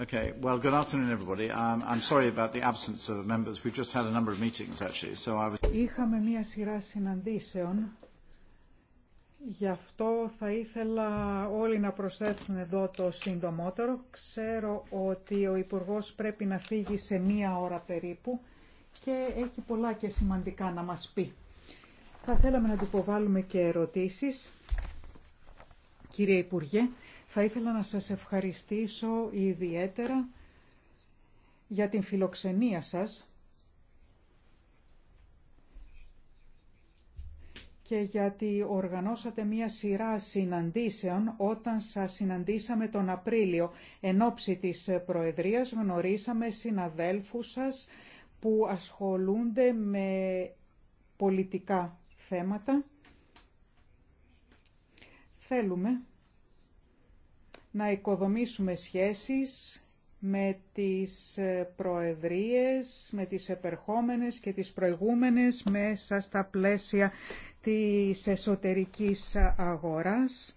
Okay. Well, good afternoon, everybody. Um, I'm sorry about the absence Είχαμε μία σειρά συναντήσεων. Γι' αυτό θα ήθελα όλοι να προσθέσουν εδώ το σύντομότερο. Ξέρω ότι ο Υπουργός πρέπει να φύγει σε μία ώρα περίπου και έχει πολλά και σημαντικά να μας πει. Θα θέλαμε να του υποβάλουμε και ερωτήσεις. Κύριε Υπουργέ, θα ήθελα να σας ευχαριστήσω ιδιαίτερα για την φιλοξενία σας και γιατί οργανώσατε μία σειρά συναντήσεων όταν σας συναντήσαμε τον Απρίλιο. Εν ώψη της Προεδρίας γνωρίσαμε συναδέλφους σας που ασχολούνται με πολιτικά θέματα. Θέλουμε να οικοδομήσουμε σχέσεις με τις ε, προεδρίες, με τις επερχόμενες και τις προηγούμενες μέσα στα πλαίσια της εσωτερικής αγοράς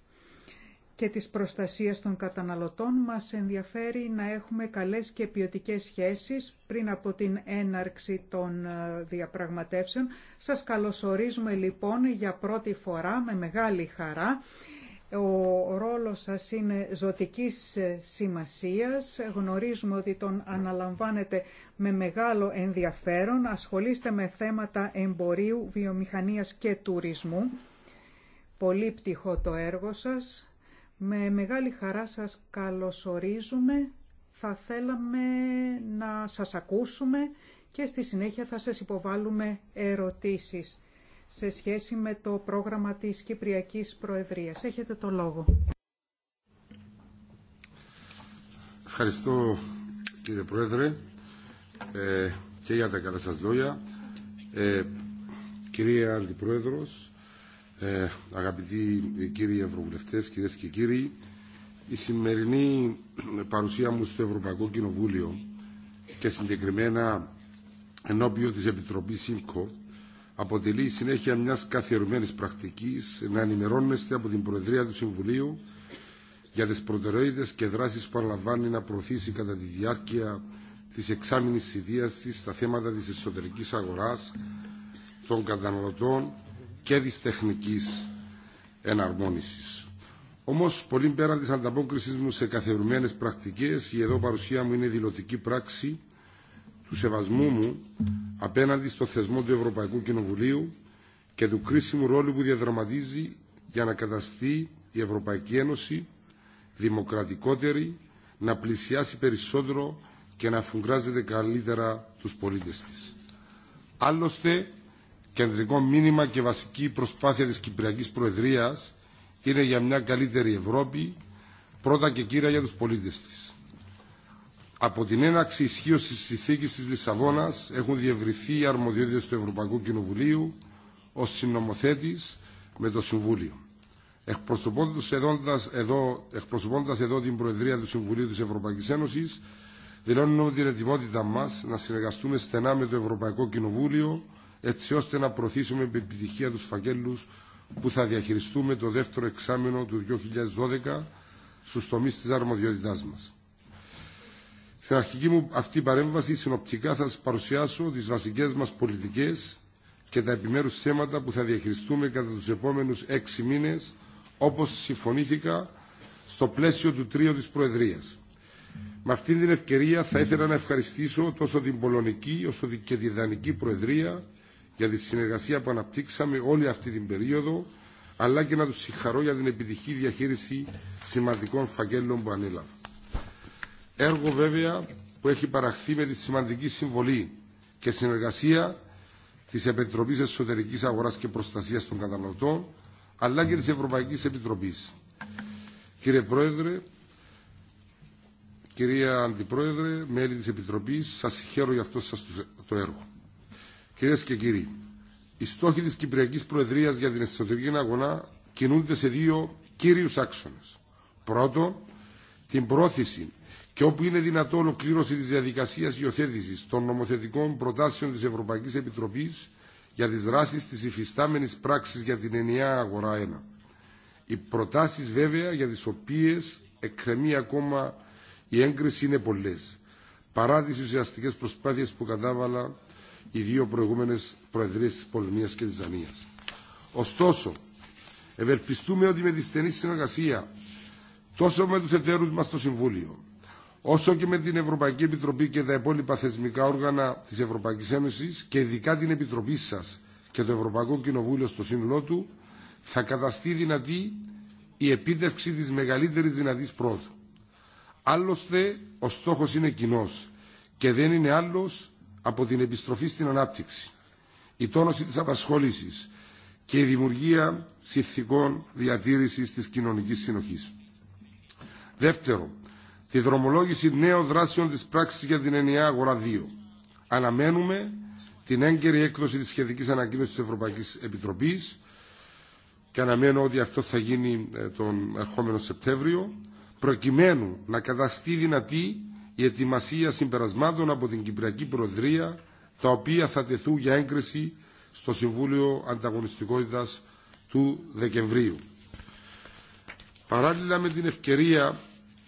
και της προστασίας των καταναλωτών μας ενδιαφέρει να έχουμε καλές και ποιοτικέ σχέσεις πριν από την έναρξη των ε, διαπραγματεύσεων. Σας καλωσορίζουμε λοιπόν για πρώτη φορά με μεγάλη χαρά ο ρόλος σας είναι ζωτικής σημασίας. Γνωρίζουμε ότι τον αναλαμβάνετε με μεγάλο ενδιαφέρον. Ασχολείστε με θέματα εμπορίου, βιομηχανίας και τουρισμού. Πολύ πτυχό το έργο σας. Με μεγάλη χαρά σας καλωσορίζουμε. Θα θέλαμε να σας ακούσουμε και στη συνέχεια θα σας υποβάλουμε ερωτήσεις σε σχέση με το πρόγραμμα της Κυπριακής Προεδρίας. Έχετε το λόγο. Ευχαριστώ κύριε Πρόεδρε ε, και για τα καλά σας λόγια. Ε, κυρία Αντιπρόεδρος, ε, αγαπητοί κύριοι Ευρωβουλευτές, κυρίες και κύριοι, η σημερινή παρουσία μου στο Ευρωπαϊκό Κοινοβούλιο και συγκεκριμένα ενώπιον της Επιτροπής ΣΥΜΚΟ αποτελεί η συνέχεια μια καθιερωμένη πρακτική να ενημερώνεστε από την Προεδρία του Συμβουλίου για τις προτεραιότητε και δράσει που αναλαμβάνει να προωθήσει κατά τη διάρκεια τη εξάμεινη ιδία τη στα θέματα της εσωτερικής αγοράς, των καταναλωτών και τη τεχνική εναρμόνισης. Όμως, πολύ πέραν τη ανταπόκριση μου σε καθιερωμένε πρακτικέ, η εδώ παρουσία μου είναι δηλωτική πράξη του σεβασμού μου απέναντι στο θεσμό του Ευρωπαϊκού Κοινοβουλίου και του κρίσιμου ρόλου που διαδραματίζει για να καταστεί η Ευρωπαϊκή Ένωση δημοκρατικότερη, να πλησιάσει περισσότερο και να αφουγκράζεται καλύτερα τους πολίτες της. Άλλωστε, κεντρικό μήνυμα και βασική προσπάθεια της Κυπριακής Προεδρίας είναι για μια καλύτερη Ευρώπη, πρώτα και κύρια για τους πολίτες της. Από την έναξη ισχύω τη συνθήκη τη Λισαβόνα έχουν διευρυθεί οι αρμοδιότητε του Ευρωπαϊκού Κοινοβουλίου ω συνομοθέτη με το Συμβούλιο. εκπροσωπώντα εδώ, εδώ την Προεδρία του Συμβουλίου τη Ευρωπαϊκή Ένωση, δηλώνουμε την ετοιμότητά μα να συνεργαστούμε στενά με το Ευρωπαϊκό Κοινοβούλιο, έτσι ώστε να προωθήσουμε με επιτυχία του φακέλου που θα διαχειριστούμε το δεύτερο εξάμεινο του 2012 στου τομεί τη αρμοδιότητά μα. Στην αρχική μου αυτή παρέμβαση συνοπτικά θα σας παρουσιάσω τις βασικές μας πολιτικές και τα επιμέρους θέματα που θα διαχειριστούμε κατά τους επόμενους έξι μήνες όπως συμφωνήθηκα στο πλαίσιο του τρίου της Προεδρίας. Με αυτήν την ευκαιρία θα ήθελα να ευχαριστήσω τόσο την Πολωνική όσο και τη Δανική Προεδρία για τη συνεργασία που αναπτύξαμε όλη αυτή την περίοδο αλλά και να τους συγχαρώ για την επιτυχή διαχείριση σημαντικών φαγγέλων που ανέλαβα. Έργο βέβαια που έχει παραχθεί με τη σημαντική συμβολή και συνεργασία τη Επιτροπή Εσωτερική Αγορά και Προστασία των Καταναλωτών, αλλά και τη Ευρωπαϊκή Επιτροπή. Κύριε Πρόεδρε, κυρία Αντιπρόεδρε, μέλη τη Επιτροπή, σα χαίρω για αυτό σα το έργο. Κυρίε και κύριοι, οι στόχοι τη Κυπριακή Προεδρία για την Εσωτερική Αγωνά κινούνται σε δύο κύριου άξονε. Πρώτον, την πρόθεση και όπου είναι δυνατό ολοκλήρωση τη διαδικασία υιοθέτηση των νομοθετικών προτάσεων της Ευρωπαϊκής Επιτροπής για τις δράσει τη υφιστάμενης πράξη για την ενιαία αγορά 1. Οι προτάσεις βέβαια για τις οποίες εκκρεμεί ακόμα η έγκριση είναι πολλέ, παρά τις ουσιαστικέ προσπάθειες που κατάβαλα οι δύο προηγούμενε Προεδρίες τη Πολωνία και της Δανία. Ωστόσο, ευελπιστούμε ότι με τη στενή συνεργασία τόσο με τους εταίρους μας στο Συμβούλιο, όσο και με την Ευρωπαϊκή Επιτροπή και τα υπόλοιπα θεσμικά όργανα της Ευρωπαϊκής Ένωσης και ειδικά την Επιτροπή σας και το Ευρωπαϊκό Κοινοβούλιο στο σύνολό του, θα καταστεί δυνατή η επίτευξη της μεγαλύτερης δυνατής πρόοδου. Άλλωστε, ο στόχος είναι κοινό και δεν είναι άλλος από την επιστροφή στην ανάπτυξη, η τόνωση της απασχόλησης και η δημιουργία συνθηκών διατήρησης της κοινωνικής συνοχής. Δεύτερο, τη δρομολόγηση νέων δράσεων της πράξης για την ενιαία αγορά 2. Αναμένουμε την έγκαιρη έκδοση της σχετικής ανακοίνωσης της Ευρωπαϊκής Επιτροπής και αναμένω ότι αυτό θα γίνει ε, τον ερχόμενο Σεπτέμβριο προκειμένου να καταστεί δυνατή η ετοιμασία συμπερασμάτων από την Κυπριακή Προεδρία τα οποία θα τεθούν για έγκριση στο Συμβούλιο Ανταγωνιστικότητας του Δεκεμβρίου. Παράλληλα με την ευκαιρία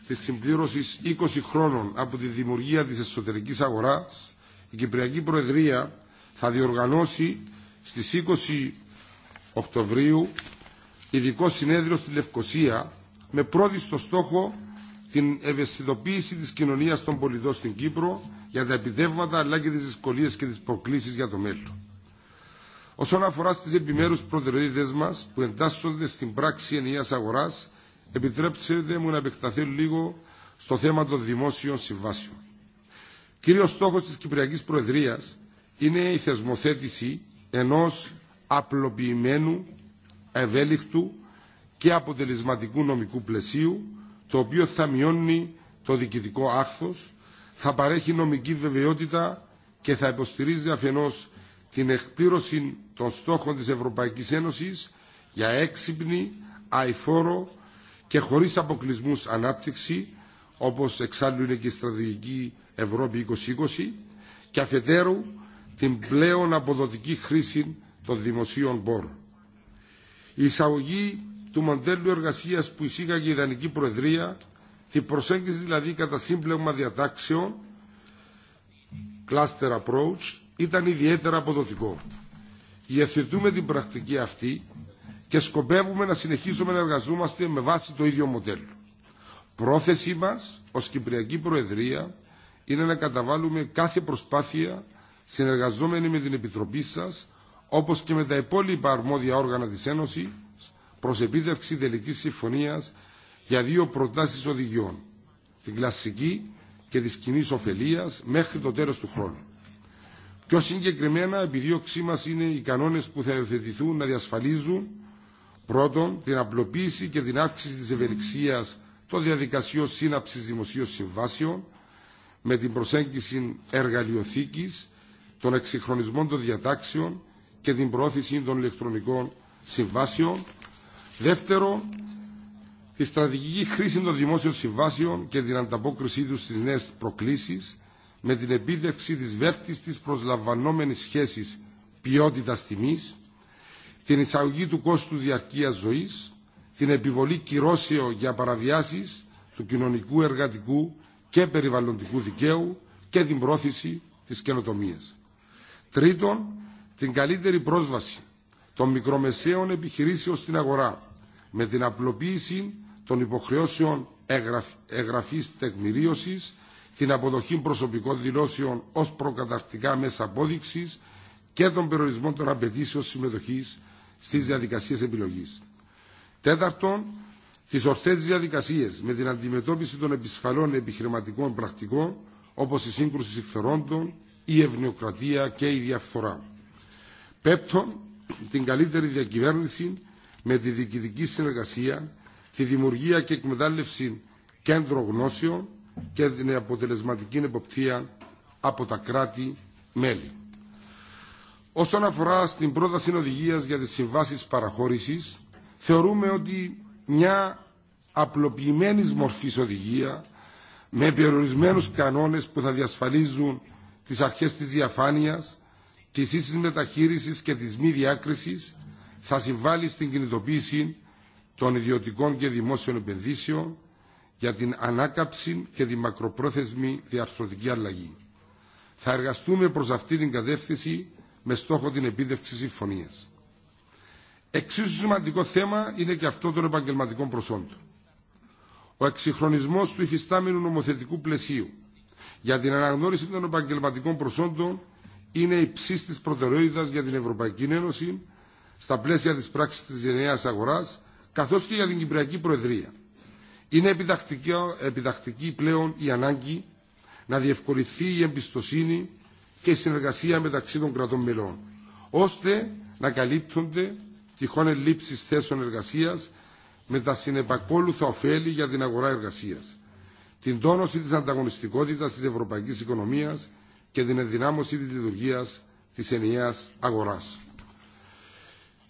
της συμπλήρωσης 20 χρόνων από τη δημιουργία της εσωτερικής αγοράς, η Κυπριακή Προεδρία θα διοργανώσει στις 20 Οκτωβρίου ειδικό συνέδριο στη Λευκοσία με πρώτη στο στόχο την ευαισθητοποίηση της κοινωνίας των πολιτών στην Κύπρο για τα επιτεύγματα αλλά και τις δυσκολίες και τις προκλήσεις για το μέλλον. Όσον αφορά στις επιμέρους προτεραιότητες μας που εντάσσονται στην πράξη ενιαίας αγοράς επιτρέψτε μου να επεκταθεί λίγο στο θέμα των δημόσιων συμβάσεων. Κύριος στόχος της Κυπριακής Προεδρίας είναι η θεσμοθέτηση ενός απλοποιημένου, ευέλικτου και αποτελεσματικού νομικού πλαισίου, το οποίο θα μειώνει το διοικητικό άχθος, θα παρέχει νομική βεβαιότητα και θα υποστηρίζει αφενός την εκπλήρωση των στόχων της Ευρωπαϊκής Ένωσης για έξυπνη, αηφόρο και χωρίς αποκλεισμούς ανάπτυξη, όπως εξάλλου είναι και η στρατηγική Ευρώπη 2020, και αφετέρου την πλέον αποδοτική χρήση των δημοσίων πόρων. Η εισαγωγή του μοντέλου εργασίας που εισήγαγε η Ιδανική Προεδρία, την προσέγγιση δηλαδή κατά σύμπλεγμα διατάξεων, cluster approach, ήταν ιδιαίτερα αποδοτικό. Υιοθετούμε την πρακτική αυτή και σκοπεύουμε να συνεχίσουμε να εργαζόμαστε με βάση το ίδιο μοντέλο. Πρόθεσή μας ως Κυπριακή Προεδρία είναι να καταβάλουμε κάθε προσπάθεια συνεργαζόμενη με την Επιτροπή σας όπως και με τα υπόλοιπα αρμόδια όργανα της Ένωσης προς επίδευξη τελικής συμφωνίας για δύο προτάσεις οδηγιών, την κλασική και της κοινή ωφελία μέχρι το τέλος του χρόνου. Πιο συγκεκριμένα, η επιδίωξή μα είναι οι κανόνες που θα υιοθετηθούν να διασφαλίζουν Πρώτον, την απλοποίηση και την αύξηση της ευελιξίας των διαδικασιών σύναψης δημοσίων συμβάσεων με την προσέγγιση εργαλειοθήκης, των εξυγχρονισμών των διατάξεων και την προώθηση των ηλεκτρονικών συμβάσεων. Δεύτερον, τη στρατηγική χρήση των δημόσιων συμβάσεων και την ανταπόκρισή τους στις νέες προκλήσεις με την επίτευξη της βέλτιστη προσλαμβανόμενης σχέσης ποιότητας τιμής την εισαγωγή του κόστου διαρκείας ζωής, την επιβολή κυρώσεων για παραβιάσεις του κοινωνικού, εργατικού και περιβαλλοντικού δικαίου και την πρόθεση της καινοτομίας. Τρίτον, την καλύτερη πρόσβαση των μικρομεσαίων επιχειρήσεων στην αγορά με την απλοποίηση των υποχρεώσεων εγγραφής τεκμηρίωσης, την αποδοχή προσωπικών δηλώσεων ως προκαταρκτικά μέσα απόδειξης και τον περιορισμό των απαιτήσεων συμμετοχής στις διαδικασίες επιλογής. Τέταρτον, τις ορθές διαδικασίες με την αντιμετώπιση των επισφαλών επιχειρηματικών πρακτικών όπω η σύγκρουση συμφερόντων, η ευνοκρατία και η διαφθορά. Πέπτον, την καλύτερη διακυβέρνηση με τη διοικητική συνεργασία, τη δημιουργία και εκμετάλλευση κέντρων γνώσεων και την αποτελεσματική εποπτεία από τα κράτη-μέλη. Όσον αφορά στην πρόταση οδηγία για τι συμβάσει παραχώρηση, θεωρούμε ότι μια απλοποιημένη μορφή οδηγία με περιορισμένου κανόνε που θα διασφαλίζουν τι αρχέ της διαφάνεια, τη ίση μεταχείρισης και τη μη διάκρισης θα συμβάλλει στην κινητοποίηση των ιδιωτικών και δημόσιων επενδύσεων για την ανάκαψη και τη μακροπρόθεσμη διαρθρωτική αλλαγή. Θα εργαστούμε προς αυτή την κατεύθυνση με στόχο την επίτευξη συμφωνία. Εξίσου σημαντικό θέμα είναι και αυτό των επαγγελματικών προσόντων. Ο εξυγχρονισμό του υφιστάμενου νομοθετικού πλαισίου για την αναγνώριση των επαγγελματικών προσόντων είναι υψή τη προτεραιότητα για την Ευρωπαϊκή Ένωση στα πλαίσια τη πράξη τη γενναία αγορά καθώ και για την Κυπριακή Προεδρία. Είναι επιτακτική πλέον η ανάγκη να διευκολυνθεί η εμπιστοσύνη και συνεργασία μεταξύ των κρατών μελών, ώστε να καλύπτονται τυχόν ελλείψεις θέσεων εργασίας με τα συνεπακόλουθα ωφέλη για την αγορά εργασίας, την τόνωση της ανταγωνιστικότητας της ευρωπαϊκής οικονομίας και την ενδυνάμωση τη λειτουργία της ενιαίας αγοράς.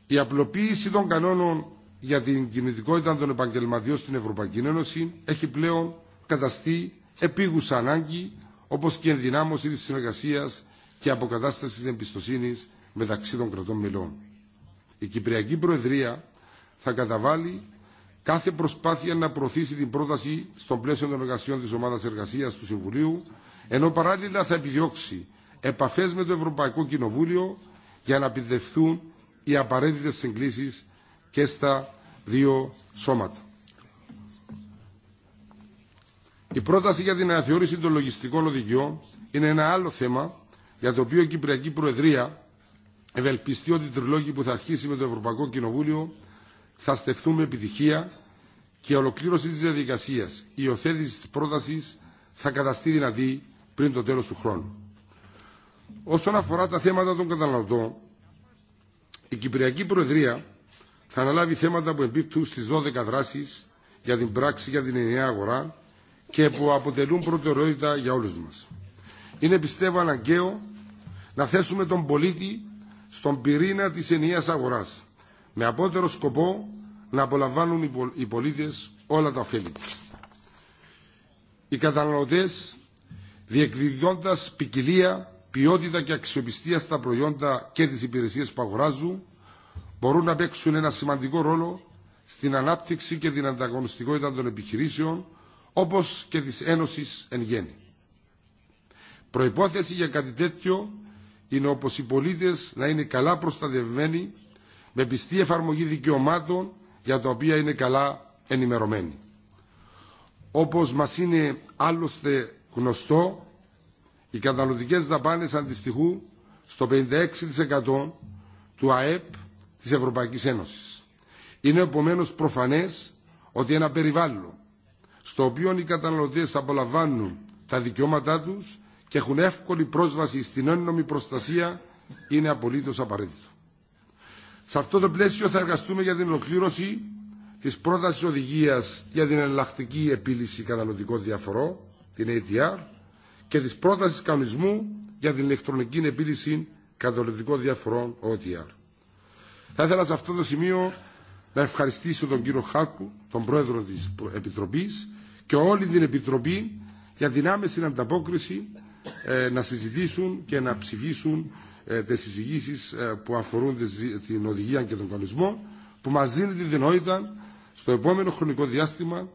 Η απλοποίηση των κανόνων για την κινητικότητα των επαγγελματιών στην Ευρωπαϊκή Ένωση έχει πλέον καταστεί επίγουσα ανάγκη όπω και ενδυνάμωση τη συνεργασία και αποκατάσταση τη εμπιστοσύνη μεταξύ των κρατών μελών. Η Κυπριακή Προεδρία θα καταβάλει κάθε προσπάθεια να προωθήσει την πρόταση στον πλαίσιο των εργασιών τη ομάδα εργασία του Συμβουλίου, ενώ παράλληλα θα επιδιώξει επαφέ με το Ευρωπαϊκό Κοινοβούλιο για να επιδευθούν οι απαραίτητε συγκλήσει και στα δύο σώματα. Η πρόταση για την αναθεώρηση των λογιστικών οδηγιών είναι ένα άλλο θέμα για το οποίο η Κυπριακή Προεδρία ευελπιστεί ότι οι τριλόγοι που θα αρχίσει με το Ευρωπαϊκό Κοινοβούλιο θα στεφθούν με επιτυχία και η ολοκλήρωση τη διαδικασία, η υιοθέτηση τη πρόταση θα καταστεί δυνατή πριν το τέλο του χρόνου. Όσον αφορά τα θέματα των καταναλωτών, η Κυπριακή Προεδρία θα αναλάβει θέματα που εμπίπτουν στι 12 δράσει για την πράξη για την ενιαία αγορά και που αποτελούν προτεραιότητα για όλους μας. Είναι πιστεύω αναγκαίο να θέσουμε τον πολίτη στον πυρήνα της ενιαίας αγοράς με απότερο σκοπό να απολαμβάνουν οι πολίτες όλα τα ωφέλη της. Οι καταναλωτές διεκδικώντας ποικιλία, ποιότητα και αξιοπιστία στα προϊόντα και τις υπηρεσίες που αγοράζουν μπορούν να παίξουν ένα σημαντικό ρόλο στην ανάπτυξη και την ανταγωνιστικότητα των επιχειρήσεων όπως και της Ένωσης εν γέννη. Προϋπόθεση για κάτι τέτοιο είναι όπως οι πολίτες να είναι καλά προστατευμένοι με πιστή εφαρμογή δικαιωμάτων για τα οποία είναι καλά ενημερωμένοι. Όπως μας είναι άλλωστε γνωστό, οι καταναλωτικές δαπάνες αντιστοιχούν στο 56% του ΑΕΠ της Ευρωπαϊκής Ένωσης. Είναι επομένω προφανές ότι ένα περιβάλλον στο οποίο οι καταναλωτές απολαμβάνουν τα δικαιώματά τους και έχουν εύκολη πρόσβαση στην έννομη προστασία είναι απολύτως απαραίτητο. Σε αυτό το πλαίσιο θα εργαστούμε για την ολοκλήρωση της πρότασης οδηγίας για την εναλλακτική επίλυση καταναλωτικών διαφορών, την ATR, και της πρότασης κανονισμού για την ηλεκτρονική επίλυση καταναλωτικών διαφορών, OTR. Θα ήθελα σε αυτό το σημείο να ευχαριστήσω τον κύριο Χάκου, τον πρόεδρο της Επιτροπής και όλη την Επιτροπή για την άμεση ανταπόκριση ε, να συζητήσουν και να ψηφίσουν ε, τις συζητήσεις ε, που αφορούν την οδηγία και τον κανονισμό που μας δίνει τη δυνατότητα στο επόμενο χρονικό διάστημα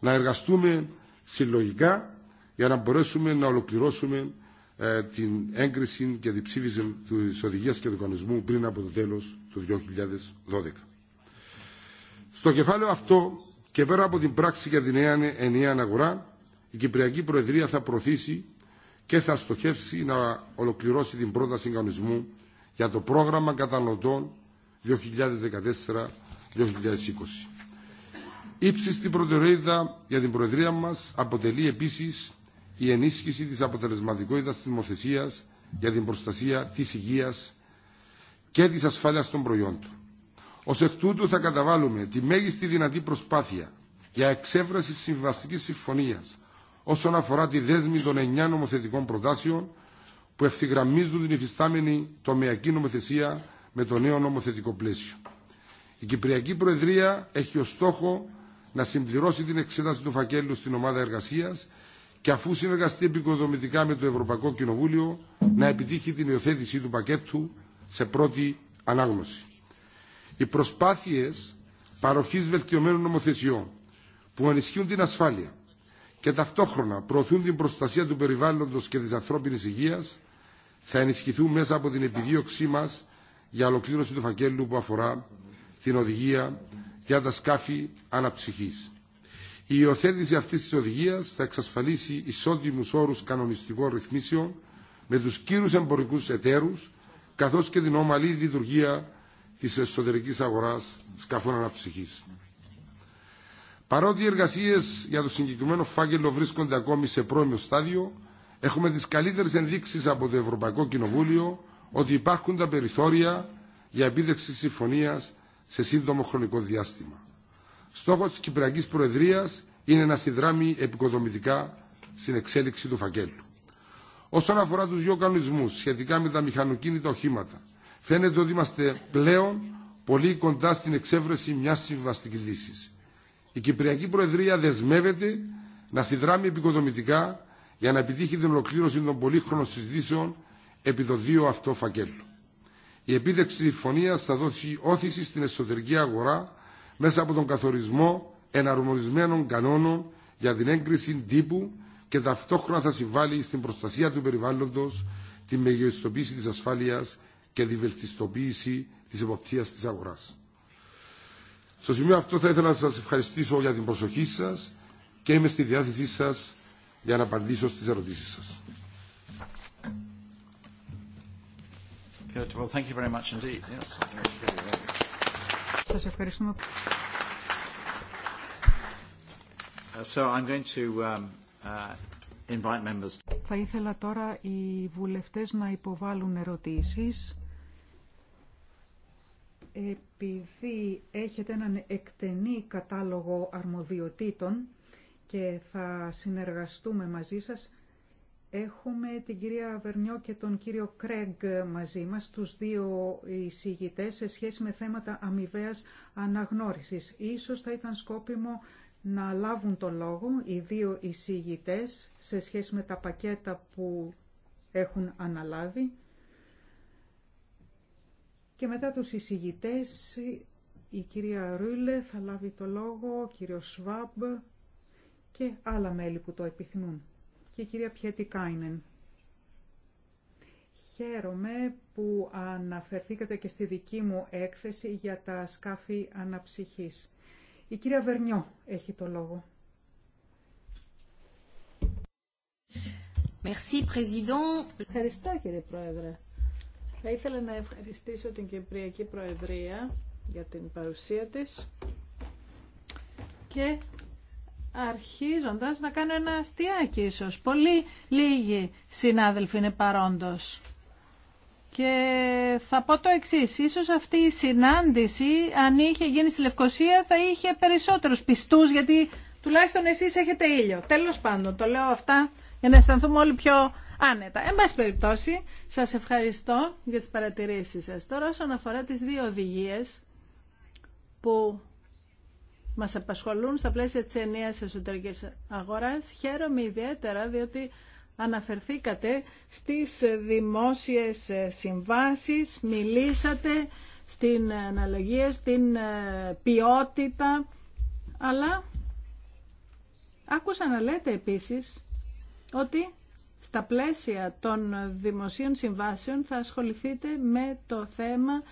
να εργαστούμε συλλογικά για να μπορέσουμε να ολοκληρώσουμε την έγκριση και την ψήφιση της οδηγίας και του κανονισμού πριν από το τέλος του 2012. Στο κεφάλαιο αυτό και πέρα από την πράξη για την ενιαία αγορά, η Κυπριακή Προεδρία θα προωθήσει και θα στοχεύσει να ολοκληρώσει την πρόταση κανονισμού για το πρόγραμμα καταναλωτών 2014-2020. ύψιστη προτεραιότητα για την Προεδρία μας αποτελεί επίσης η ενίσχυση της αποτελεσματικότητας της νομοθεσίας για την προστασία της υγείας και της ασφάλειας των προϊόντων. Ω εκ τούτου θα καταβάλουμε τη μέγιστη δυνατή προσπάθεια για εξέβραση συμβαστική συμφωνία όσον αφορά τη δέσμη των εννιά νομοθετικών προτάσεων που ευθυγραμμίζουν την υφιστάμενη τομεακή νομοθεσία με το νέο νομοθετικό πλαίσιο. Η Κυπριακή Προεδρία έχει ως στόχο να συμπληρώσει την εξέταση του φακέλου στην ομάδα εργασία και αφού συνεργαστεί επικοδομητικά με το Ευρωπαϊκό Κοινοβούλιο να επιτύχει την υιοθέτηση του πακέτου σε πρώτη ανάγνωση οι προσπάθειες παροχής βελτιωμένων νομοθεσιών που ενισχύουν την ασφάλεια και ταυτόχρονα προωθούν την προστασία του περιβάλλοντος και της ανθρώπινης υγείας θα ενισχυθούν μέσα από την επιδίωξή μας για ολοκλήρωση του φακέλου που αφορά την οδηγία για τα σκάφη αναψυχής. Η υιοθέτηση αυτή τη οδηγία θα εξασφαλίσει ισότιμου όρου κανονιστικών ρυθμίσεων με του κύριου εμπορικού εταίρου, καθώ και την ομαλή λειτουργία της εσωτερικής αγοράς σκαφών αναψυχής. Παρότι οι εργασίες για το συγκεκριμένο φάκελο βρίσκονται ακόμη σε πρώιμο στάδιο, έχουμε τις καλύτερες ενδείξεις από το Ευρωπαϊκό Κοινοβούλιο ότι υπάρχουν τα περιθώρια για επίδεξη συμφωνίας σε σύντομο χρονικό διάστημα. Στόχο της Κυπριακής Προεδρίας είναι να συνδράμει επικοδομητικά στην εξέλιξη του φακέλου. Όσον αφορά τους δύο κανονισμούς σχετικά με τα μηχανοκίνητα οχήματα Φαίνεται ότι είμαστε πλέον πολύ κοντά στην εξέβρεση μιας συμβαστική λύση. Η Κυπριακή Προεδρία δεσμεύεται να συνδράμει επικοδομητικά για να επιτύχει την ολοκλήρωση των πολύχρονων συζητήσεων επί το δύο αυτό φακέλου. Η επίδεξη συμφωνία θα δώσει όθηση στην εσωτερική αγορά μέσα από τον καθορισμό εναρμονισμένων κανόνων για την έγκριση τύπου και ταυτόχρονα θα συμβάλλει στην προστασία του περιβάλλοντος, τη μεγιστοποίηση της ασφάλειας και τη βελτιστοποίηση τη εποπτεία της αγοράς. Στο σημείο αυτό θα ήθελα να σας ευχαριστήσω για την προσοχή σας και είμαι στη διάθεσή σας για να απαντήσω στις ερωτήσεις σας. Uh, so I'm going to, um, uh, invite members. Θα ήθελα τώρα οι βουλευτές να υποβάλουν ερωτήσεις επειδή έχετε έναν εκτενή κατάλογο αρμοδιοτήτων και θα συνεργαστούμε μαζί σας, έχουμε την κυρία Βερνιό και τον κύριο Κρέγ μαζί μας, τους δύο εισηγητές, σε σχέση με θέματα αμοιβαίας αναγνώρισης. Ίσως θα ήταν σκόπιμο να λάβουν το λόγο οι δύο εισηγητές σε σχέση με τα πακέτα που έχουν αναλάβει και μετά τους εισηγητές, η κυρία Ρούλε θα λάβει το λόγο, ο κύριος Σβάμπ και άλλα μέλη που το επιθυμούν. Και η κυρία Πιέτη Κάινεν. Χαίρομαι που αναφερθήκατε και στη δική μου έκθεση για τα σκάφη αναψυχής. Η κυρία Βερνιό έχει το λόγο. Merci, Ευχαριστώ κύριε Πρόεδρε. Θα ήθελα να ευχαριστήσω την Κυπριακή Προεδρία για την παρουσία της και αρχίζοντας να κάνω ένα αστιάκι ίσως. Πολύ λίγοι συνάδελφοι είναι παρόντος. Και θα πω το εξή. Ίσως αυτή η συνάντηση, αν είχε γίνει στη Λευκοσία, θα είχε περισσότερους πιστούς, γιατί τουλάχιστον εσείς έχετε ήλιο. Τέλος πάντων, το λέω αυτά για να αισθανθούμε όλοι πιο άνετα. Εν πάση περιπτώσει, σας ευχαριστώ για τις παρατηρήσεις σας. Τώρα όσον αφορά τις δύο οδηγίες που μας απασχολούν στα πλαίσια της ενίας εσωτερικής αγοράς, χαίρομαι ιδιαίτερα διότι αναφερθήκατε στις δημόσιες συμβάσεις, μιλήσατε στην αναλογία, στην ε, ποιότητα, αλλά άκουσα να λέτε επίσης ότι στα πλαίσια των δημοσίων συμβάσεων θα ασχοληθείτε με το θέμα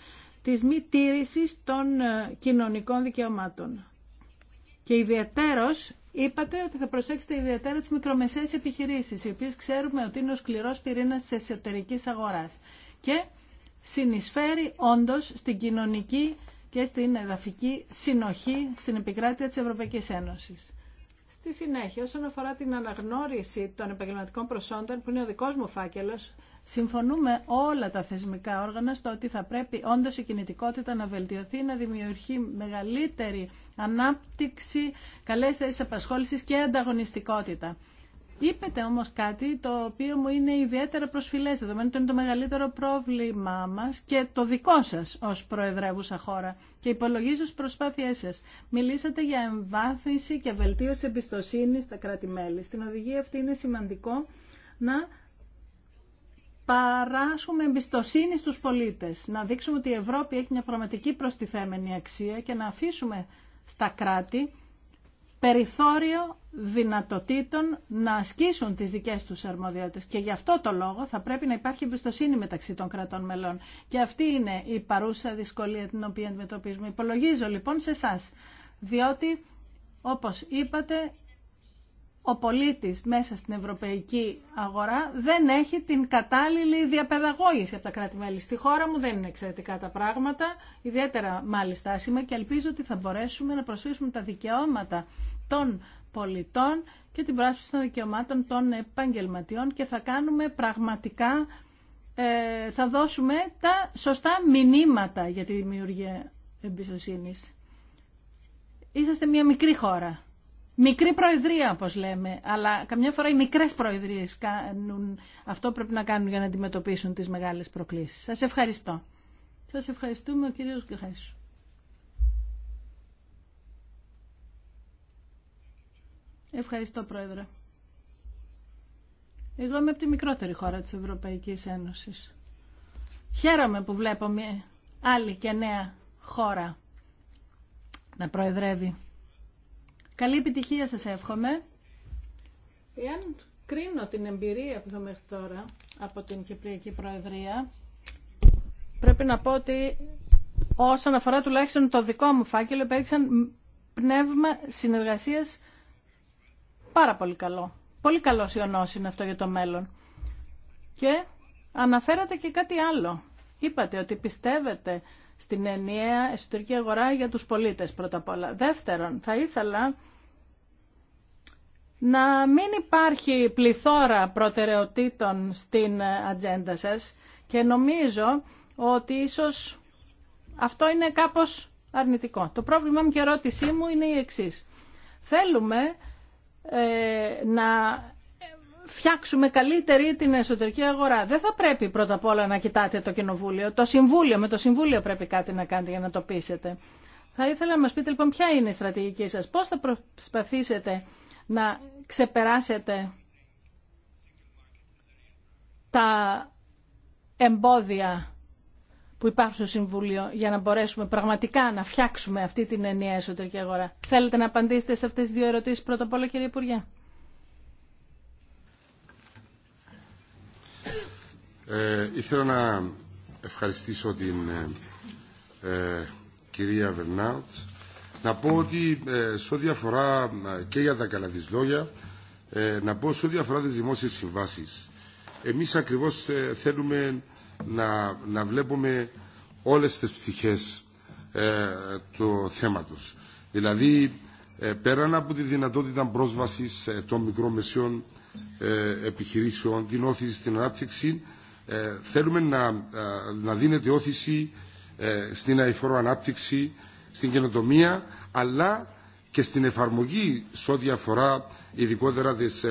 της μη τήρησης των ε, κοινωνικών δικαιωμάτων. Και ιδιαίτερος είπατε ότι θα προσέξετε ιδιαίτερα τις μικρομεσαίες επιχειρήσεις, οι οποίες ξέρουμε ότι είναι ο σκληρός πυρήνας της εσωτερικής αγοράς. Και συνεισφέρει όντως στην κοινωνική και στην εδαφική συνοχή στην επικράτεια της Ευρωπαϊκής Ένωσης. Στη συνέχεια, όσον αφορά την αναγνώριση των επαγγελματικών προσόντων, που είναι ο δικό μου φάκελο, συμφωνούμε όλα τα θεσμικά όργανα στο ότι θα πρέπει όντω η κινητικότητα να βελτιωθεί, να δημιουργεί μεγαλύτερη ανάπτυξη, καλέ θέσει απασχόληση και ανταγωνιστικότητα. Είπετε όμως κάτι το οποίο μου είναι ιδιαίτερα προσφυλές, δεδομένου είναι το μεγαλύτερο πρόβλημά μας και το δικό σας ως προεδρεύουσα χώρα και υπολογίζω στις προσπάθειές σας. Μιλήσατε για εμβάθυνση και βελτίωση εμπιστοσύνη στα κράτη-μέλη. Στην οδηγία αυτή είναι σημαντικό να παράσουμε εμπιστοσύνη στους πολίτες, να δείξουμε ότι η Ευρώπη έχει μια πραγματική προστιθέμενη αξία και να αφήσουμε στα κράτη περιθώριο δυνατοτήτων να ασκήσουν τις δικές τους αρμοδιότητες. Και γι' αυτό το λόγο θα πρέπει να υπάρχει εμπιστοσύνη μεταξύ των κρατών μελών. Και αυτή είναι η παρούσα δυσκολία την οποία αντιμετωπίζουμε. Υπολογίζω λοιπόν σε εσά, διότι όπως είπατε ο πολίτης μέσα στην ευρωπαϊκή αγορά δεν έχει την κατάλληλη διαπαιδαγώγηση από τα κράτη-μέλη. Στη χώρα μου δεν είναι εξαιρετικά τα πράγματα, ιδιαίτερα μάλιστα άσημα και ελπίζω ότι θα μπορέσουμε να προσφύσουμε τα δικαιώματα των πολιτών και την πράσιση των δικαιωμάτων των επαγγελματιών και θα κάνουμε πραγματικά, ε, θα δώσουμε τα σωστά μηνύματα για τη δημιουργία εμπιστοσύνης. Είσαστε μια μικρή χώρα μικρή προεδρία όπω λέμε, αλλά καμιά φορά οι μικρές προεδρίες κάνουν, αυτό πρέπει να κάνουν για να αντιμετωπίσουν τις μεγάλες προκλήσεις. Σας ευχαριστώ. Σας ευχαριστούμε ο κύριος Γκρέσου. Ευχαριστώ πρόεδρε. Εγώ είμαι από τη μικρότερη χώρα της Ευρωπαϊκής Ένωσης. Χαίρομαι που βλέπω μια άλλη και νέα χώρα να προεδρεύει. Καλή επιτυχία σας εύχομαι. Εάν κρίνω την εμπειρία που δούμε μέχρι τώρα από την Κυπριακή Προεδρία, πρέπει να πω ότι όσον αφορά τουλάχιστον το δικό μου φάκελο, επέδειξαν πνεύμα συνεργασίας πάρα πολύ καλό. Πολύ καλό ιονός είναι αυτό για το μέλλον. Και αναφέρατε και κάτι άλλο. Είπατε ότι πιστεύετε στην ενιαία εσωτερική αγορά για τους πολίτες πρώτα απ' όλα. Δεύτερον, θα ήθελα να μην υπάρχει πληθώρα προτεραιοτήτων στην ατζέντα σας και νομίζω ότι ίσως αυτό είναι κάπως αρνητικό. Το πρόβλημά μου και ερώτησή μου είναι η εξής. Θέλουμε ε, να φτιάξουμε καλύτερη την εσωτερική αγορά. Δεν θα πρέπει πρώτα απ' όλα να κοιτάτε το Κοινοβούλιο. Το Συμβούλιο, με το Συμβούλιο πρέπει κάτι να κάνετε για να το πείσετε. Θα ήθελα να μας πείτε λοιπόν ποια είναι η στρατηγική σας. Πώς θα προσπαθήσετε να ξεπεράσετε τα εμπόδια που υπάρχουν στο Συμβούλιο για να μπορέσουμε πραγματικά να φτιάξουμε αυτή την ενιαία εσωτερική αγορά. Θέλετε να απαντήσετε σε αυτές τις δύο ερωτήσεις πρώτα απ' όλα κύριε Υπουργέ. Ε, ήθελα να ευχαριστήσω την ε, ε κυρία Βερνάουτ. Να πω ότι ε, σε ό,τι αφορά ε, και για τα καλά της λόγια, να πω σε ό,τι αφορά τις δημόσιες συμβάσεις. Εμείς ακριβώς θέλουμε να, να βλέπουμε όλες τις πτυχές του θέματος. Δηλαδή, πέραν από τη δυνατότητα πρόσβασης των μικρών μεσιών επιχειρήσεων, την όθηση στην ανάπτυξη, ε, θέλουμε να, ε, να δίνεται όθηση ε, στην αηφόρο ανάπτυξη, στην καινοτομία, αλλά και στην εφαρμογή σε ό,τι αφορά ειδικότερα τις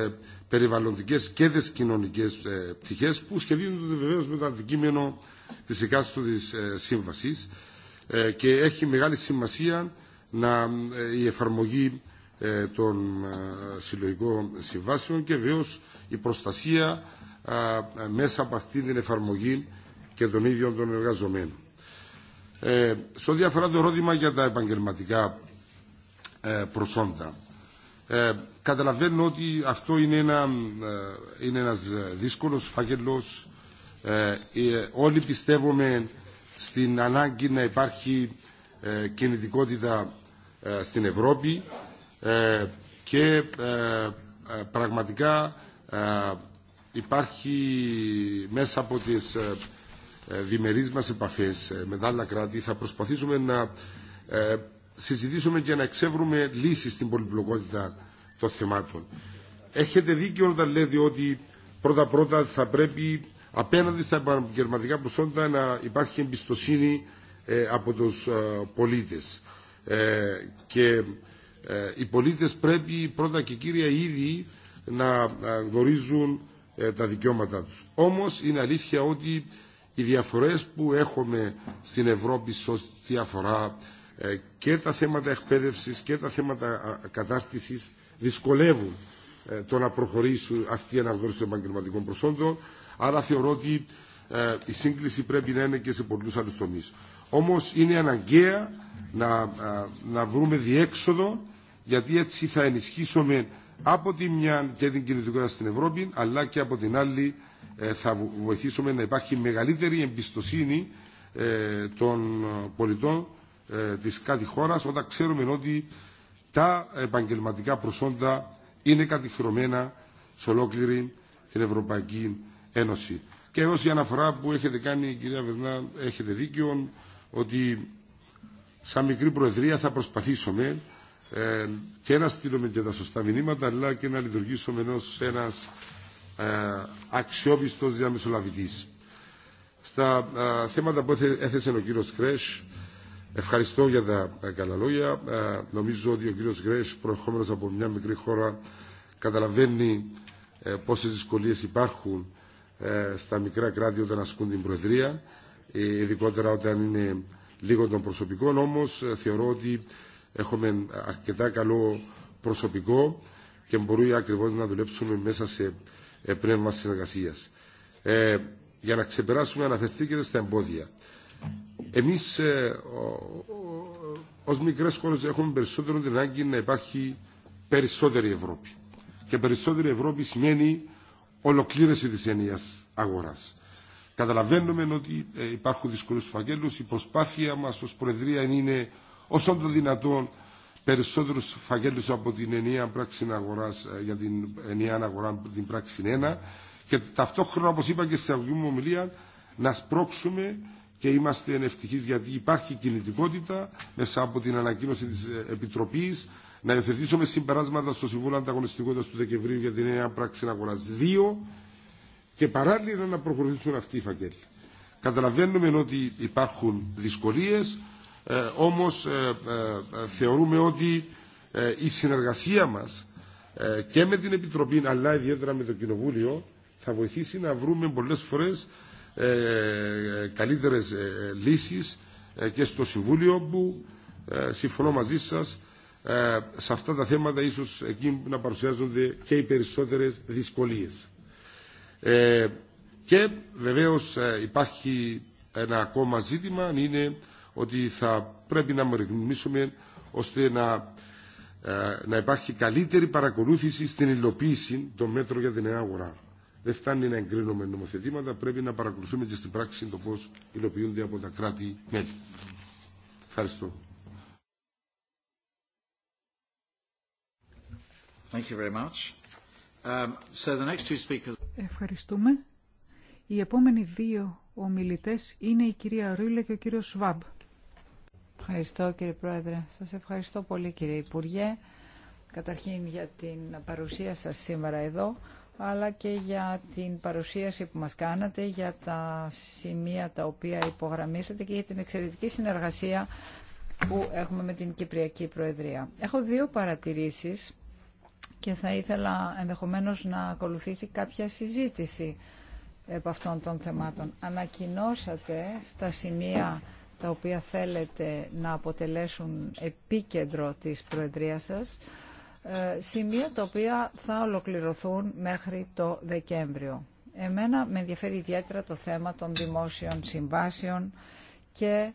περιβαλλοντικές και τις κοινωνικές πτυχές που σχεδίζονται βεβαίως με το αντικείμενο της εκάστοτης σύμβασης και έχει μεγάλη σημασία να, η εφαρμογή των συλλογικών συμβάσεων και βεβαίως η προστασία μέσα από αυτή την εφαρμογή και των ίδιων των εργαζομένων. Ε, σε ό,τι αφορά το ερώτημα για τα επαγγελματικά ε, προσόντα, ε, καταλαβαίνω ότι αυτό είναι, ένα, ε, είναι ένας δύσκολος φάκελος. Ε, ε, όλοι πιστεύουμε στην ανάγκη να υπάρχει κινητικότητα στην Ευρώπη και πραγματικά υπάρχει μέσα από τις ε, ε, διμερείς μας επαφές ε, με τα άλλα κράτη θα προσπαθήσουμε να συζητήσουμε και να εξεύρουμε λύσεις στην πολυπλοκότητα των θεμάτων. Έχετε δίκιο όταν λέτε ότι πρώτα-πρώτα θα πρέπει απέναντι στα επαγγελματικά προσόντα να υπάρχει εμπιστοσύνη από τους πολίτες. Και οι πολίτες πρέπει πρώτα και κύρια ήδη να γνωρίζουν ε, τα δικαιώματά τους. Όμως είναι αλήθεια ότι οι διαφορές που έχουμε στην Ευρώπη σωστή ό,τι αφορά ε, και τα θέματα εκπαίδευσης και τα θέματα κατάρτισης δυσκολεύουν ε, το να προχωρήσουν αυτή η αναγνώριση των επαγγελματικών προσόντων, άρα θεωρώ ότι η σύγκληση πρέπει να είναι και σε πολλούς άλλους τομείς. Όμως είναι αναγκαία να, να βρούμε διέξοδο, γιατί έτσι θα ενισχύσουμε από τη μια και την κινητικότητα στην Ευρώπη, αλλά και από την άλλη ε, θα βοηθήσουμε να υπάρχει μεγαλύτερη εμπιστοσύνη ε, των πολιτών ε, της κάτι χώρας όταν ξέρουμε ότι τα επαγγελματικά προσόντα είναι κατηχρωμένα σε ολόκληρη την Ευρωπαϊκή Ένωση. Και εδώ η αναφορά που έχετε κάνει, κυρία Βερνά, έχετε δίκιο ότι σαν μικρή Προεδρία θα προσπαθήσουμε ε, και να στείλουμε και τα σωστά μηνύματα αλλά και να λειτουργήσουμε ενός ένας ε, αξιόπιστος διαμεσολαβητής. Στα ε, θέματα που έθεσε ο κύριο Κρέσ, ευχαριστώ για τα καλά λόγια. Νομίζω ότι ο κύριο Κρέσ, προερχόμενο από μια μικρή χώρα, καταλαβαίνει πόσες δυσκολίες υπάρχουν στα μικρά κράτη όταν ασκούν την Προεδρία, ειδικότερα όταν είναι λίγο των προσωπικών. όμω, θεωρώ ότι Έχουμε αρκετά καλό προσωπικό και μπορούμε ακριβώ να δουλέψουμε μέσα σε ε, πνεύμα συνεργασία. Ε, για να ξεπεράσουμε αναφερθήκετε στα εμπόδια. Εμεί ε, ω μικρέ χώρε έχουμε περισσότερο την ανάγκη να υπάρχει περισσότερη Ευρώπη. Και περισσότερη Ευρώπη σημαίνει ολοκλήρωση τη ενία αγορά. Καταλαβαίνουμε ότι ε, υπάρχουν δυσκολίε στου Η προσπάθεια μα ω Προεδρία είναι όσο το δυνατόν περισσότερου φακέλου από την ενιαία πράξη αγορά ε, για την ενιαία αγορά, την πράξη 1 και ταυτόχρονα, όπω είπα και στην αγωγή μου ομιλία, να σπρώξουμε και είμαστε ευτυχεί γιατί υπάρχει κινητικότητα μέσα από την ανακοίνωση τη ε, Επιτροπή να υιοθετήσουμε συμπεράσματα στο Συμβούλιο Ανταγωνιστικότητα του Δεκεμβρίου για την ενιαία πράξη αγορά 2 και παράλληλα να προχωρήσουν αυτοί οι φακέλοι. Καταλαβαίνουμε ότι υπάρχουν δυσκολίε, ε, όμως ε, ε, θεωρούμε ότι η συνεργασία μας και με την Επιτροπή αλλά ιδιαίτερα με το Κοινοβούλιο θα βοηθήσει να βρούμε πολλές φορές καλύτερες λύσεις και στο Συμβούλιο που συμφωνώ μαζί σας σε αυτά τα θέματα ίσως εκεί να παρουσιάζονται και οι περισσότερες δυσκολίες. Και βεβαίως υπάρχει ένα ακόμα ζήτημα είναι ότι θα πρέπει να μορυγνήσουμε ώστε να, ε, να υπάρχει καλύτερη παρακολούθηση στην υλοποίηση των μέτρων για την νέα αγορά. Δεν φτάνει να εγκρίνουμε νομοθετήματα, πρέπει να παρακολουθούμε και στην πράξη το πώ υλοποιούνται από τα κράτη-μέλη. Ευχαριστώ. Thank you very much. Um, so the next two speakers... Ευχαριστούμε. Οι επόμενοι δύο ομιλητές είναι η κυρία Ρούλε και ο κύριος Σβάμπ. Ευχαριστώ κύριε Πρόεδρε. Σας ευχαριστώ πολύ κύριε Υπουργέ. Καταρχήν για την παρουσία σας σήμερα εδώ, αλλά και για την παρουσίαση που μας κάνατε, για τα σημεία τα οποία υπογραμμίσατε και για την εξαιρετική συνεργασία που έχουμε με την Κυπριακή Προεδρία. Έχω δύο παρατηρήσεις και θα ήθελα ενδεχομένως να ακολουθήσει κάποια συζήτηση από αυτών των θεμάτων. Ανακοινώσατε στα σημεία τα οποία θέλετε να αποτελέσουν επίκεντρο της Προεδρίας σας, ε, σημεία τα οποία θα ολοκληρωθούν μέχρι το Δεκέμβριο. Εμένα με ενδιαφέρει ιδιαίτερα το θέμα των δημόσιων συμβάσεων και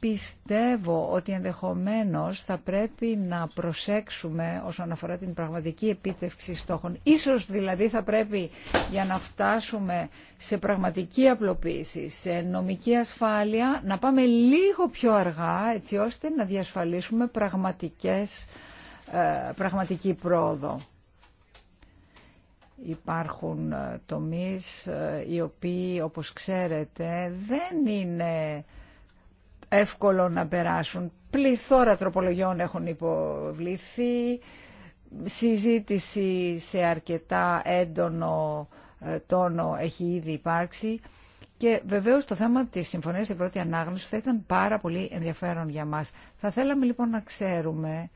Πιστεύω ότι ενδεχομένως θα πρέπει να προσέξουμε όσον αφορά την πραγματική επίτευξη στόχων. Ίσως δηλαδή θα πρέπει για να φτάσουμε σε πραγματική απλοποίηση, σε νομική ασφάλεια, να πάμε λίγο πιο αργά έτσι ώστε να διασφαλίσουμε πραγματικές, ε, πραγματική πρόοδο. Υπάρχουν ε, τομείς ε, οι οποίοι όπως ξέρετε δεν είναι εύκολο να περάσουν. Πληθώρα τροπολογιών έχουν υποβληθεί, συζήτηση σε αρκετά έντονο ε, τόνο έχει ήδη υπάρξει και βεβαίως το θέμα της συμφωνίας στην πρώτη ανάγνωση θα ήταν πάρα πολύ ενδιαφέρον για μας. Θα θέλαμε λοιπόν να ξέρουμε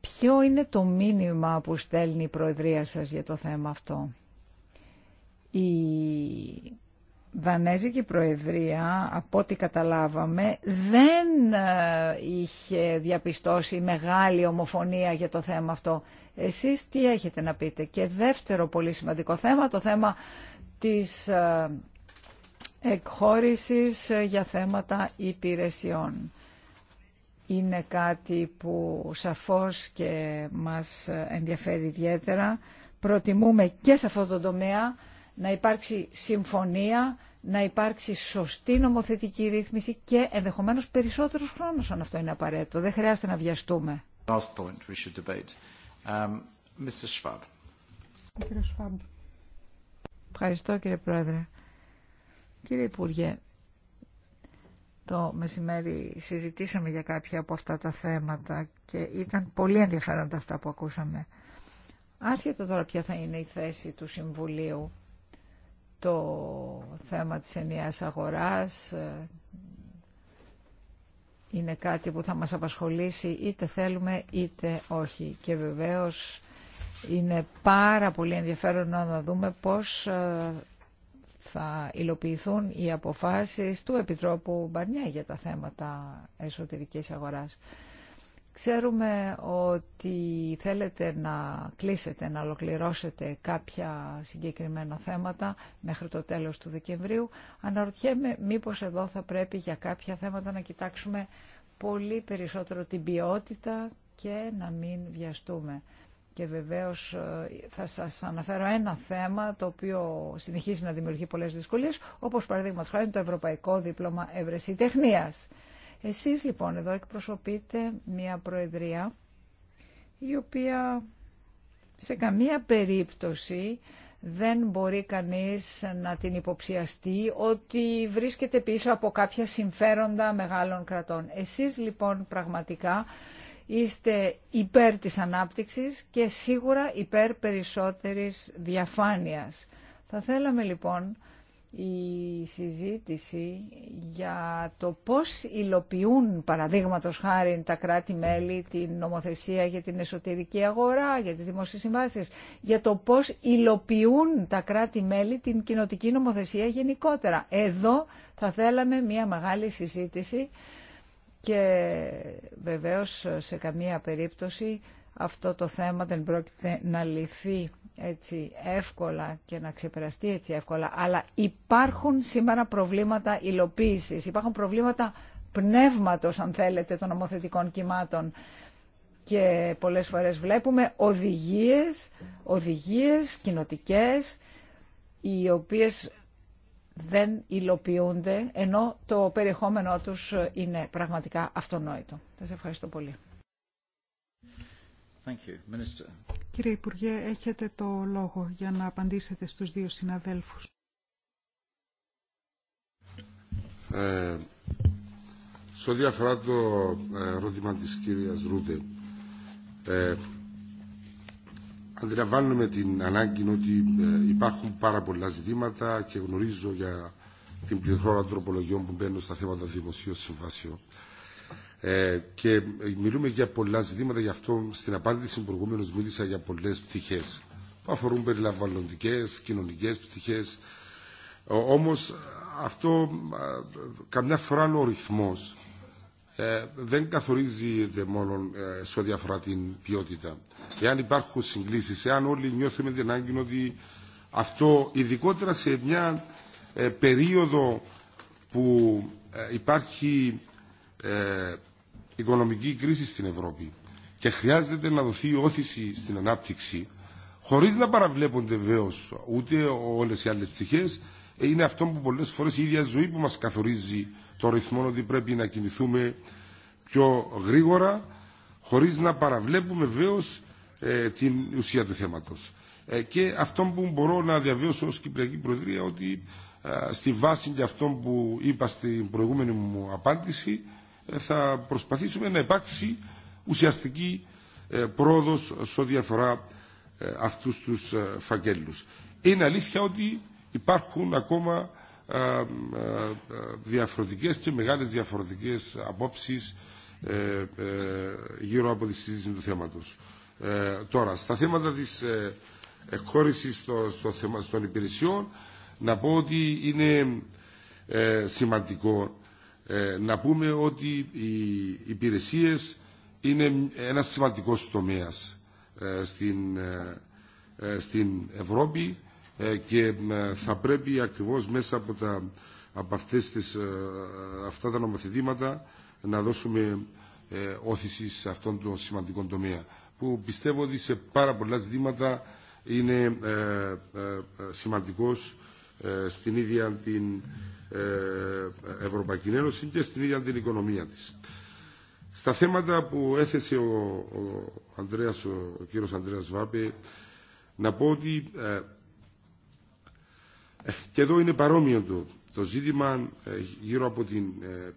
ποιο είναι το μήνυμα που στέλνει η Προεδρία σας για το θέμα αυτό. Η Δανέζικη Προεδρία, από ό,τι καταλάβαμε, δεν ε, είχε διαπιστώσει μεγάλη ομοφωνία για το θέμα αυτό. Εσείς τι έχετε να πείτε. Και δεύτερο πολύ σημαντικό θέμα, το θέμα της ε, εκχώρησης ε, για θέματα υπηρεσιών. Είναι κάτι που σαφώς και μας ενδιαφέρει ιδιαίτερα. Προτιμούμε και σε αυτό το τομέα να υπάρξει συμφωνία να υπάρξει σωστή νομοθετική ρύθμιση και ενδεχομένω περισσότερο χρόνο αν αυτό είναι απαραίτητο. Δεν χρειάζεται να βιαστούμε. Ευχαριστώ κύριε Πρόεδρε. Κύριε Υπουργέ, το μεσημέρι συζητήσαμε για κάποια από αυτά τα θέματα και ήταν πολύ ενδιαφέροντα αυτά που ακούσαμε. Άσχετο τώρα ποια θα είναι η θέση του Συμβουλίου το θέμα της ενιαίας αγοράς ε, είναι κάτι που θα μας απασχολήσει είτε θέλουμε είτε όχι. Και βεβαίως είναι πάρα πολύ ενδιαφέρον να δούμε πώς ε, θα υλοποιηθούν οι αποφάσεις του Επιτρόπου Μπαρνιά για τα θέματα εσωτερικής αγοράς. Ξέρουμε ότι θέλετε να κλείσετε, να ολοκληρώσετε κάποια συγκεκριμένα θέματα μέχρι το τέλος του Δεκεμβρίου. Αναρωτιέμαι μήπως εδώ θα πρέπει για κάποια θέματα να κοιτάξουμε πολύ περισσότερο την ποιότητα και να μην βιαστούμε. Και βεβαίως ε, θα σας αναφέρω ένα θέμα το οποίο συνεχίζει να δημιουργεί πολλές δυσκολίες, όπως παραδείγματος χάρη το Ευρωπαϊκό Δίπλωμα Ευρεσιτεχνίας. Εσείς λοιπόν εδώ εκπροσωπείτε μια προεδρία η οποία σε καμία περίπτωση δεν μπορεί κανείς να την υποψιαστεί ότι βρίσκεται πίσω από κάποια συμφέροντα μεγάλων κρατών. Εσείς λοιπόν πραγματικά είστε υπέρ της ανάπτυξης και σίγουρα υπέρ περισσότερης διαφάνειας. Θα θέλαμε λοιπόν η συζήτηση για το πώς υλοποιούν παραδείγματος χάρη τα κράτη-μέλη την νομοθεσία για την εσωτερική αγορά, για τις δημόσιες συμβάσεις, για το πώς υλοποιούν τα κράτη-μέλη την κοινοτική νομοθεσία γενικότερα. Εδώ θα θέλαμε μια μεγάλη συζήτηση και βεβαίως σε καμία περίπτωση αυτό το θέμα δεν πρόκειται να λυθεί έτσι εύκολα και να ξεπεραστεί έτσι εύκολα, αλλά υπάρχουν σήμερα προβλήματα υλοποίησης, υπάρχουν προβλήματα πνεύματος, αν θέλετε, των νομοθετικών κυμάτων και πολλές φορές βλέπουμε οδηγίες, οδηγίες κοινοτικές, οι οποίες δεν υλοποιούνται, ενώ το περιεχόμενό τους είναι πραγματικά αυτονόητο. Σας ευχαριστώ πολύ. Κύριε Υπουργέ, έχετε το λόγο για να απαντήσετε στους δύο συναδέλφους. Ε, σε ό,τι αφορά το ε, ερώτημα της κυρίας Ρούτε, ε, αντιλαμβάνομαι την ανάγκη ότι ε, υπάρχουν πάρα πολλά ζητήματα και γνωρίζω για την πληθώρα τροπολογιών που μπαίνουν στα θέματα δημοσίου συμβάσεων. Ε, και μιλούμε για πολλά ζητήματα, γι' αυτό στην απάντηση προηγούμενο μίλησα για πολλέ πτυχέ που αφορούν περιλαμβανοντικέ, κοινωνικέ πτυχέ. Όμω αυτό καμιά φορά ο ρυθμό ε, δεν καθορίζεται μόνο ε, σε ό,τι αφορά την ποιότητα. Εάν υπάρχουν συγκλήσει, εάν όλοι νιώθουμε την ανάγκη ότι αυτό ειδικότερα σε μια περίοδο που υπάρχει οικονομική κρίση στην Ευρώπη και χρειάζεται να δοθεί όθηση στην ανάπτυξη χωρίς να παραβλέπονται βεβαίω ούτε όλες οι άλλε πτυχέ, είναι αυτό που πολλές φορές η ίδια ζωή που μας καθορίζει το ρυθμό ότι πρέπει να κινηθούμε πιο γρήγορα χωρίς να παραβλέπουμε βεβαίω ε, την ουσία του θέματος. Ε, και αυτό που μπορώ να διαβίωσω ω Κυπριακή Προεδρία ότι ε, στη βάση και αυτό που είπα στην προηγούμενη μου απάντηση θα προσπαθήσουμε να υπάρξει ουσιαστική ε, πρόοδος σε ό,τι αφορά ε, αυτούς τους ε, φαγγέλους. Είναι αλήθεια ότι υπάρχουν ακόμα διαφορετικές και μεγάλες διαφορετικές απόψεις γύρω από τη συζήτηση του θέματος. Τώρα, στα θέματα της εκχώρησης των υπηρεσιών, να πω ότι είναι σημαντικό ε, να πούμε ότι οι υπηρεσίες είναι ένας σημαντικός τομέας ε, στην, ε, στην Ευρώπη και θα πρέπει ακριβώς μέσα από, τα, από αυτές αυτά τα νομοθετήματα να δώσουμε όθηση σε αυτόν τον σημαντικό τομέα που πιστεύω ότι σε πάρα πολλά ζητήματα είναι σημαντικός στην ίδια την ε, Ευρωπαϊκή Ένωση και στην ίδια την οικονομία της. Στα θέματα που έθεσε ο, ο, Ανδρέας, ο, κύριος Ανδρέας Βάπη, να πω ότι ε, ε, και εδώ είναι παρόμοιο το, το ζήτημα γύρω από την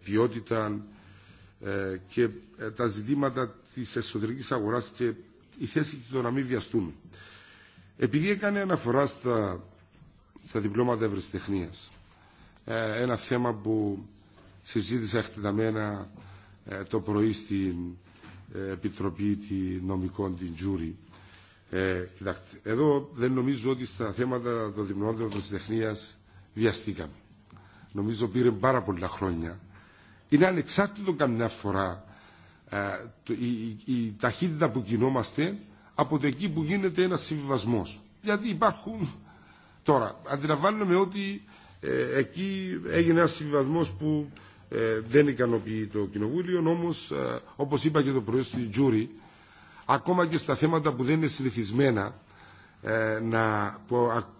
ποιότητα και τα ζητήματα της εσωτερικής αγοράς και η θέση του να μην βιαστούν Επειδή έκανε αναφορά στα, στα διπλώματα ευρεσιτεχνίας, ε, ένα θέμα που συζήτησα εκτεταμένα ε, το πρωί στην ε, Επιτροπή Νομικών την Τζούρι. κοιτάξτε, εδώ δεν νομίζω ότι στα θέματα των δημιουργών της τεχνίας βιαστήκαμε. Νομίζω πήρε πάρα πολλά χρόνια. Είναι ανεξάρτητο καμιά φορά ε, η, ταχύτητα που κινόμαστε από το εκεί που γίνεται ένας συμβιβασμός. Γιατί υπάρχουν τώρα, αντιλαμβάνομαι ότι ε, εκεί έγινε ένας συμβιβασμός που ε, δεν ικανοποιεί το Κοινοβούλιο, όμως ε, όπως είπα και το πρωί στη Τζούρι, ακόμα και στα θέματα που δεν είναι συνηθισμένα, να, που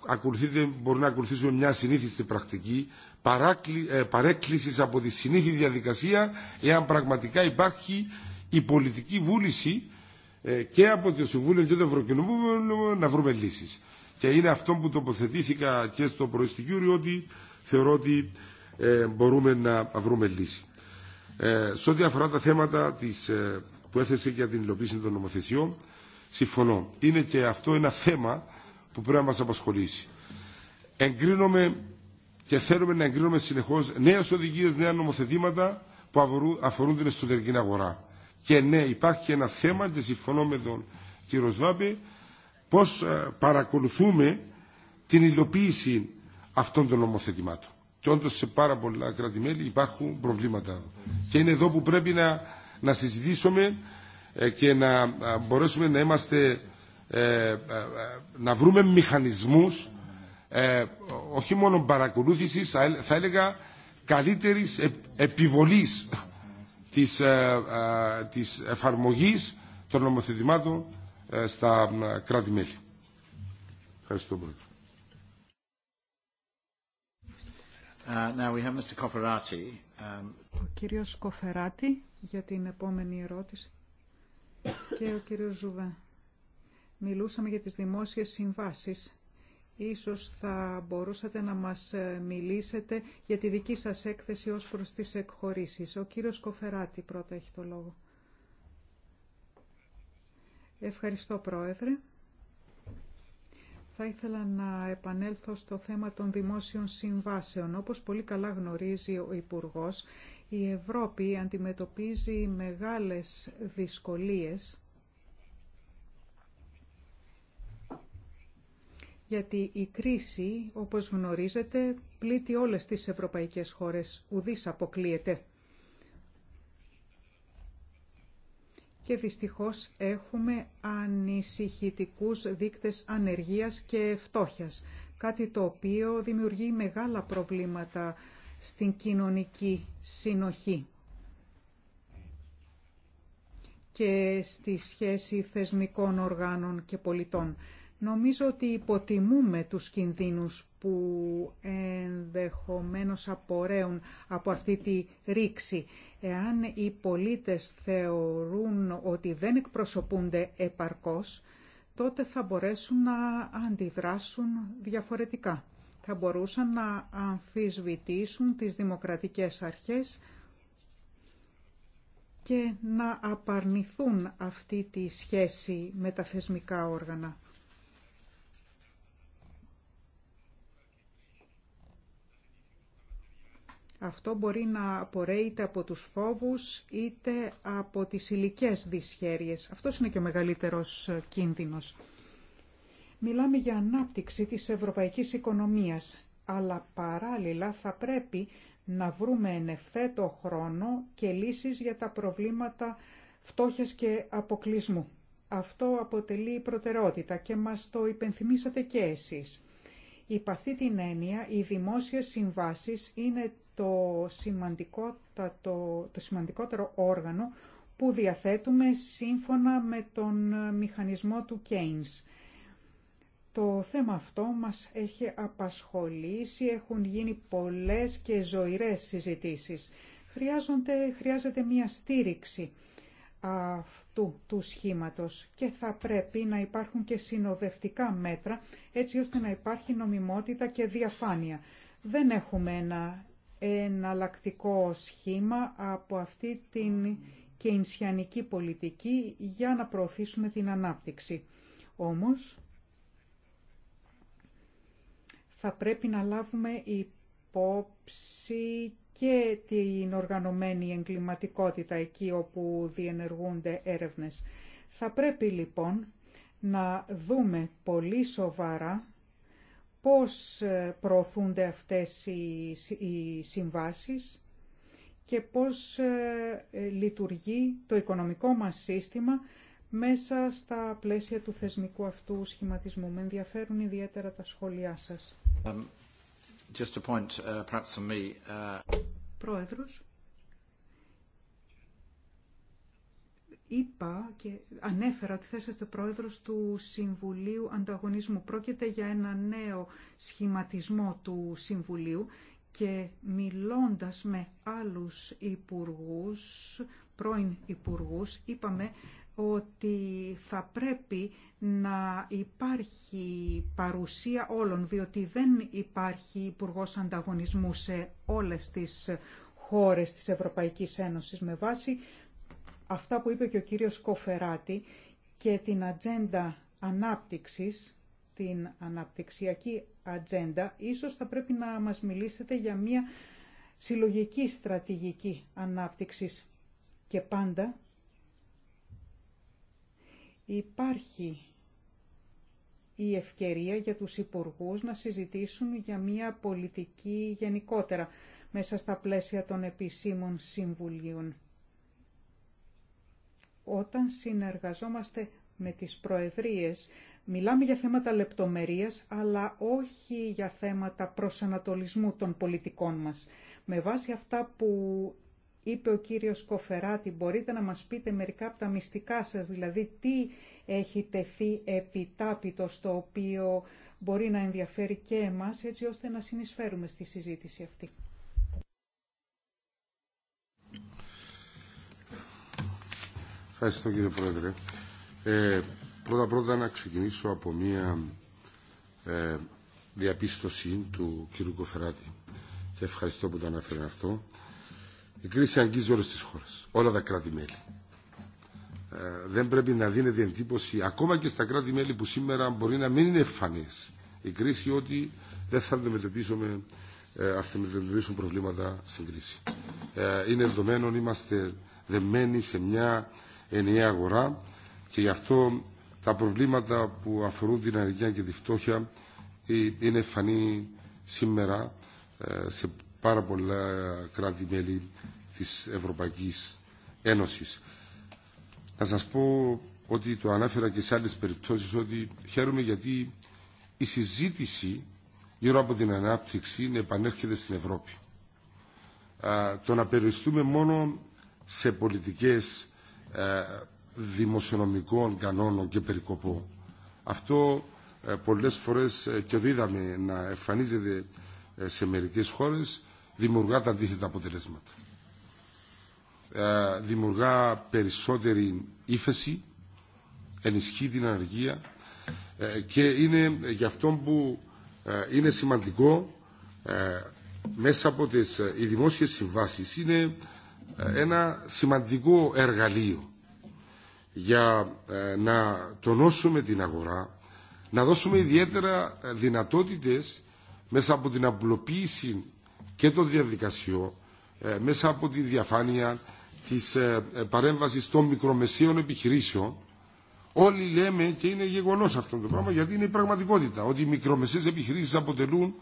ακολουθείτε, μπορεί να ακολουθήσουμε μια συνήθιστη πρακτική παρέκκλησης από τη συνήθιη διαδικασία εάν πραγματικά υπάρχει η πολιτική βούληση και από το Συμβούλιο και το Ευρωκοινοβούλιο να βρούμε λύσεις. Και είναι αυτό που τοποθετήθηκα και στο προεστικούριο ότι θεωρώ ότι ε, μπορούμε να βρούμε λύση. Ε, σε ό,τι αφορά τα θέματα της, ε, που έθεσε για την υλοποίηση των νομοθεσιών, συμφωνώ. Είναι και αυτό ένα θέμα που πρέπει να μας απασχολήσει. Εγκρίνομαι και θέλουμε να εγκρίνουμε συνεχώς νέες οδηγίες, νέα νομοθετήματα που αφορούν την εσωτερική αγορά. Και ναι, υπάρχει ένα θέμα και συμφωνώ με τον κύριο Σβάπη πώς ε, παρακολουθούμε την υλοποίηση αυτών των νομοθετημάτων. Και όντως σε πάρα πολλά κρατημέλη υπάρχουν προβλήματα. Και είναι εδώ που πρέπει να, να συζητήσουμε ε, και να μπορέσουμε να είμαστε ε, να βρούμε μηχανισμούς όχι μόνο παρακολούθησης θα έλεγα καλύτερης επιβολής της, της εφαρμογής των νομοθετημάτων ε, στα κράτη-μέλη. Ευχαριστώ πολύ. Uh, um, ο κύριος Κοφεράτη για την επόμενη ερώτηση και ο κύριος Ζουβέ. Μιλούσαμε για τις δημόσιες συμβάσεις. Ίσως θα μπορούσατε να μας ε, μιλήσετε για τη δική σας έκθεση ως προς τις εκχωρήσεις. Ο κύριος Κοφεράτη πρώτα έχει το λόγο. Ευχαριστώ Πρόεδρε. Θα ήθελα να επανέλθω στο θέμα των δημόσιων συμβάσεων. Όπως πολύ καλά γνωρίζει ο Υπουργός, η Ευρώπη αντιμετωπίζει μεγάλες δυσκολίες γιατί η κρίση, όπως γνωρίζετε, πλήττει όλες τις ευρωπαϊκές χώρες, ουδής αποκλείεται. και δυστυχώς έχουμε ανησυχητικούς δείκτες ανεργίας και φτώχειας, κάτι το οποίο δημιουργεί μεγάλα προβλήματα στην κοινωνική συνοχή και στη σχέση θεσμικών οργάνων και πολιτών. Νομίζω ότι υποτιμούμε τους κινδύνους που ενδεχομένως απορρέουν από αυτή τη ρήξη Εάν οι πολίτες θεωρούν ότι δεν εκπροσωπούνται επαρκώς, τότε θα μπορέσουν να αντιδράσουν διαφορετικά. Θα μπορούσαν να αμφισβητήσουν τις δημοκρατικές αρχές και να απαρνηθούν αυτή τη σχέση με τα θεσμικά όργανα. Αυτό μπορεί να απορρέει είτε από τους φόβους είτε από τις ηλικέ δυσχέρειες. Αυτός είναι και ο μεγαλύτερος κίνδυνος. Μιλάμε για ανάπτυξη της ευρωπαϊκής οικονομίας, αλλά παράλληλα θα πρέπει να βρούμε εν χρόνο και λύσεις για τα προβλήματα φτώχειας και αποκλεισμού. Αυτό αποτελεί προτεραιότητα και μας το υπενθυμίσατε και εσείς. Υπ' αυτή την έννοια, οι δημόσιες συμβάσεις είναι το, το σημαντικότερο όργανο που διαθέτουμε σύμφωνα με τον μηχανισμό του Keynes. Το θέμα αυτό μας έχει απασχολήσει, έχουν γίνει πολλές και ζωηρές συζητήσεις. Χρειάζονται, χρειάζεται μια στήριξη αυτού του σχήματος και θα πρέπει να υπάρχουν και συνοδευτικά μέτρα έτσι ώστε να υπάρχει νομιμότητα και διαφάνεια. Δεν έχουμε ένα εναλλακτικό σχήμα από αυτή την κεινσιανική πολιτική για να προωθήσουμε την ανάπτυξη. Όμως, θα πρέπει να λάβουμε υπόψη και την οργανωμένη εγκληματικότητα εκεί όπου διενεργούνται έρευνες. Θα πρέπει λοιπόν να δούμε πολύ σοβαρά πώς ε, προωθούνται αυτές οι συμβάσεις και πώς ε, ε, λειτουργεί το οικονομικό μας σύστημα μέσα στα πλαίσια του θεσμικού αυτού σχηματισμού. Με ενδιαφέρουν ιδιαίτερα τα σχόλιά σας. Um, uh, uh, Πρόεδρος. είπα και ανέφερα ότι θα πρόεδρος του Συμβουλίου Ανταγωνισμού. Πρόκειται για ένα νέο σχηματισμό του Συμβουλίου και μιλώντας με άλλους υπουργούς, πρώην υπουργούς, είπαμε ότι θα πρέπει να υπάρχει παρουσία όλων, διότι δεν υπάρχει υπουργό ανταγωνισμού σε όλες τις χώρες της Ευρωπαϊκής Ένωσης με βάση αυτά που είπε και ο κύριος Κοφεράτη και την ατζέντα ανάπτυξης, την αναπτυξιακή ατζέντα, ίσως θα πρέπει να μας μιλήσετε για μια συλλογική στρατηγική ανάπτυξης. Και πάντα υπάρχει η ευκαιρία για τους υπουργούς να συζητήσουν για μια πολιτική γενικότερα μέσα στα πλαίσια των επισήμων συμβουλίων. Όταν συνεργαζόμαστε με τις προεδρίες, μιλάμε για θέματα λεπτομερίας, αλλά όχι για θέματα προσανατολισμού των πολιτικών μας. Με βάση αυτά που είπε ο κύριος Κοφεράτη, μπορείτε να μας πείτε μερικά από τα μυστικά σας, δηλαδή τι έχει τεθεί επιτάπητο στο οποίο μπορεί να ενδιαφέρει και εμάς, έτσι ώστε να συνεισφέρουμε στη συζήτηση αυτή. Ευχαριστώ κύριε Πρόεδρε. Ε, πρώτα πρώτα να ξεκινήσω από μια ε, διαπίστωση του κύριου Κοφεράτη και ευχαριστώ που το αναφέρει αυτό. Η κρίση αγγίζει όλες τις χώρες, όλα τα κράτη-μέλη. Ε, δεν πρέπει να δίνεται εντύπωση, ακόμα και στα κράτη-μέλη που σήμερα μπορεί να μην είναι εμφανές η κρίση, ότι δεν θα αντιμετωπίσουμε ε, προβλήματα στην κρίση. Ε, είναι δεδομένο, είμαστε δεμένοι σε μια ενιαία αγορά και γι' αυτό τα προβλήματα που αφορούν την ανεργία και τη φτώχεια ε, είναι φανή σήμερα ε, σε πάρα πολλά κράτη-μέλη της Ευρωπαϊκής Ένωσης. Να σας πω ότι το ανάφερα και σε άλλες περιπτώσεις ότι χαίρομαι γιατί η συζήτηση γύρω από την ανάπτυξη επανέρχεται στην Ευρώπη. Το να περιοριστούμε μόνο σε πολιτικές ε, δημοσιονομικών κανόνων και περικοπών. Αυτό ε, πολλές φορές ε, και το είδαμε να εμφανίζεται σε μερικές χώρες, δημιουργά τα αντίθετα αποτελέσματα. Δημιουργά περισσότερη ύφεση, ενισχύει την αναργία και είναι γι' αυτό που είναι σημαντικό μέσα από τις οι δημόσιες συμβάσεις είναι ένα σημαντικό εργαλείο για ε, να τονώσουμε την αγορά, να δώσουμε ιδιαίτερα ε, δυνατότητες μέσα από την απλοποίηση και το διαδικασίο, ε, μέσα από τη διαφάνεια της παρέμβασης των μικρομεσαίων επιχειρήσεων. Όλοι λέμε και είναι γεγονός αυτό το πράγμα γιατί είναι η πραγματικότητα ότι οι μικρομεσαίες επιχειρήσεις αποτελούν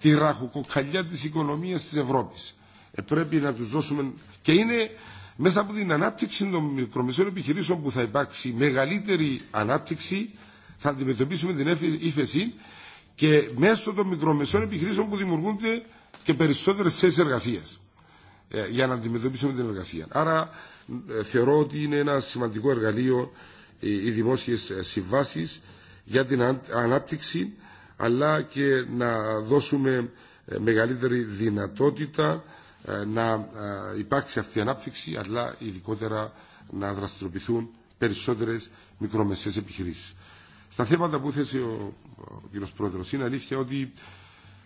τη ραχοκοκαλιά της οικονομίας της Ευρώπης. Ε, πρέπει να τους δώσουμε και είναι μέσα από την ανάπτυξη των μικρομεσαίων επιχειρήσεων που θα υπάρξει μεγαλύτερη ανάπτυξη θα αντιμετωπίσουμε την ύφεση και μέσω των μικρομεσαίων επιχειρήσεων που δημιουργούνται και περισσότερες θέσει εργασίας ε, για να αντιμετωπίσουμε την εργασία. Άρα ε, θεωρώ ότι είναι ένα σημαντικό εργαλείο οι δημόσιες συμβάσεις για την ανάπτυξη αλλά και να δώσουμε μεγαλύτερη δυνατότητα ε, να ε, υπάρξει αυτή η ανάπτυξη, αλλά ειδικότερα να δραστηριοποιηθούν περισσότερε μικρομεσαίε επιχειρήσει. Στα θέματα που θέσε ο κ. Πρόεδρος, είναι αλήθεια ότι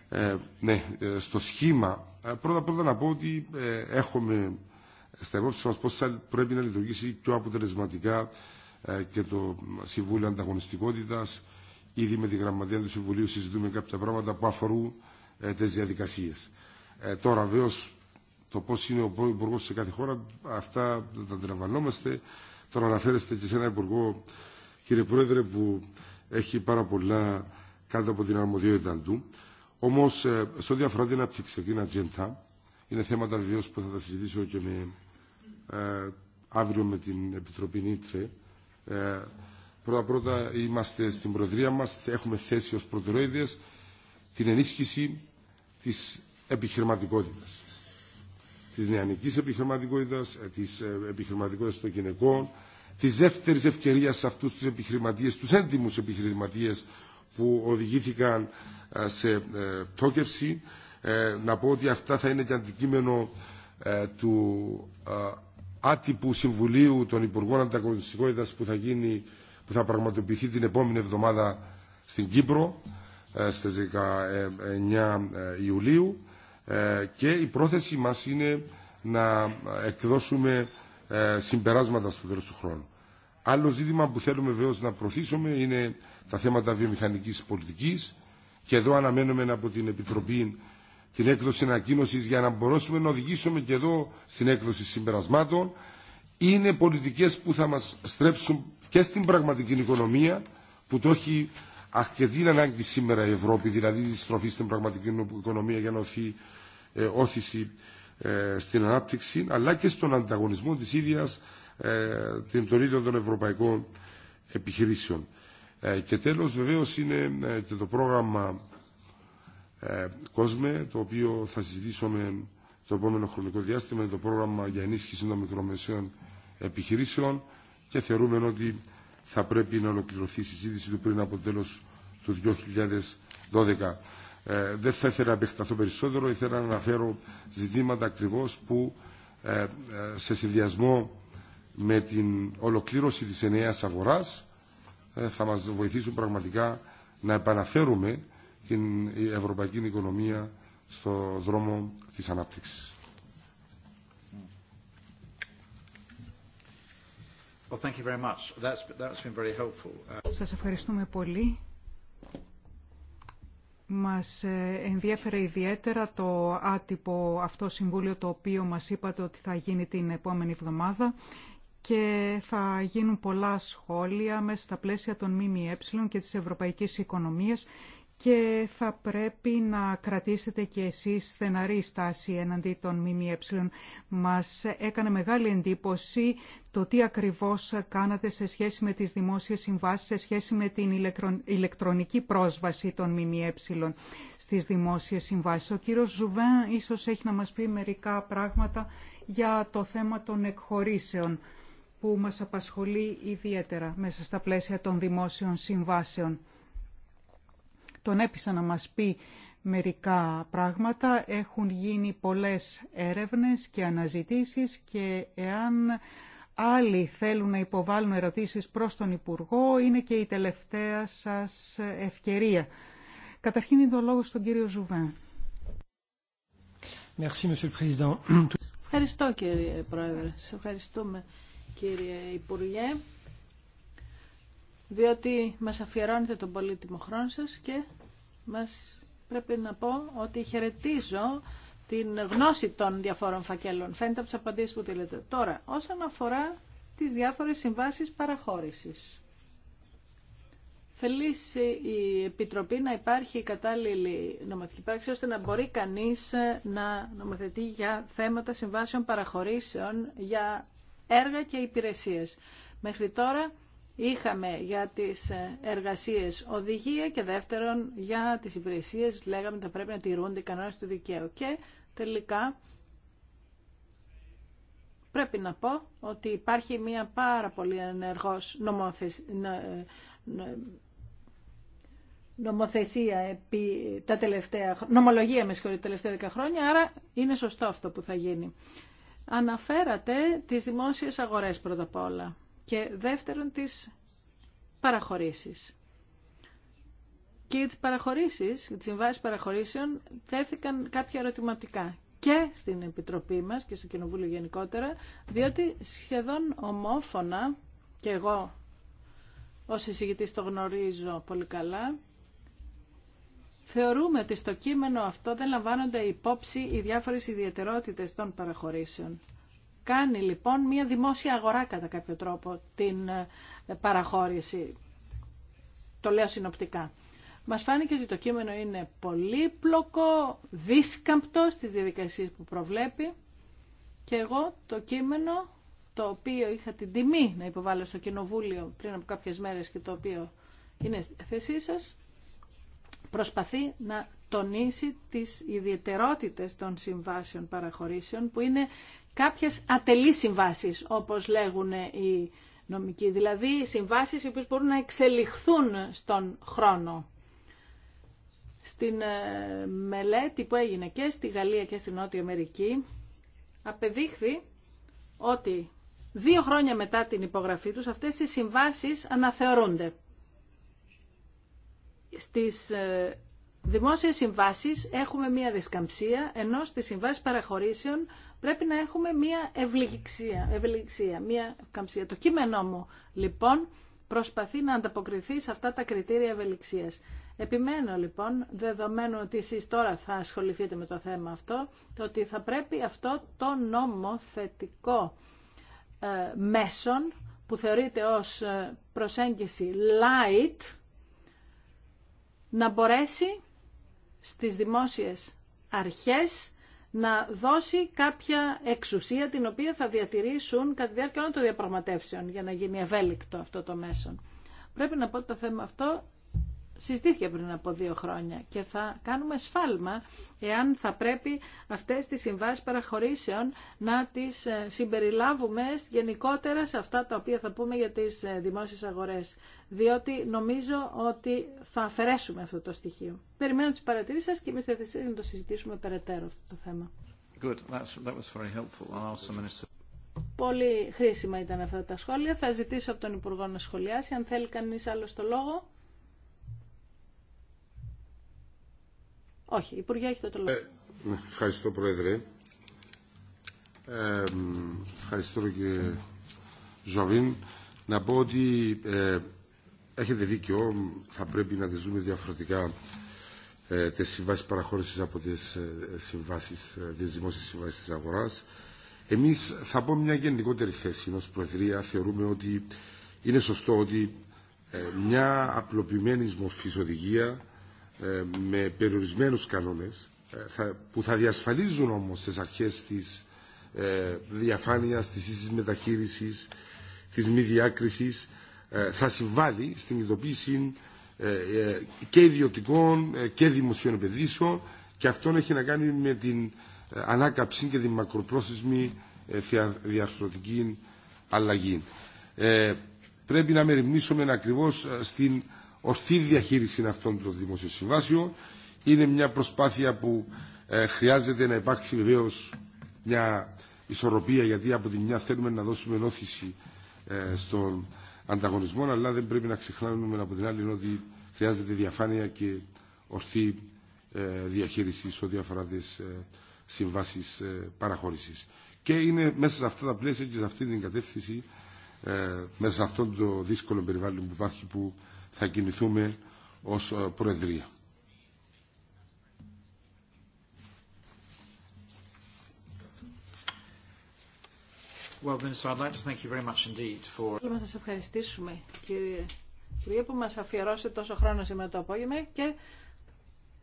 ε, ναι, ε, στο σχήμα, πρώτα πρώτα να πω ότι έχουμε στα υπόψη μα πω πρέπει να λειτουργήσει πιο αποτελεσματικά ε, και το Συμβούλιο ανταγωνιστικότητα, Ήδη με τη Γραμματεία του Συμβουλίου συζητούμε κάποια πράγματα που αφορούν τις διαδικασίες. Τώρα, βεβαίω, το πώ είναι ο υπουργό σε κάθε χώρα, αυτά τα αντιλαμβανόμαστε. Τώρα αναφέρεστε και σε ένα υπουργό, κύριε Πρόεδρε, που έχει πάρα πολλά κάτω από την αρμοδιότητα του. Όμω, ε, σε ό,τι αφορά την την ατζέντα, είναι θέματα βεβαίω που θα τα συζητήσω και με, ε, αύριο με την Επιτροπή Νίτρε. Ε, Πρώτα-πρώτα είμαστε στην Προεδρία μας, έχουμε θέσει ως προτεραιότητες την ενίσχυση της επιχειρηματικότητας τη νεανική επιχειρηματικότητα, της επιχειρηματικότητα ε, ε, των γυναικών, τη δεύτερη ευκαιρία σε αυτούς του επιχειρηματίε, τους έντιμου επιχειρηματίε που οδηγήθηκαν ε, σε πτώκευση. Να πω ότι αυτά θα είναι και αντικείμενο του άτυπου Συμβουλίου των Υπουργών Ανταγωνιστικότητας που θα, γίνει, που θα πραγματοποιηθεί την επόμενη εβδομάδα στην Κύπρο στις 19 Ιουλίου ε, και η πρόθεση μας είναι να εκδώσουμε ε, συμπεράσματα στο τέλος του χρόνου. Άλλο ζήτημα που θέλουμε βεβαίω να προωθήσουμε είναι τα θέματα βιομηχανικής πολιτικής και εδώ αναμένουμε από την Επιτροπή την έκδοση ανακοίνωση για να μπορέσουμε να οδηγήσουμε και εδώ στην έκδοση συμπερασμάτων. Είναι πολιτικές που θα μας στρέψουν και στην πραγματική οικονομία που το έχει αρκετή ανάγκη σήμερα η Ευρώπη, δηλαδή τη στροφή στην πραγματική οικονομία για να οθεί ε, όθηση ε, στην ανάπτυξη αλλά και στον ανταγωνισμό της ίδιας ε, την ίδιων των ευρωπαϊκών επιχειρήσεων. Και τέλος βεβαίως είναι και το πρόγραμμα COSME το οποίο θα συζητήσουμε το επόμενο χρονικό διάστημα το πρόγραμμα για ενίσχυση των μικρομεσαίων επιχειρήσεων και θεωρούμε ότι θα πρέπει να ολοκληρωθεί η συζήτηση του πριν από τέλος του 2012. Ε, δεν θα ήθελα να επεκταθώ περισσότερο, ήθελα να αναφέρω ζητήματα ακριβώς που ε, ε, σε συνδυασμό με την ολοκλήρωση της ενιαίας αγοράς θα μας βοηθήσουν πραγματικά να επαναφέρουμε την ευρωπαϊκή οικονομία στο δρόμο της ανάπτυξης. Well, thank you very Σας ευχαριστούμε πολύ. Μας ε, ενδιέφερε ιδιαίτερα το άτυπο αυτό συμβούλιο το οποίο μας είπατε ότι θα γίνει την επόμενη εβδομάδα και θα γίνουν πολλά σχόλια μέσα στα πλαίσια των ΜΜΕ και της ευρωπαϊκής οικονομίας και θα πρέπει να κρατήσετε και εσείς στεναρή στάση εναντί των ΜΜΕ. Μας έκανε μεγάλη εντύπωση το τι ακριβώς κάνατε σε σχέση με τις δημόσιες συμβάσεις, σε σχέση με την ηλεκτρονική πρόσβαση των ΜΜΕ στις δημόσιες συμβάσεις. Ο κύριος Ζουβέν ίσως έχει να μας πει μερικά πράγματα για το θέμα των εκχωρήσεων που μας απασχολεί ιδιαίτερα μέσα στα πλαίσια των δημόσιων συμβάσεων τον έπεισα να μας πει μερικά πράγματα. Έχουν γίνει πολλές έρευνες και αναζητήσεις και εάν άλλοι θέλουν να υποβάλουν ερωτήσεις προς τον Υπουργό, είναι και η τελευταία σας ευκαιρία. Καταρχήν είναι το λόγο στον κύριο Ζουβέν. Ευχαριστώ κύριε Πρόεδρε. Σας ευχαριστούμε κύριε Υπουργέ διότι μας αφιερώνετε τον πολύτιμο χρόνο σας και μας πρέπει να πω ότι χαιρετίζω την γνώση των διαφόρων φακέλων. Φαίνεται από τις απαντήσεις που λέτε. Τώρα, όσον αφορά τις διάφορες συμβάσεις παραχώρησης. Θελήσει η Επιτροπή να υπάρχει η κατάλληλη νομοθετική πράξη ώστε να μπορεί κανείς ε, να νομοθετεί για θέματα συμβάσεων παραχωρήσεων για έργα και υπηρεσίες. Μέχρι τώρα είχαμε για τις εργασίες οδηγία και δεύτερον για τις υπηρεσίες λέγαμε ότι θα πρέπει να τηρούνται οι κανόνες του δικαίου και τελικά πρέπει να πω ότι υπάρχει μια πάρα πολύ ενεργός νομοθεσία επί τα τελευταία, νομολογία με συγχωρεί τα τελευταία δέκα χρόνια, άρα είναι σωστό αυτό που θα γίνει. Αναφέρατε τις δημόσιες αγορές πρώτα απ' όλα και δεύτερον τις παραχωρήσεις. Και τις παραχωρήσεις, τις συμβάσεις παραχωρήσεων, θέθηκαν κάποια ερωτηματικά και στην Επιτροπή μας και στο Κοινοβούλιο γενικότερα, διότι σχεδόν ομόφωνα, και εγώ ως εισηγητής το γνωρίζω πολύ καλά, θεωρούμε ότι στο κείμενο αυτό δεν λαμβάνονται υπόψη οι διάφορες ιδιαιτερότητες των παραχωρήσεων κάνει λοιπόν μια δημόσια αγορά κατά κάποιο τρόπο την ε, παραχώρηση. Το λέω συνοπτικά. Μας φάνηκε ότι το κείμενο είναι πολύπλοκο, δίσκαμπτο στις διαδικασίες που προβλέπει και εγώ το κείμενο το οποίο είχα την τιμή να υποβάλω στο Κοινοβούλιο πριν από κάποιες μέρες και το οποίο είναι στη θέσή σας, προσπαθεί να τονίσει τις ιδιαιτερότητες των συμβάσεων παραχωρήσεων που είναι κάποιες ατελείς συμβάσεις, όπως λέγουν οι νομικοί, δηλαδή συμβάσεις οι οποίες μπορούν να εξελιχθούν στον χρόνο. Στην ε, μελέτη που έγινε και στη Γαλλία και στη Νότια Αμερική, απεδείχθη ότι δύο χρόνια μετά την υπογραφή τους αυτές οι συμβάσεις αναθεωρούνται. Στις ε, δημόσιες συμβάσεις έχουμε μία δισκαμψία, ενώ στις συμβάσεις παραχωρήσεων Πρέπει να έχουμε μία ευληξία, ευληξία μία καμψία. Το κείμενό μου, λοιπόν, προσπαθεί να ανταποκριθεί σε αυτά τα κριτήρια ευελιξίας. Επιμένω λοιπόν, δεδομένου ότι εσείς τώρα θα ασχοληθείτε με το θέμα αυτό, ότι θα πρέπει αυτό το νομοθετικό ε, μέσον που θεωρείται ως ε, προσέγγιση light να μπορέσει στις δημόσιες αρχές να δώσει κάποια εξουσία την οποία θα διατηρήσουν κατά τη διάρκεια όλων των διαπραγματεύσεων για να γίνει ευέλικτο αυτό το μέσο. Πρέπει να πω ότι το θέμα αυτό συζητήθηκε πριν από δύο χρόνια και θα κάνουμε σφάλμα εάν θα πρέπει αυτές τις συμβάσεις παραχωρήσεων να τις ε, συμπεριλάβουμε γενικότερα σε αυτά τα οποία θα πούμε για τις ε, δημόσιες αγορές. Διότι νομίζω ότι θα αφαιρέσουμε αυτό το στοιχείο. Περιμένω τις παρατηρήσεις σας και εμείς θα να το συζητήσουμε περαιτέρω αυτό το θέμα. Πολύ χρήσιμα ήταν αυτά τα σχόλια. Θα ζητήσω από τον Υπουργό να σχολιάσει. Αν θέλει κανείς άλλο το λόγο. Όχι, Υπουργέ, έχετε το λόγο. Ε, ναι, ευχαριστώ, Πρόεδρε. Ε, ευχαριστώ, κύριε Ζωβίν. Να πω ότι ε, έχετε δίκιο, θα πρέπει να τις δούμε διαφορετικά ε, τις συμβάσεις παραχώρησης από τις, ε, συμβάσεις, ε, τις δημόσιες συμβάσεις της αγοράς. Εμείς θα πω μια γενικότερη θέση ως Προεδρία. Θεωρούμε ότι είναι σωστό ότι ε, μια απλοποιημένη μορφή οδηγία ε, με περιορισμένους κανόνες ε, που θα διασφαλίζουν όμως τις αρχές της ε, διαφάνειας, της ίσης μεταχείρισης, της μη διάκρισης θα συμβάλλει στην ειδοποίηση και ιδιωτικών και δημοσίων επενδύσεων και αυτό έχει να κάνει με την ανάκαψη και την μακροπρόθεσμη διαρθρωτική αλλαγή. Πρέπει να μεριμνήσουμε ακριβώς στην ορθή διαχείριση αυτών των δημοσίων συμβάσεων. Είναι μια προσπάθεια που ε, χρειάζεται να υπάρξει βεβαίω μια ισορροπία γιατί από τη μια θέλουμε να δώσουμε ενώθηση ε, στον ανταγωνισμό αλλά δεν πρέπει να ξεχνάμε από την άλλη ότι χρειάζεται διαφάνεια και ορθή ε, διαχείριση σε ό,τι αφορά τι ε, συμβάσει ε, παραχώρηση. Και είναι μέσα σε αυτά τα πλαίσια και σε αυτή την κατεύθυνση, ε, μέσα σε αυτό το δύσκολο περιβάλλον που υπάρχει που θα κινηθούμε ως ε, Προεδρία. Well, να σας ευχαριστήσουμε, κύριε, που μας αφιερώσετε τόσο χρόνο σήμερα το απόγευμα και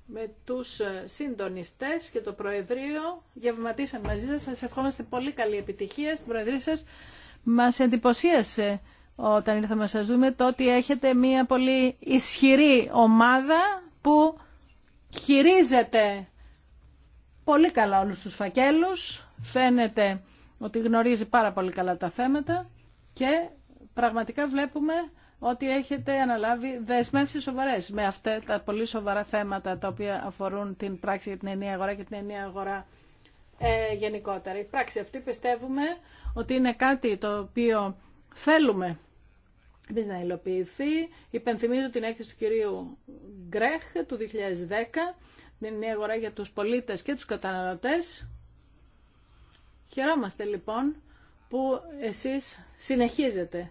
με τους ε, συντονιστές και το Προεδρείο γευματίσαμε μαζί σας. Σας ευχόμαστε πολύ καλή επιτυχία στην Προεδρία σας. Μας εντυπωσίασε όταν ήρθαμε να σας δούμε το ότι έχετε μια πολύ ισχυρή ομάδα που χειρίζεται πολύ καλά όλους τους φακέλους, φαίνεται ότι γνωρίζει πάρα πολύ καλά τα θέματα και πραγματικά βλέπουμε ότι έχετε αναλάβει δεσμεύσεις σοβαρές με αυτά τα πολύ σοβαρά θέματα τα οποία αφορούν την πράξη για την ενιαία αγορά και την ενιαία αγορά ε, γενικότερα. Η πράξη αυτή πιστεύουμε ότι είναι κάτι το οποίο Θέλουμε επίσης να υλοποιηθεί. Υπενθυμίζω την έκθεση του κυρίου Γκρέχ του 2010, την νέα αγορά για τους πολίτες και τους καταναλωτές. Χαιρόμαστε λοιπόν που εσείς συνεχίζετε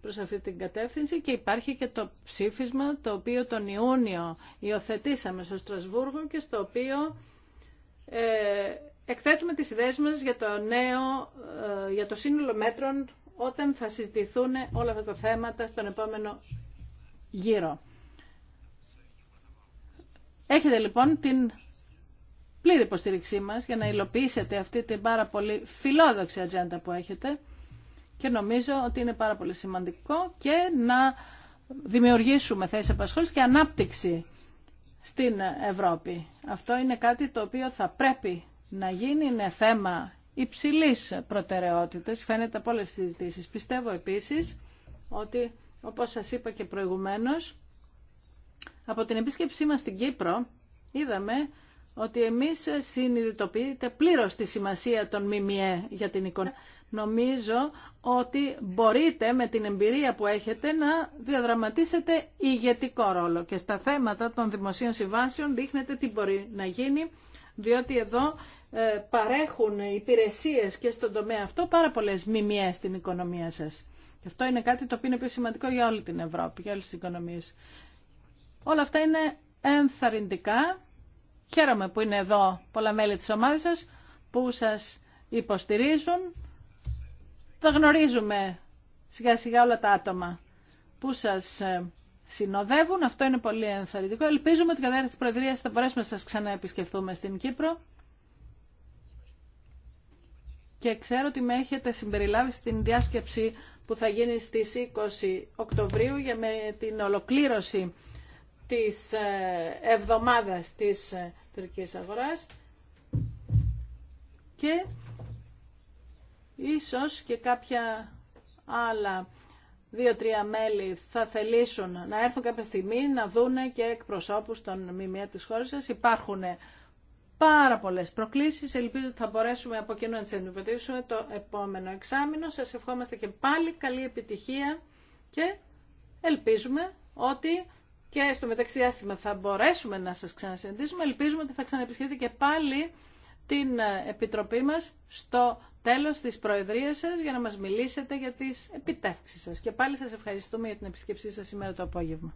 προς αυτή την κατεύθυνση και υπάρχει και το ψήφισμα το οποίο τον Ιούνιο υιοθετήσαμε στο Στρασβούργο και στο οποίο ε, εκθέτουμε τις ιδέες μας για το νέο, ε, για το σύνολο μέτρων όταν θα συζητηθούν όλα αυτά τα θέματα στον επόμενο γύρο. Έχετε λοιπόν την πλήρη υποστήριξή μας για να υλοποιήσετε αυτή την πάρα πολύ φιλόδοξη ατζέντα που έχετε και νομίζω ότι είναι πάρα πολύ σημαντικό και να δημιουργήσουμε θέσεις απασχόλησης και ανάπτυξη στην Ευρώπη. Αυτό είναι κάτι το οποίο θα πρέπει να γίνει, είναι θέμα Υψηλή προτεραιότητας, φαίνεται από όλε τις συζητήσει. Πιστεύω επίσης ότι, όπως σας είπα και προηγουμένως, από την επίσκεψή μα στην Κύπρο είδαμε ότι εμείς συνειδητοποιείται πλήρως τη σημασία των ΜΜΕ για την εικόνα. Νομίζω ότι μπορείτε με την εμπειρία που έχετε να διαδραματίσετε ηγετικό ρόλο και στα θέματα των δημοσίων συμβάσεων δείχνετε τι μπορεί να γίνει, διότι εδώ ε, παρέχουν υπηρεσίες και στον τομέα αυτό πάρα πολλές μιμιές στην οικονομία σας. Και αυτό είναι κάτι το οποίο είναι πιο σημαντικό για όλη την Ευρώπη, για όλες τις οικονομίες. Όλα αυτά είναι ενθαρρυντικά. Χαίρομαι που είναι εδώ πολλά μέλη της ομάδας σας που σας υποστηρίζουν. Τα γνωρίζουμε σιγά σιγά όλα τα άτομα που σας ε, συνοδεύουν. Αυτό είναι πολύ ενθαρρυντικό. Ελπίζουμε ότι κατά τη προεδρία θα μπορέσουμε να σας ξαναεπισκεφθούμε στην Κύπρο και ξέρω ότι με έχετε συμπεριλάβει στην διάσκεψη που θα γίνει στις 20 Οκτωβρίου για με την ολοκλήρωση της ε, εβδομάδας της ε, τουρκικής αγοράς και ίσως και κάποια άλλα δύο-τρία μέλη θα θελήσουν να έρθουν κάποια στιγμή να δούνε και εκπροσώπους των ΜΜΕ της χώρας σας. Υπάρχουν πάρα πολλέ προκλήσει, Ελπίζω ότι θα μπορέσουμε από κοινού να τι αντιμετωπίσουμε το επόμενο εξάμεινο. Σας ευχόμαστε και πάλι καλή επιτυχία και ελπίζουμε ότι και στο μεταξύ διάστημα θα μπορέσουμε να σας ξανασυντήσουμε. Ελπίζουμε ότι θα ξαναεπισκεφτείτε και πάλι την Επιτροπή μας στο τέλος της Προεδρίας σας για να μας μιλήσετε για τις επιτεύξεις σας. Και πάλι σας ευχαριστούμε για την επισκεψή σας σήμερα το απόγευμα.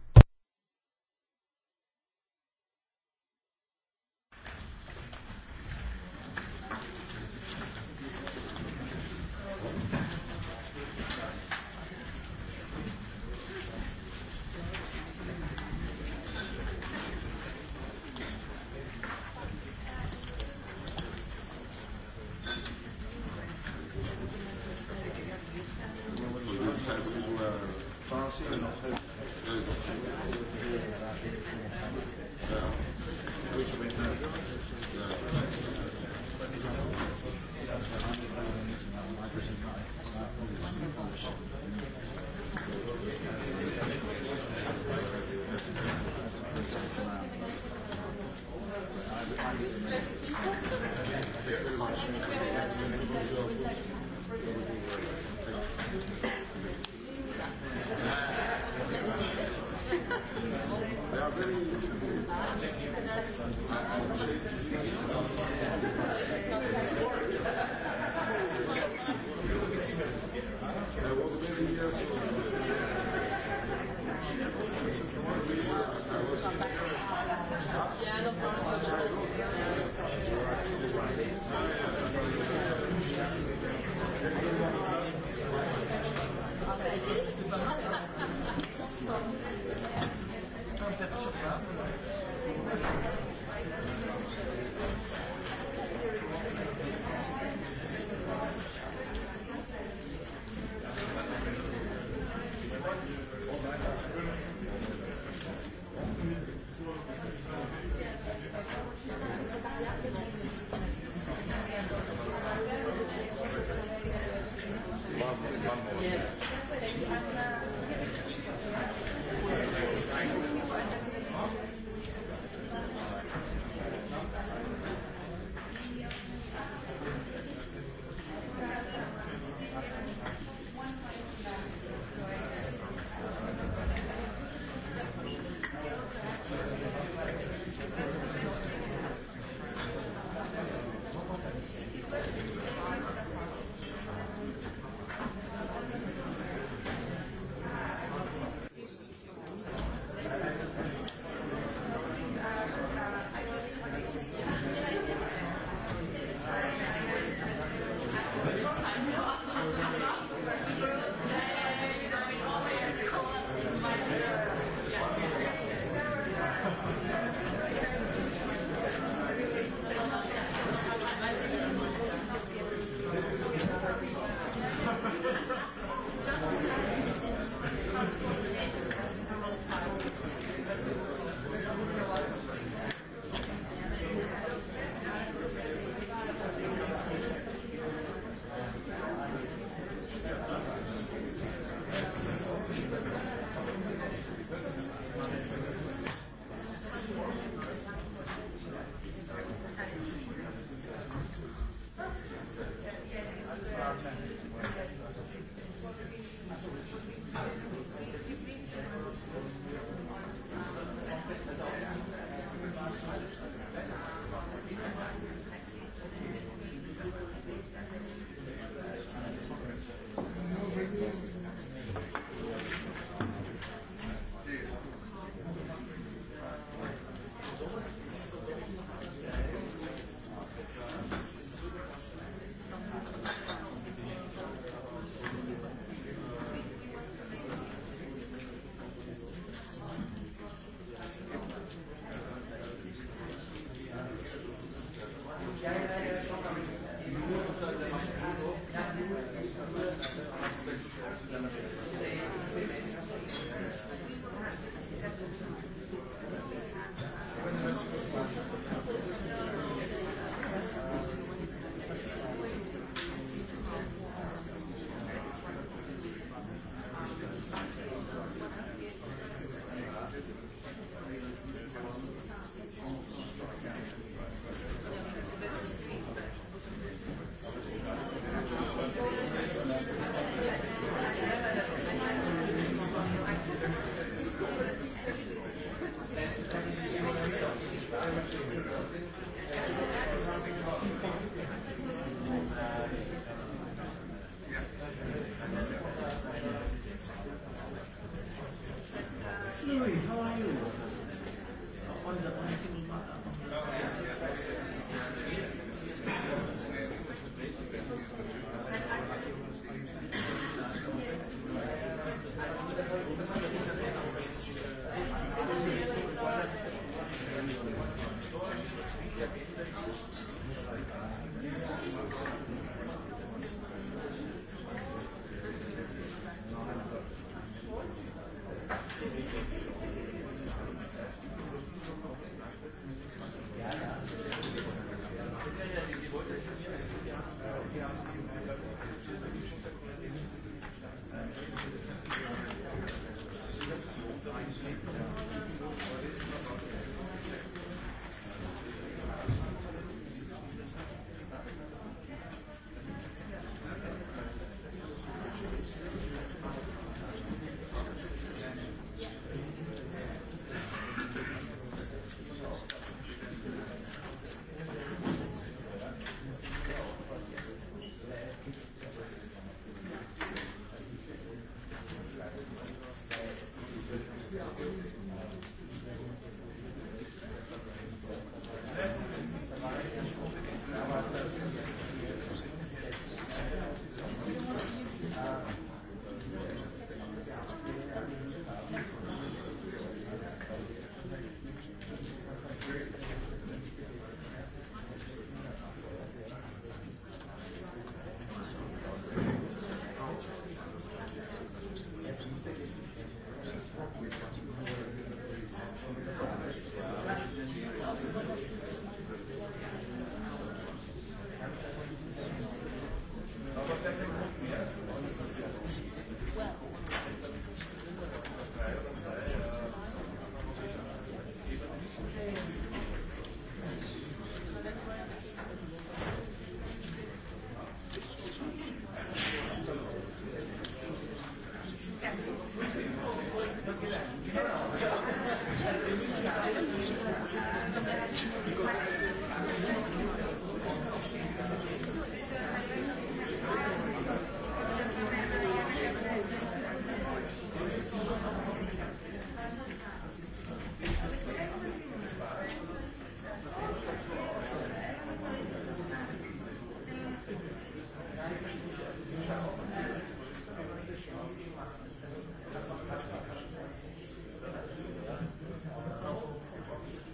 το гориστό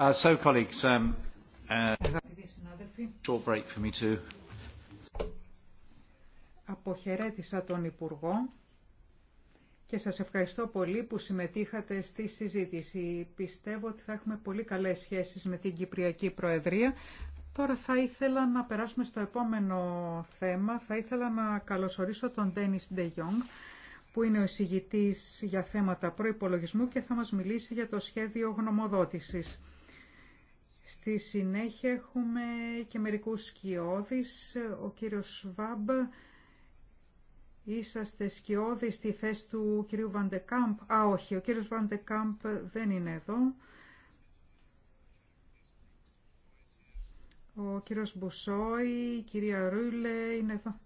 Uh, so, colleagues, um, uh, Αποχαιρέτησα τον Υπουργό και σας ευχαριστώ πολύ που συμμετείχατε στη συζήτηση. Πιστεύω ότι θα έχουμε πολύ καλές σχέσεις με την Κυπριακή Προεδρία. Τώρα θα ήθελα να περάσουμε στο επόμενο θέμα. Θα ήθελα να καλωσορίσω τον Ντένις Ντεγιόγκ, που είναι ο εισηγητής για θέματα προϋπολογισμού και θα μας μιλήσει για το σχέδιο γνωμοδότησης. Στη συνέχεια έχουμε και μερικούς σκιώδεις. Ο κύριος Σβάμπ, είσαστε σκιώδη στη θέση του κυρίου Βαντεκάμπ. Α, όχι, ο κύριος Βαντεκάμπ δεν είναι εδώ. Ο κύριος Μπουσόη, η κυρία Ρούλε είναι εδώ.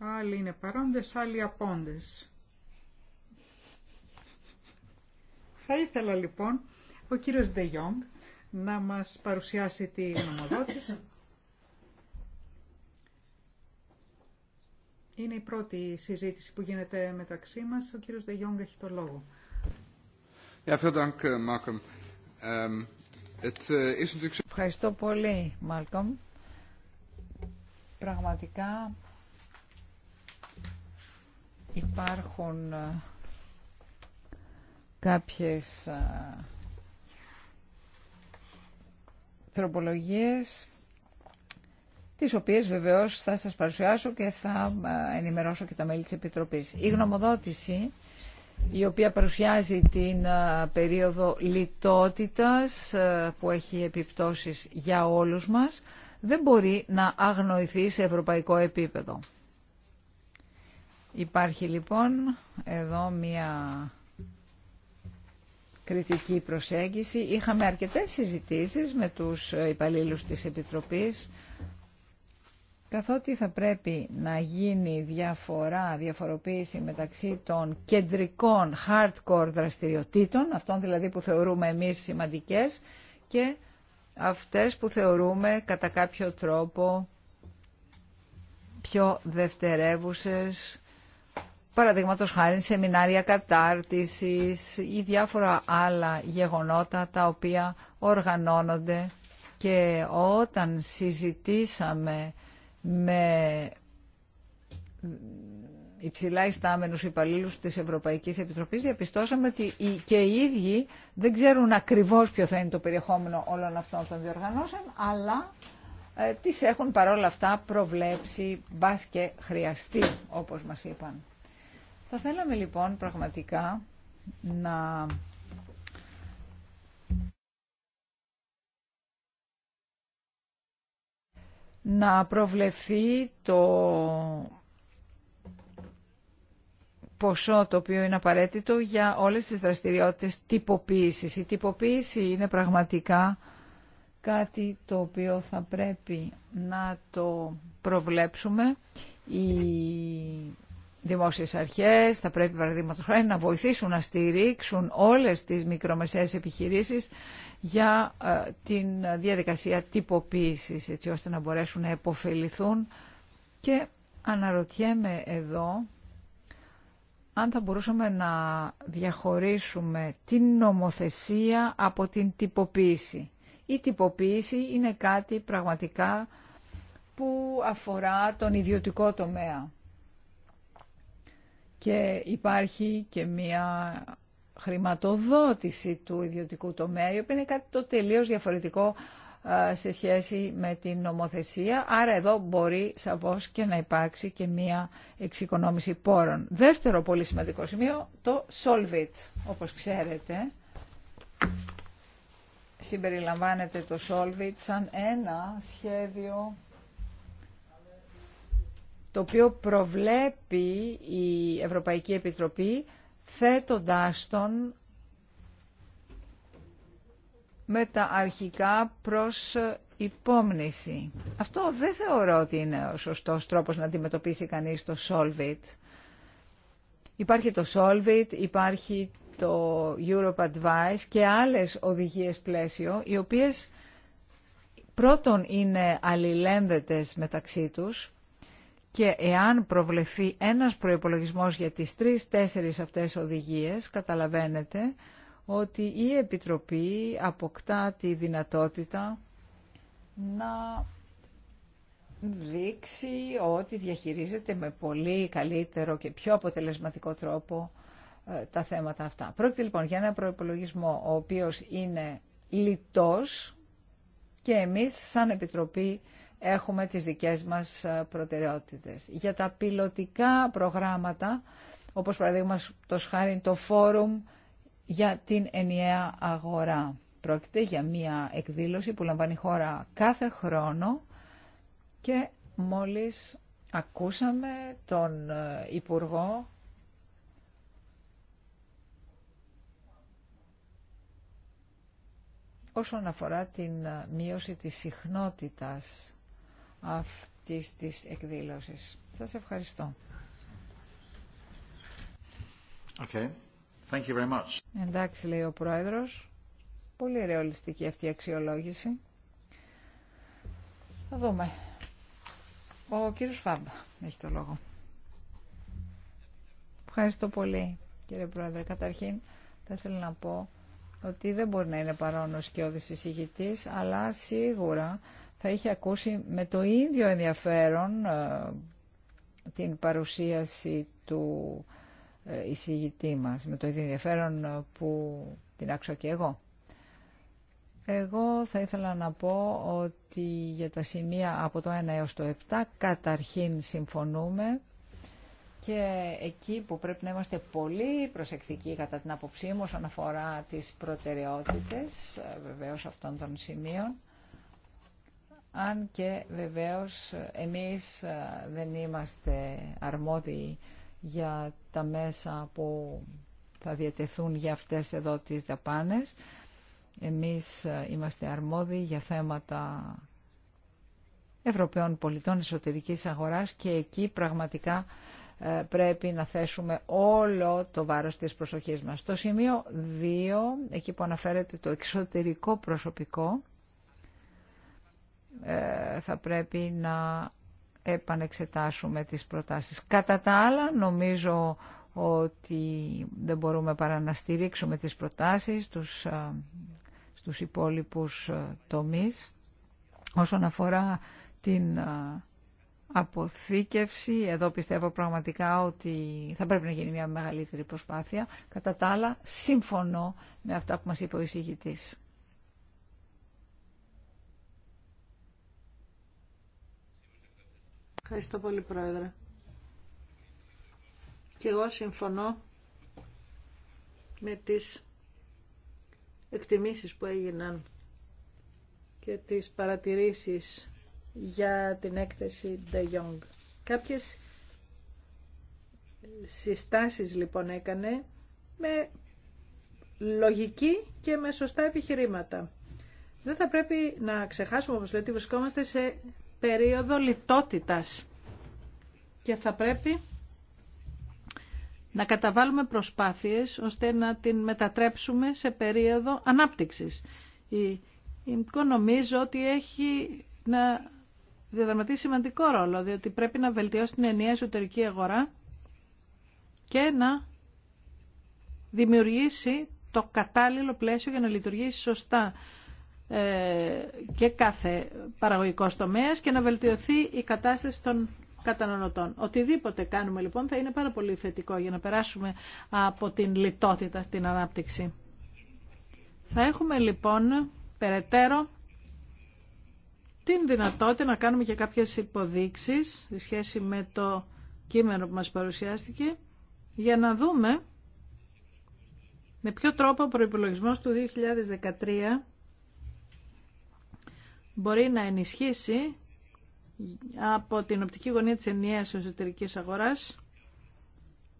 Άλλοι είναι παρόντες, άλλοι απόντες. Θα ήθελα λοιπόν ο κύριος Jong να μας παρουσιάσει τη νομοδότηση. Είναι η πρώτη συζήτηση που γίνεται μεταξύ μας. Ο κύριος Jong έχει το λόγο. Ευχαριστώ πολύ, Μάλκομ. Πραγματικά υπάρχουν ε, κάποιες τροπολογίες τις οποίες βεβαίως θα σας παρουσιάσω και θα ενημερώσω και τα μέλη της Επιτροπής. Η γνωμοδότηση η οποία παρουσιάζει την περίοδο λιτότητας που έχει επιπτώσεις για όλους μας δεν μπορεί να αγνοηθεί σε ευρωπαϊκό επίπεδο. Υπάρχει λοιπόν εδώ μία κριτική προσέγγιση. Είχαμε αρκετές συζητήσεις με τους υπαλλήλους της Επιτροπής καθότι θα πρέπει να γίνει διαφορά, διαφοροποίηση μεταξύ των κεντρικών hardcore δραστηριοτήτων, αυτών δηλαδή που θεωρούμε εμείς σημαντικές και αυτές που θεωρούμε κατά κάποιο τρόπο πιο δευτερεύουσες παραδείγματο χάρη σεμινάρια κατάρτισης ή διάφορα άλλα γεγονότα τα οποία οργανώνονται και όταν συζητήσαμε με υψηλά ιστάμενους υπαλλήλους της Ευρωπαϊκής Επιτροπής διαπιστώσαμε ότι και οι ίδιοι δεν ξέρουν ακριβώς ποιο θα είναι το περιεχόμενο όλων αυτών των διοργανώσεων αλλά ε, τις έχουν παρόλα αυτά προβλέψει μπας και χρειαστεί όπως μας είπαν. Θα θέλαμε λοιπόν πραγματικά να να προβλεφθεί το ποσό το οποίο είναι απαραίτητο για όλες τις δραστηριότητες τυποποίησης. Η τυποποίηση είναι πραγματικά κάτι το οποίο θα πρέπει να το προβλέψουμε. Η δημόσιες αρχές θα πρέπει παραδείγματος χάρη να βοηθήσουν να στηρίξουν όλες τις μικρομεσαίες επιχειρήσεις για ε, την διαδικασία τυποποίησης έτσι ώστε να μπορέσουν να επωφεληθούν και αναρωτιέμαι εδώ αν θα μπορούσαμε να διαχωρίσουμε την νομοθεσία από την τυποποίηση. Η τυποποίηση είναι κάτι πραγματικά που αφορά τον ιδιωτικό τομέα και υπάρχει και μία χρηματοδότηση του ιδιωτικού τομέα, η οποία είναι κάτι το τελείως διαφορετικό σε σχέση με την νομοθεσία. Άρα εδώ μπορεί σαφώς και να υπάρξει και μία εξοικονόμηση πόρων. Δεύτερο πολύ σημαντικό σημείο, το Solvit. Όπως ξέρετε, συμπεριλαμβάνεται το Solvit σαν ένα σχέδιο το οποίο προβλέπει η Ευρωπαϊκή Επιτροπή θέτοντάς τον με τα αρχικά προς υπόμνηση. Αυτό δεν θεωρώ ότι είναι ο σωστός τρόπος να αντιμετωπίσει κανείς το Solvit. Υπάρχει το Solvit, υπάρχει το Europe Advice και άλλες οδηγίες πλαίσιο, οι οποίες πρώτον είναι αλληλένδετες μεταξύ τους, και εάν προβλεφθεί ένας προϋπολογισμός για τις τρεις-τέσσερις αυτές οδηγίες, καταλαβαίνετε ότι η Επιτροπή αποκτά τη δυνατότητα να δείξει ότι διαχειρίζεται με πολύ καλύτερο και πιο αποτελεσματικό τρόπο ε, τα θέματα αυτά. Πρόκειται λοιπόν για ένα προϋπολογισμό ο οποίος είναι λιτός και εμείς σαν Επιτροπή έχουμε τις δικές μας ε, προτεραιότητες. Για τα πιλωτικά προγράμματα, όπως παραδείγματος το χάρη το Φόρουμ για την ενιαία αγορά. Πρόκειται για μία εκδήλωση που λαμβάνει χώρα κάθε χρόνο και μόλις ακούσαμε τον ε, Υπουργό όσον αφορά την ε, μείωση της συχνότητας αυτής της εκδήλωσης. Σας ευχαριστώ. Okay. Thank very much. Εντάξει, λέει ο Πρόεδρος. Πολύ ρεαλιστική αυτή η αξιολόγηση. Θα δούμε. Ο κύριος Φαμπ έχει το λόγο. Ευχαριστώ πολύ, κύριε Πρόεδρε. Καταρχήν, θα ήθελα να πω ότι δεν μπορεί να είναι παρόν ο σκιώδης εισηγητής, αλλά σίγουρα θα είχε ακούσει με το ίδιο ενδιαφέρον ε, την παρουσίαση του ε, εισηγητή μας, με το ίδιο ενδιαφέρον ε, που την άκουσα και εγώ. Εγώ θα ήθελα να πω ότι για τα σημεία από το 1 έως το 7 καταρχήν συμφωνούμε και εκεί που πρέπει να είμαστε πολύ προσεκτικοί κατά την άποψή μου όσον αφορά τις προτεραιότητες βεβαίως αυτών των σημείων αν και βεβαίως εμείς δεν είμαστε αρμόδιοι για τα μέσα που θα διατεθούν για αυτές εδώ τις δαπάνες. Εμείς είμαστε αρμόδιοι για θέματα Ευρωπαίων πολιτών εσωτερικής αγοράς και εκεί πραγματικά ε, πρέπει να θέσουμε όλο το βάρος της προσοχής μας. Το σημείο 2, εκεί που αναφέρεται το εξωτερικό προσωπικό, ε, θα πρέπει να επανεξετάσουμε τις προτάσεις. Κατά τα άλλα, νομίζω ότι δεν μπορούμε παρά να στηρίξουμε τις προτάσεις στους, ε, στους υπόλοιπους ε, τομείς. Όσον αφορά την αποθήκευση, εδώ πιστεύω πραγματικά ότι θα πρέπει να γίνει μια μεγαλύτερη προσπάθεια. Κατά τα άλλα, σύμφωνο με αυτά που μας είπε ο εισηγητής. Ευχαριστώ πολύ, Πρόεδρε. Και εγώ συμφωνώ με τις εκτιμήσεις που έγιναν και τις παρατηρήσεις για την έκθεση De Jong. Κάποιες συστάσεις λοιπόν έκανε με λογική και με σωστά επιχειρήματα. Δεν θα πρέπει να ξεχάσουμε όπως λέτε ότι βρισκόμαστε σε περίοδο λιτότητας και θα πρέπει να καταβάλουμε προσπάθειες ώστε να την μετατρέψουμε σε περίοδο ανάπτυξης. Η ΙΜΚΟ νομίζω ότι έχει να διαδραματίσει σημαντικό ρόλο, διότι πρέπει να βελτιώσει την ενιαία εσωτερική αγορά και να δημιουργήσει το κατάλληλο πλαίσιο για να λειτουργήσει σωστά ε, και κάθε παραγωγικό τομέα και να βελτιωθεί η κατάσταση των καταναλωτών. Οτιδήποτε κάνουμε λοιπόν θα είναι πάρα πολύ θετικό για να περάσουμε από την λιτότητα στην ανάπτυξη. Θα έχουμε λοιπόν περαιτέρω την δυνατότητα να κάνουμε και κάποιες υποδείξεις σε σχέση με το κείμενο που μας παρουσιάστηκε για να δούμε με ποιο τρόπο ο προϋπολογισμός του 2013 μπορεί να ενισχύσει από την οπτική γωνία της ενιαίας εσωτερικής αγοράς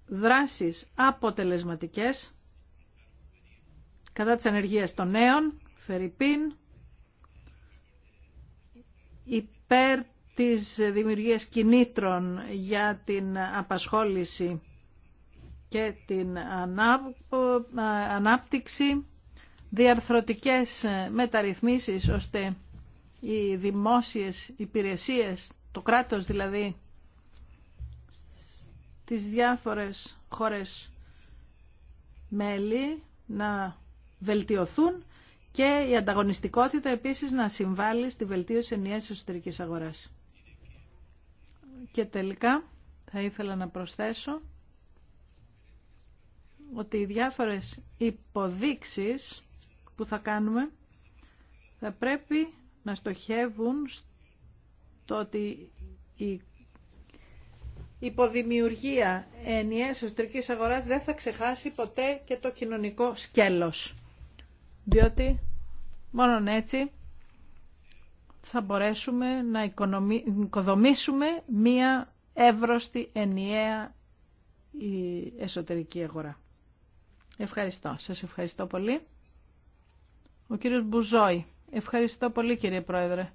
δράσεις αποτελεσματικές κατά της ανεργίας των νέων, φερρυπίν, υπέρ της δημιουργίας κινήτρων για την απασχόληση και την ανάπτυξη, διαρθρωτικές μεταρρυθμίσεις ώστε οι δημόσιες υπηρεσίες, το κράτος δηλαδή, τις διάφορες χώρες μέλη να βελτιωθούν και η ανταγωνιστικότητα επίσης να συμβάλλει στη βελτίωση ενιαίας εσωτερικής αγοράς. Και τελικά θα ήθελα να προσθέσω ότι οι διάφορες υποδείξεις που θα κάνουμε θα πρέπει να στοχεύουν στο ότι η υποδημιουργία ενιαίας εσωτερικής αγοράς δεν θα ξεχάσει ποτέ και το κοινωνικό σκέλος. Διότι μόνον έτσι θα μπορέσουμε να οικοδομήσουμε μία εύρωστη ενιαία εσωτερική αγορά. Ευχαριστώ. Σας ευχαριστώ πολύ. Ο κύριος Μπουζόη. Ευχαριστώ πολύ κύριε Πρόεδρε.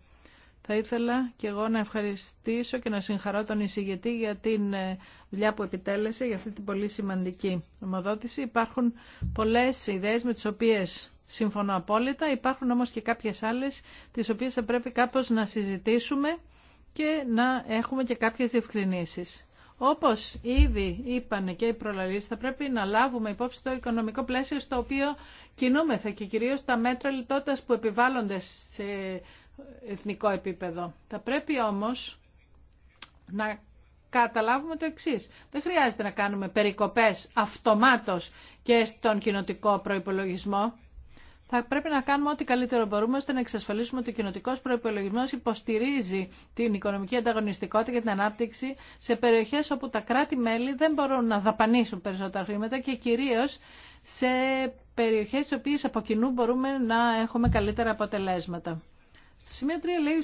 Θα ήθελα και εγώ να ευχαριστήσω και να συγχαρώ τον εισηγητή για την ε, δουλειά που επιτέλεσε, για αυτή την πολύ σημαντική ομοδότηση. Υπάρχουν πολλές ιδέες με τις οποίες συμφωνώ απόλυτα, υπάρχουν όμως και κάποιες άλλες τις οποίες θα πρέπει κάπως να συζητήσουμε και να έχουμε και κάποιες διευκρινήσεις. Όπως ήδη είπαν και οι προλαλήσεις, θα πρέπει να λάβουμε υπόψη το οικονομικό πλαίσιο στο οποίο κινούμεθα και κυρίως τα μέτρα λιτότητας που επιβάλλονται σε εθνικό επίπεδο. Θα πρέπει όμως να καταλάβουμε το εξή. Δεν χρειάζεται να κάνουμε περικοπές αυτομάτως και στον κοινοτικό προϋπολογισμό θα πρέπει να κάνουμε ό,τι καλύτερο μπορούμε ώστε να εξασφαλίσουμε ότι ο κοινοτικό προπολογισμό υποστηρίζει την οικονομική ανταγωνιστικότητα και την ανάπτυξη σε περιοχέ όπου τα κράτη-μέλη δεν μπορούν να δαπανίσουν περισσότερα χρήματα και κυρίω σε περιοχέ στι οποίε από κοινού μπορούμε να έχουμε καλύτερα αποτελέσματα. Στο σημείο 3 λέει ο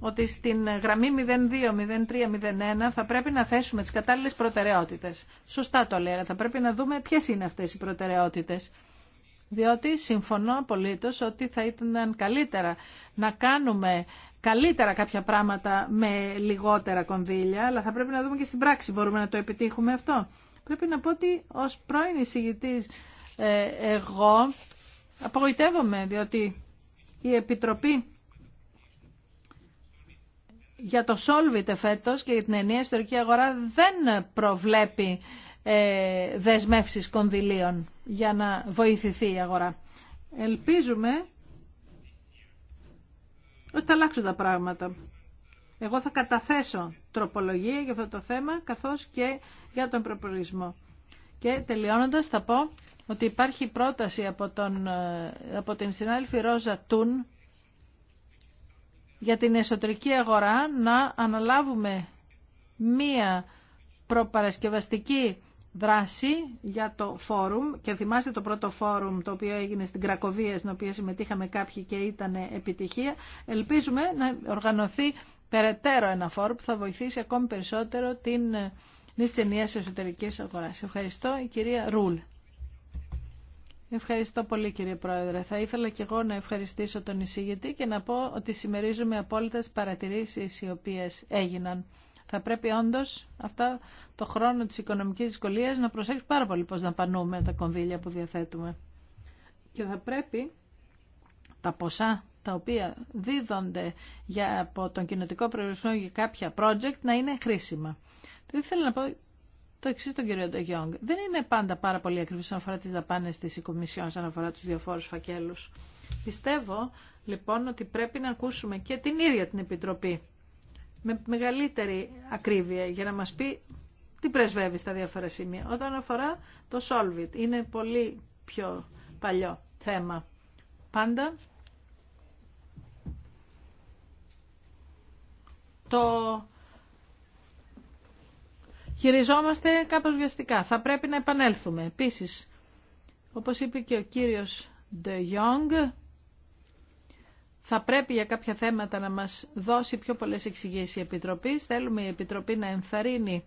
ότι στην γραμμή 02, 03, 01 θα πρέπει να θέσουμε τις κατάλληλες προτεραιότητες. Σωστά το λέει, θα πρέπει να δούμε ποιες είναι αυτές οι προτεραιότητες. Διότι συμφωνώ απολύτως ότι θα ήταν καλύτερα να κάνουμε καλύτερα κάποια πράγματα με λιγότερα κονδύλια, αλλά θα πρέπει να δούμε και στην πράξη μπορούμε να το επιτύχουμε αυτό. Πρέπει να πω ότι ως πρώην εισηγητής ε, εγώ απογοητεύομαι, διότι η Επιτροπή για το Solvit φέτο και για την ενιαία ιστορική αγορά δεν προβλέπει ε, δεσμεύσεις κονδυλίων για να βοηθηθεί η αγορά. Ελπίζουμε ότι θα αλλάξουν τα πράγματα. Εγώ θα καταθέσω τροπολογία για αυτό το θέμα καθώς και για τον προπολογισμό. Και τελειώνοντας θα πω ότι υπάρχει πρόταση από, τον, ε, από την συνάδελφη Ρόζα Τούν για την εσωτερική αγορά να αναλάβουμε μία προπαρασκευαστική δράση για το φόρουμ και θυμάστε το πρώτο φόρουμ το οποίο έγινε στην Κρακοβία στην οποία συμμετείχαμε κάποιοι και ήταν επιτυχία ελπίζουμε να οργανωθεί περαιτέρω ένα φόρουμ που θα βοηθήσει ακόμη περισσότερο την νησθενία της εσωτερικής αγοράς. Ευχαριστώ η κυρία Ρούλ. Ευχαριστώ πολύ κύριε Πρόεδρε. Θα ήθελα και εγώ να ευχαριστήσω τον εισηγητή και να πω ότι συμμερίζουμε απόλυτα παρατηρήσεις οι οποίες έγιναν. Θα πρέπει όντω αυτά το χρόνο τη οικονομική δυσκολία να προσέξουμε πάρα πολύ πώ να πανούμε τα κονδύλια που διαθέτουμε. Και θα πρέπει τα ποσά τα οποία δίδονται για, από τον κοινοτικό προορισμό για κάποια project να είναι χρήσιμα. Θα ήθελα να πω το εξή τον κύριο Ντογιόγκ. Δεν είναι πάντα πάρα πολύ ακριβή όσον αφορά τι δαπάνε τη Οικομισιόν, όσον αφορά του διαφόρου φακέλου. Πιστεύω λοιπόν ότι πρέπει να ακούσουμε και την ίδια την Επιτροπή με μεγαλύτερη ακρίβεια για να μα πει τι πρεσβεύει στα διάφορα σημεία. Όταν αφορά το Solvit, είναι πολύ πιο παλιό θέμα. Πάντα το χειριζόμαστε κάπως βιαστικά. Θα πρέπει να επανέλθουμε. Επίσης, όπως είπε και ο κύριος De Jong, θα πρέπει για κάποια θέματα να μας δώσει πιο πολλές εξηγήσεις η Επιτροπή. Θέλουμε η Επιτροπή να ενθαρρύνει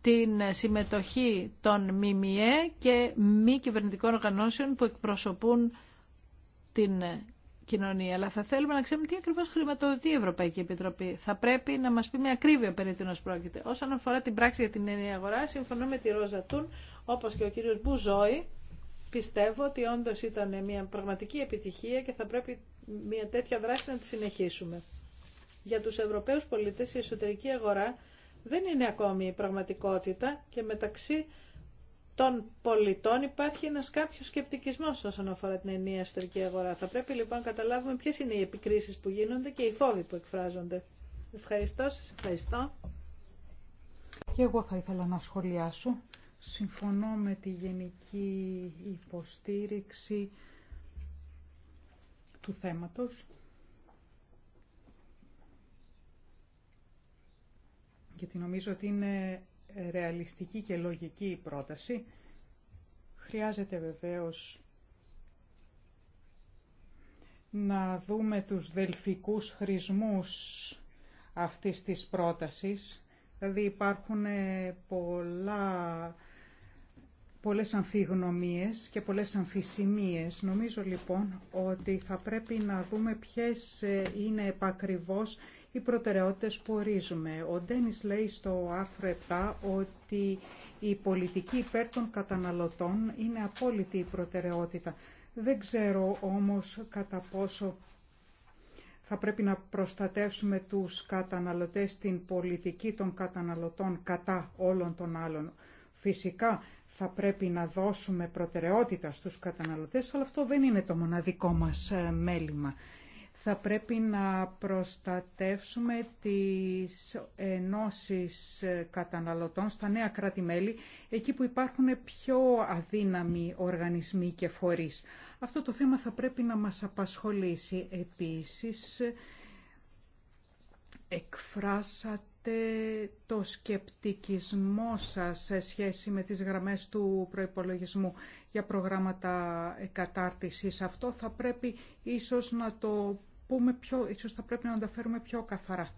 την συμμετοχή των ΜΜΕ και μη κυβερνητικών οργανώσεων που εκπροσωπούν την κοινωνία, αλλά θα θέλουμε να ξέρουμε τι ακριβώς χρηματοδοτεί η Ευρωπαϊκή Επιτροπή. Θα πρέπει να μας πει με ακρίβεια περί τίνος πρόκειται. Όσον αφορά την πράξη για την ενιαία αγορά, συμφωνώ με τη Ρόζα Τούν, όπως και ο κύριος Μπουζόη, πιστεύω ότι όντως ήταν μια πραγματική επιτυχία και θα πρέπει μια τέτοια δράση να τη συνεχίσουμε. Για τους Ευρωπαίους πολίτες η εσωτερική αγορά δεν είναι ακόμη η πραγματικότητα και μεταξύ των πολιτών υπάρχει ένας κάποιος σκεπτικισμός όσον αφορά την ενιαία εσωτερική αγορά. Θα πρέπει λοιπόν να καταλάβουμε ποιες είναι οι επικρίσεις που γίνονται και οι φόβοι που εκφράζονται. Ευχαριστώ, σας ευχαριστώ. Και εγώ θα ήθελα να σχολιάσω. Συμφωνώ με τη γενική υποστήριξη του θέματος. Γιατί νομίζω ότι είναι ρεαλιστική και λογική πρόταση. Χρειάζεται βεβαίως να δούμε τους δελφικούς χρησμούς αυτής της πρότασης. Δηλαδή υπάρχουν ε, πολλά, πολλές αμφιγνωμίες και πολλές αμφισημίες. Νομίζω λοιπόν ότι θα πρέπει να δούμε ποιες ε, είναι επακριβώς οι προτεραιότητες που ορίζουμε. Ο Ντένις λέει στο άρθρο 7 ότι η πολιτική υπέρ των καταναλωτών είναι απόλυτη η προτεραιότητα. Δεν ξέρω όμως κατά πόσο θα πρέπει να προστατεύσουμε τους καταναλωτές την πολιτική των καταναλωτών κατά όλων των άλλων. Φυσικά θα πρέπει να δώσουμε προτεραιότητα στους καταναλωτές, αλλά αυτό δεν είναι το μοναδικό μας ε, μέλημα θα πρέπει να προστατεύσουμε τις ενώσεις καταναλωτών στα νέα κράτη-μέλη, εκεί που υπάρχουν πιο αδύναμοι οργανισμοί και φορείς. Αυτό το θέμα θα πρέπει να μας απασχολήσει. Επίσης, εκφράσατε το σκεπτικισμό σας σε σχέση με τις γραμμές του προϋπολογισμού για προγράμματα κατάρτισης. Αυτό θα πρέπει ίσως να το πούμε πιο, ίσως θα πρέπει να φέρουμε πιο καθαρά.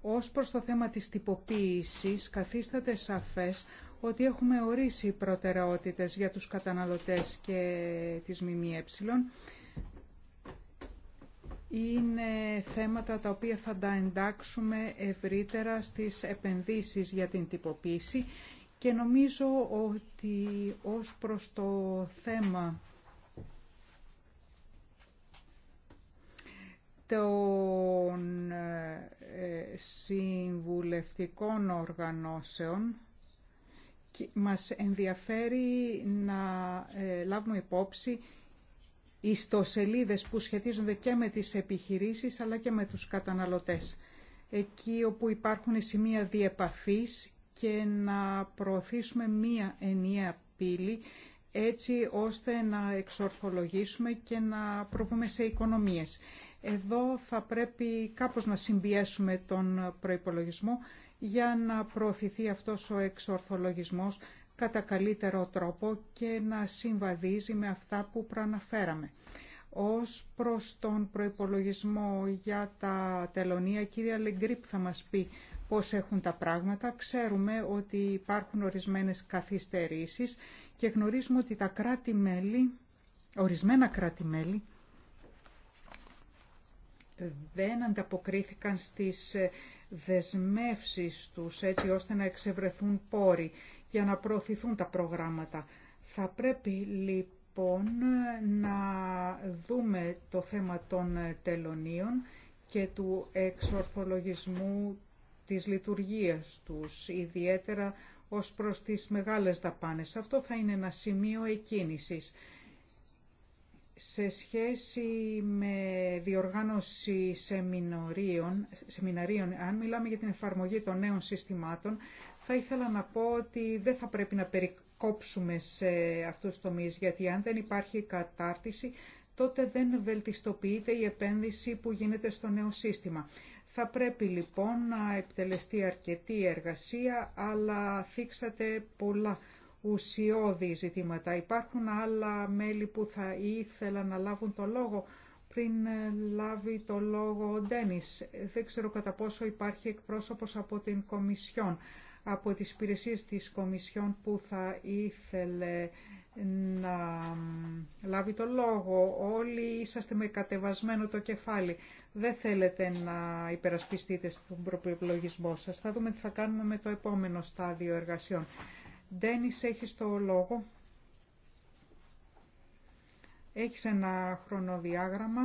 Ως προς το θέμα της τυποποίησης, καθίσταται σαφές ότι έχουμε ορίσει προτεραιότητες για τους καταναλωτές και τις ΜΜΕ. Είναι θέματα τα οποία θα τα εντάξουμε ευρύτερα στις επενδύσεις για την τυποποίηση και νομίζω ότι ως προς το θέμα των ε, συμβουλευτικών οργανώσεων μας ενδιαφέρει να ε, λάβουμε υπόψη ιστοσελίδες που σχετίζονται και με τις επιχειρήσεις αλλά και με τους καταναλωτές. Εκεί όπου υπάρχουν σημεία διεπαφής και να προωθήσουμε μία ενιαία πύλη έτσι ώστε να εξορθολογήσουμε και να προβούμε σε οικονομίες. Εδώ θα πρέπει κάπως να συμπιέσουμε τον προϋπολογισμό για να προωθηθεί αυτός ο εξορθολογισμός κατά καλύτερο τρόπο και να συμβαδίζει με αυτά που προαναφέραμε. Ως προς τον προϋπολογισμό για τα τελωνία, κυρία Λεγκρίπ θα μας πει πώς έχουν τα πράγματα. Ξέρουμε ότι υπάρχουν ορισμένες καθυστερήσεις και γνωρίζουμε ότι τα κράτη-μέλη, ορισμένα κράτη-μέλη, δεν ανταποκρίθηκαν στις ε, δεσμεύσεις τους έτσι ώστε να εξευρεθούν πόροι για να προωθηθούν τα προγράμματα. Θα πρέπει λοιπόν να δούμε το θέμα των ε, τελωνίων και του εξορθολογισμού της λειτουργίας τους, ιδιαίτερα ως προς τις μεγάλες δαπάνες. Αυτό θα είναι ένα σημείο εκκίνησης σε σχέση με διοργάνωση σεμιναρίων, σεμιναρίων, αν μιλάμε για την εφαρμογή των νέων συστημάτων, θα ήθελα να πω ότι δεν θα πρέπει να περικόψουμε σε αυτούς τους τομείς, γιατί αν δεν υπάρχει κατάρτιση, τότε δεν βελτιστοποιείται η επένδυση που γίνεται στο νέο σύστημα. Θα πρέπει λοιπόν να επιτελεστεί αρκετή εργασία, αλλά θίξατε πολλά ουσιώδη ζητήματα. Υπάρχουν άλλα μέλη που θα ήθελα να λάβουν το λόγο πριν ε, λάβει το λόγο ο Ντένις. Δεν ξέρω κατά πόσο υπάρχει εκπρόσωπος από την Κομισιόν, από τις υπηρεσίες της Κομισιόν που θα ήθελε να λάβει το λόγο. Όλοι είσαστε με κατεβασμένο το κεφάλι. Δεν θέλετε να υπερασπιστείτε στον προπολογισμό σας. Θα δούμε τι θα κάνουμε με το επόμενο στάδιο εργασιών. Ντένις, έχεις το λόγο. Έχεις ένα χρονοδιάγραμμα.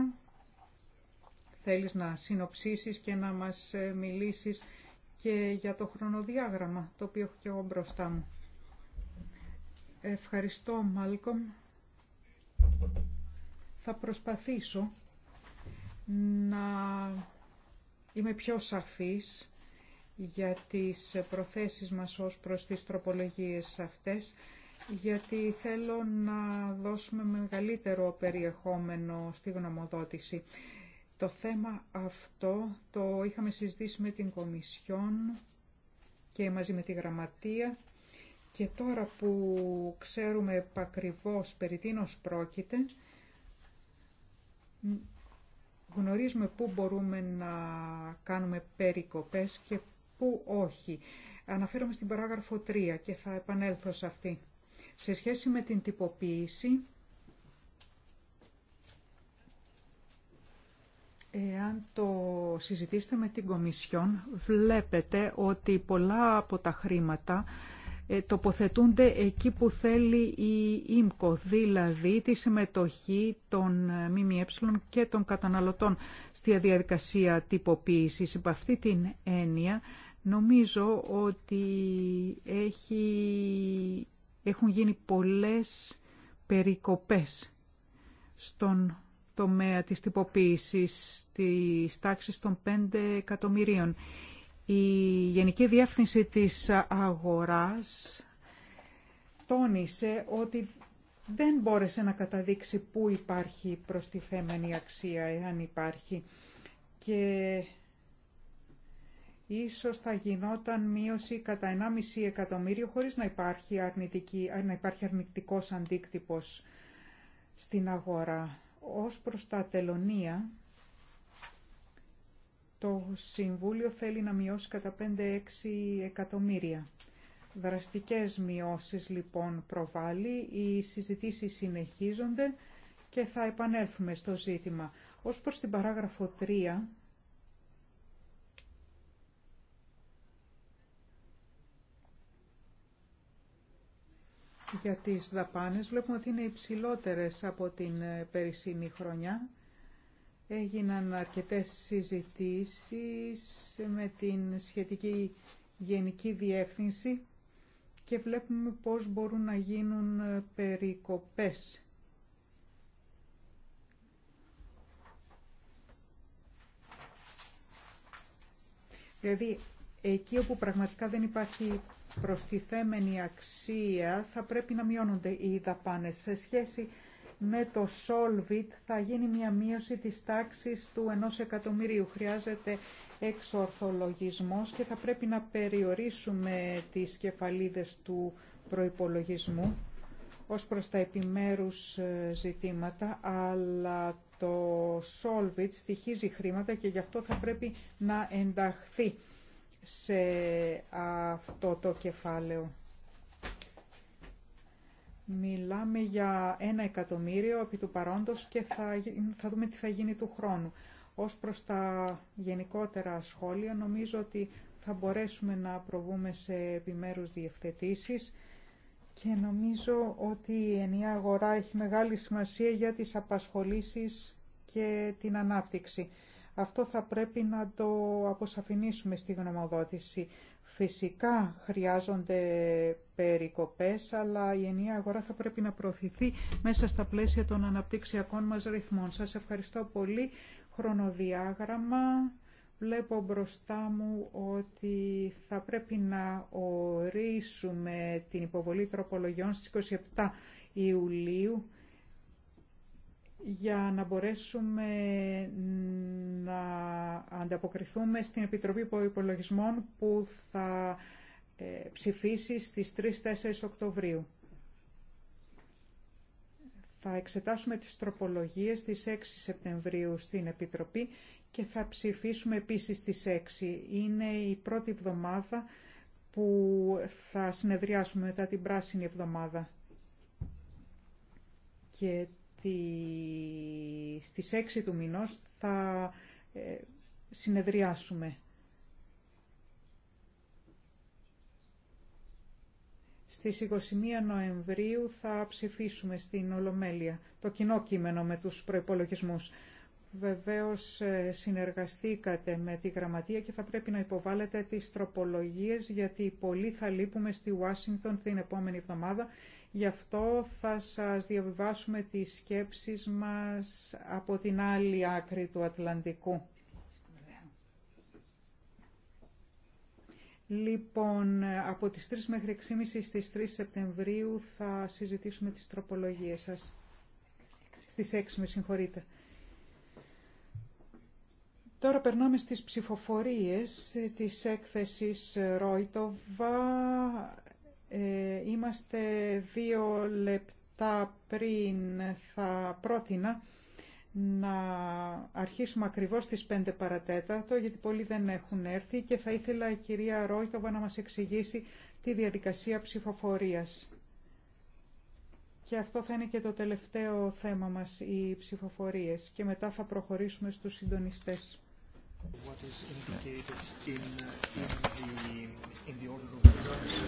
Θέλεις να συνοψίσεις και να μας ε, μιλήσεις και για το χρονοδιάγραμμα, το οποίο έχω και εγώ μπροστά μου. Ευχαριστώ, Μάλκομ. Θα προσπαθήσω να είμαι πιο σαφής για τις προθέσεις μας ως προς τις τροπολογίες αυτές, γιατί θέλω να δώσουμε μεγαλύτερο περιεχόμενο στη γνωμοδότηση. Το θέμα αυτό το είχαμε συζητήσει με την Κομισιόν και μαζί με τη Γραμματεία και τώρα που ξέρουμε ακριβώς περί τίνος πρόκειται, γνωρίζουμε πού μπορούμε να κάνουμε περικοπές και που όχι. Αναφέρομαι στην παράγραφο 3 και θα επανέλθω σε αυτή. Σε σχέση με την τυποποίηση, Εάν το συζητήσετε με την Κομισιόν, βλέπετε ότι πολλά από τα χρήματα ε, τοποθετούνται εκεί που θέλει η ΙΜΚΟ, δηλαδή τη συμμετοχή των ε, ΜΜΕ και των καταναλωτών στη διαδικασία τυποποίησης. Υπ' αυτή την έννοια Νομίζω ότι έχει, έχουν γίνει πολλές περικοπές στον τομέα της τυποποίησης της τάξης των 5 εκατομμυρίων. Η Γενική Διεύθυνση της Αγοράς τόνισε ότι δεν μπόρεσε να καταδείξει πού υπάρχει προστιθέμενη αξία, εάν υπάρχει. Και Ίσως θα γινόταν μείωση κατά 1,5 εκατομμύριο χωρίς να υπάρχει, αρνητική, να υπάρχει αρνητικός αντίκτυπος στην αγορά. Ως προς τα τελωνία, το Συμβούλιο θέλει να μειώσει κατά 5-6 εκατομμύρια. Δραστικές μειώσεις λοιπόν προβάλλει, οι συζητήσεις συνεχίζονται και θα επανέλθουμε στο ζήτημα. Ως προς την παράγραφο 3, για τις δαπάνες βλέπουμε ότι είναι υψηλότερες από την ε, περσινή χρονιά. Έγιναν αρκετές συζητήσεις με την σχετική γενική διεύθυνση και βλέπουμε πώς μπορούν να γίνουν ε, περικοπές. Δηλαδή, εκεί όπου πραγματικά δεν υπάρχει προστιθέμενη αξία θα πρέπει να μειώνονται οι δαπάνες. Σε σχέση με το Solvit θα γίνει μια μείωση της τάξης του 1 εκατομμυρίου. Χρειάζεται εξορθολογισμός και θα πρέπει να περιορίσουμε τις κεφαλίδες του προϋπολογισμού ως προς τα επιμέρους ε, ζητήματα, αλλά το Solvit στοιχίζει χρήματα και γι' αυτό θα πρέπει να ενταχθεί σε αυτό το κεφάλαιο. Μιλάμε για ένα εκατομμύριο επί του παρόντος και θα, θα δούμε τι θα γίνει του χρόνου. Ως προς τα γενικότερα σχόλια, νομίζω ότι θα μπορέσουμε να προβούμε σε επιμέρους διευθετήσεις και νομίζω ότι η ενιαία αγορά έχει μεγάλη σημασία για τις απασχολήσεις και την ανάπτυξη. Αυτό θα πρέπει να το αποσαφηνίσουμε στη γνωμοδότηση. Φυσικά χρειάζονται περικοπές, αλλά η ενιαία αγορά θα πρέπει να προωθηθεί μέσα στα πλαίσια των αναπτυξιακών μας ρυθμών. Σας ευχαριστώ πολύ. Χρονοδιάγραμμα. Βλέπω μπροστά μου ότι θα πρέπει να ορίσουμε την υποβολή τροπολογιών στις 27 Ιουλίου για να μπορέσουμε να ανταποκριθούμε στην Επιτροπή Υπολογισμών που θα ε, ψηφίσει στις 3-4 Οκτωβρίου. Θα εξετάσουμε τις τροπολογίες στις 6 Σεπτεμβρίου στην Επιτροπή και θα ψηφίσουμε επίσης στις 6. Είναι η πρώτη εβδομάδα που θα συνεδριάσουμε μετά την πράσινη εβδομάδα. Και στις 6 του μηνός θα ε, συνεδριάσουμε. Στις 21 Νοεμβρίου θα ψηφίσουμε στην Ολομέλεια το κοινό κείμενο με τους προϋπολογισμούς. Βεβαίως ε, συνεργαστήκατε με τη Γραμματεία και θα πρέπει να υποβάλλετε τις τροπολογίες γιατί πολλοί θα λείπουμε στη Ουάσιγκτον την επόμενη εβδομάδα Γι' αυτό θα σας διαβιβάσουμε τις σκέψεις μας από την άλλη άκρη του Ατλαντικού. Λοιπόν, από τις 3 μέχρι 6.30 στις 3 Σεπτεμβρίου θα συζητήσουμε τις τροπολογίες σας. Στις 6, με συγχωρείτε. Τώρα περνάμε στις ψηφοφορίες της έκθεσης Ρόιτοβα ε, είμαστε δύο λεπτά πριν θα πρότεινα να αρχίσουμε ακριβώς στις 5 παρατέταρτο γιατί πολλοί δεν έχουν έρθει και θα ήθελα η κυρία Ρόιτοβα να μας εξηγήσει τη διαδικασία ψηφοφορίας. Και αυτό θα είναι και το τελευταίο θέμα μας, οι ψηφοφορίες. Και μετά θα προχωρήσουμε στους συντονιστές. What is indicated in in the in the order of business?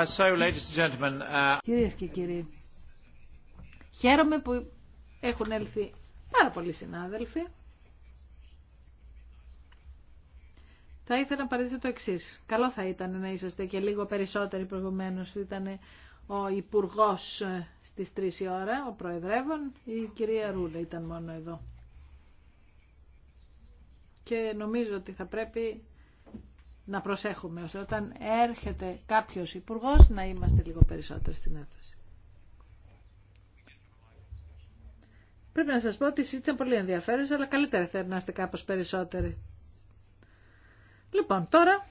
Uh, Κυρίες και κύριοι, χαίρομαι που έχουν έλθει πάρα πολλοί συνάδελφοι. Θα ήθελα να παρατηρήσω το εξής. Καλό θα ήταν να είσαστε και λίγο περισσότεροι προηγουμένω. Ήταν ο Υπουργό ε, στις 3 η ώρα, ο Προεδρεύων. Η κυρία Ρούλα ήταν μόνο εδώ. Και νομίζω ότι θα πρέπει να προσέχουμε ώστε όταν έρχεται κάποιος υπουργό να είμαστε λίγο περισσότερο στην άθεση. Πρέπει να σας πω ότι ήταν πολύ ενδιαφέρουσα, αλλά καλύτερα θέλω να είστε κάπως περισσότεροι. Λοιπόν, τώρα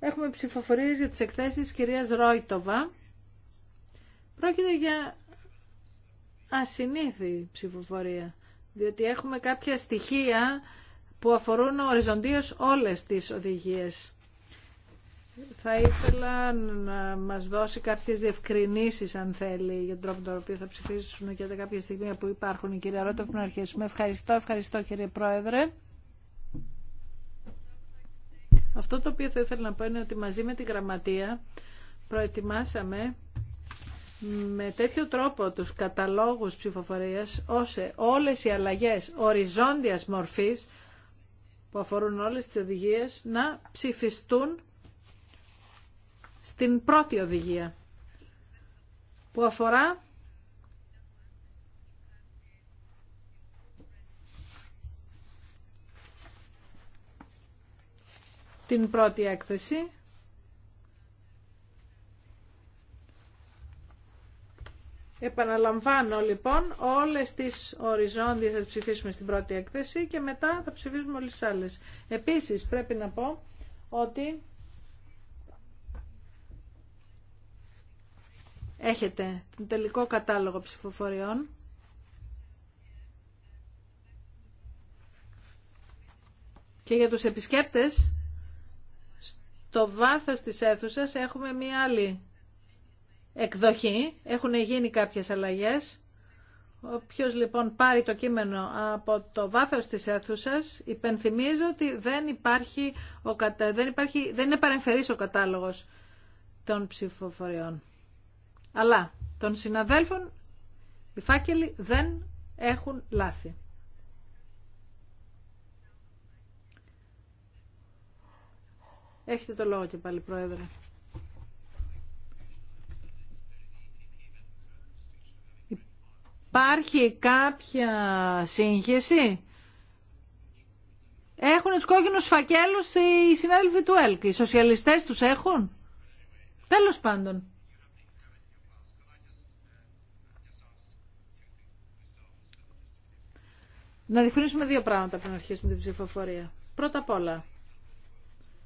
έχουμε ψηφοφορίες για τις εκθέσεις της κυρίας Ρόιτοβα. Πρόκειται για ασυνήθη ψηφοφορία, διότι έχουμε κάποια στοιχεία που αφορούν οριζοντίως όλες τις οδηγίες. Θα ήθελα να μας δώσει κάποιες διευκρινήσεις, αν θέλει, για τον τρόπο τον οποίο θα ψηφίσουν και τα κάποια στιγμή που υπάρχουν. Η κυρία Ρότα, να αρχίσουμε. Ευχαριστώ, ευχαριστώ κύριε Πρόεδρε. Αυτό το οποίο θα ήθελα να πω είναι ότι μαζί με τη γραμματεία προετοιμάσαμε με τέτοιο τρόπο τους καταλόγους ψηφοφορίας, ώστε όλες οι αλλαγές οριζόντιας μορφής που αφορούν όλες τις οδηγίες να ψηφιστούν στην πρώτη οδηγία που αφορά την πρώτη έκθεση Επαναλαμβάνω λοιπόν όλες τις οριζόντιες θα τις ψηφίσουμε στην πρώτη έκθεση και μετά θα ψηφίσουμε όλες τις άλλες. Επίσης πρέπει να πω ότι έχετε τον τελικό κατάλογο ψηφοφοριών. Και για τους επισκέπτες, στο βάθος της αίθουσας έχουμε μία άλλη εκδοχή. Έχουν γίνει κάποιες αλλαγές. Όποιος λοιπόν πάρει το κείμενο από το βάθος της αίθουσα, υπενθυμίζω ότι δεν υπάρχει, κατα... δεν, υπάρχει... δεν είναι παρεμφερής ο κατάλογος των ψηφοφοριών. Αλλά των συναδέλφων οι φάκελοι δεν έχουν λάθη. Έχετε το λόγο και πάλι, Πρόεδρε. Υπάρχει κάποια σύγχυση. Έχουν του κόκκινους φακέλους οι συνάδελφοι του ΕΛΚ. Οι σοσιαλιστές τους έχουν. Τέλος πάντων. Να διευκρινίσουμε δύο πράγματα πριν αρχίσουμε την ψηφοφορία. Πρώτα απ' όλα,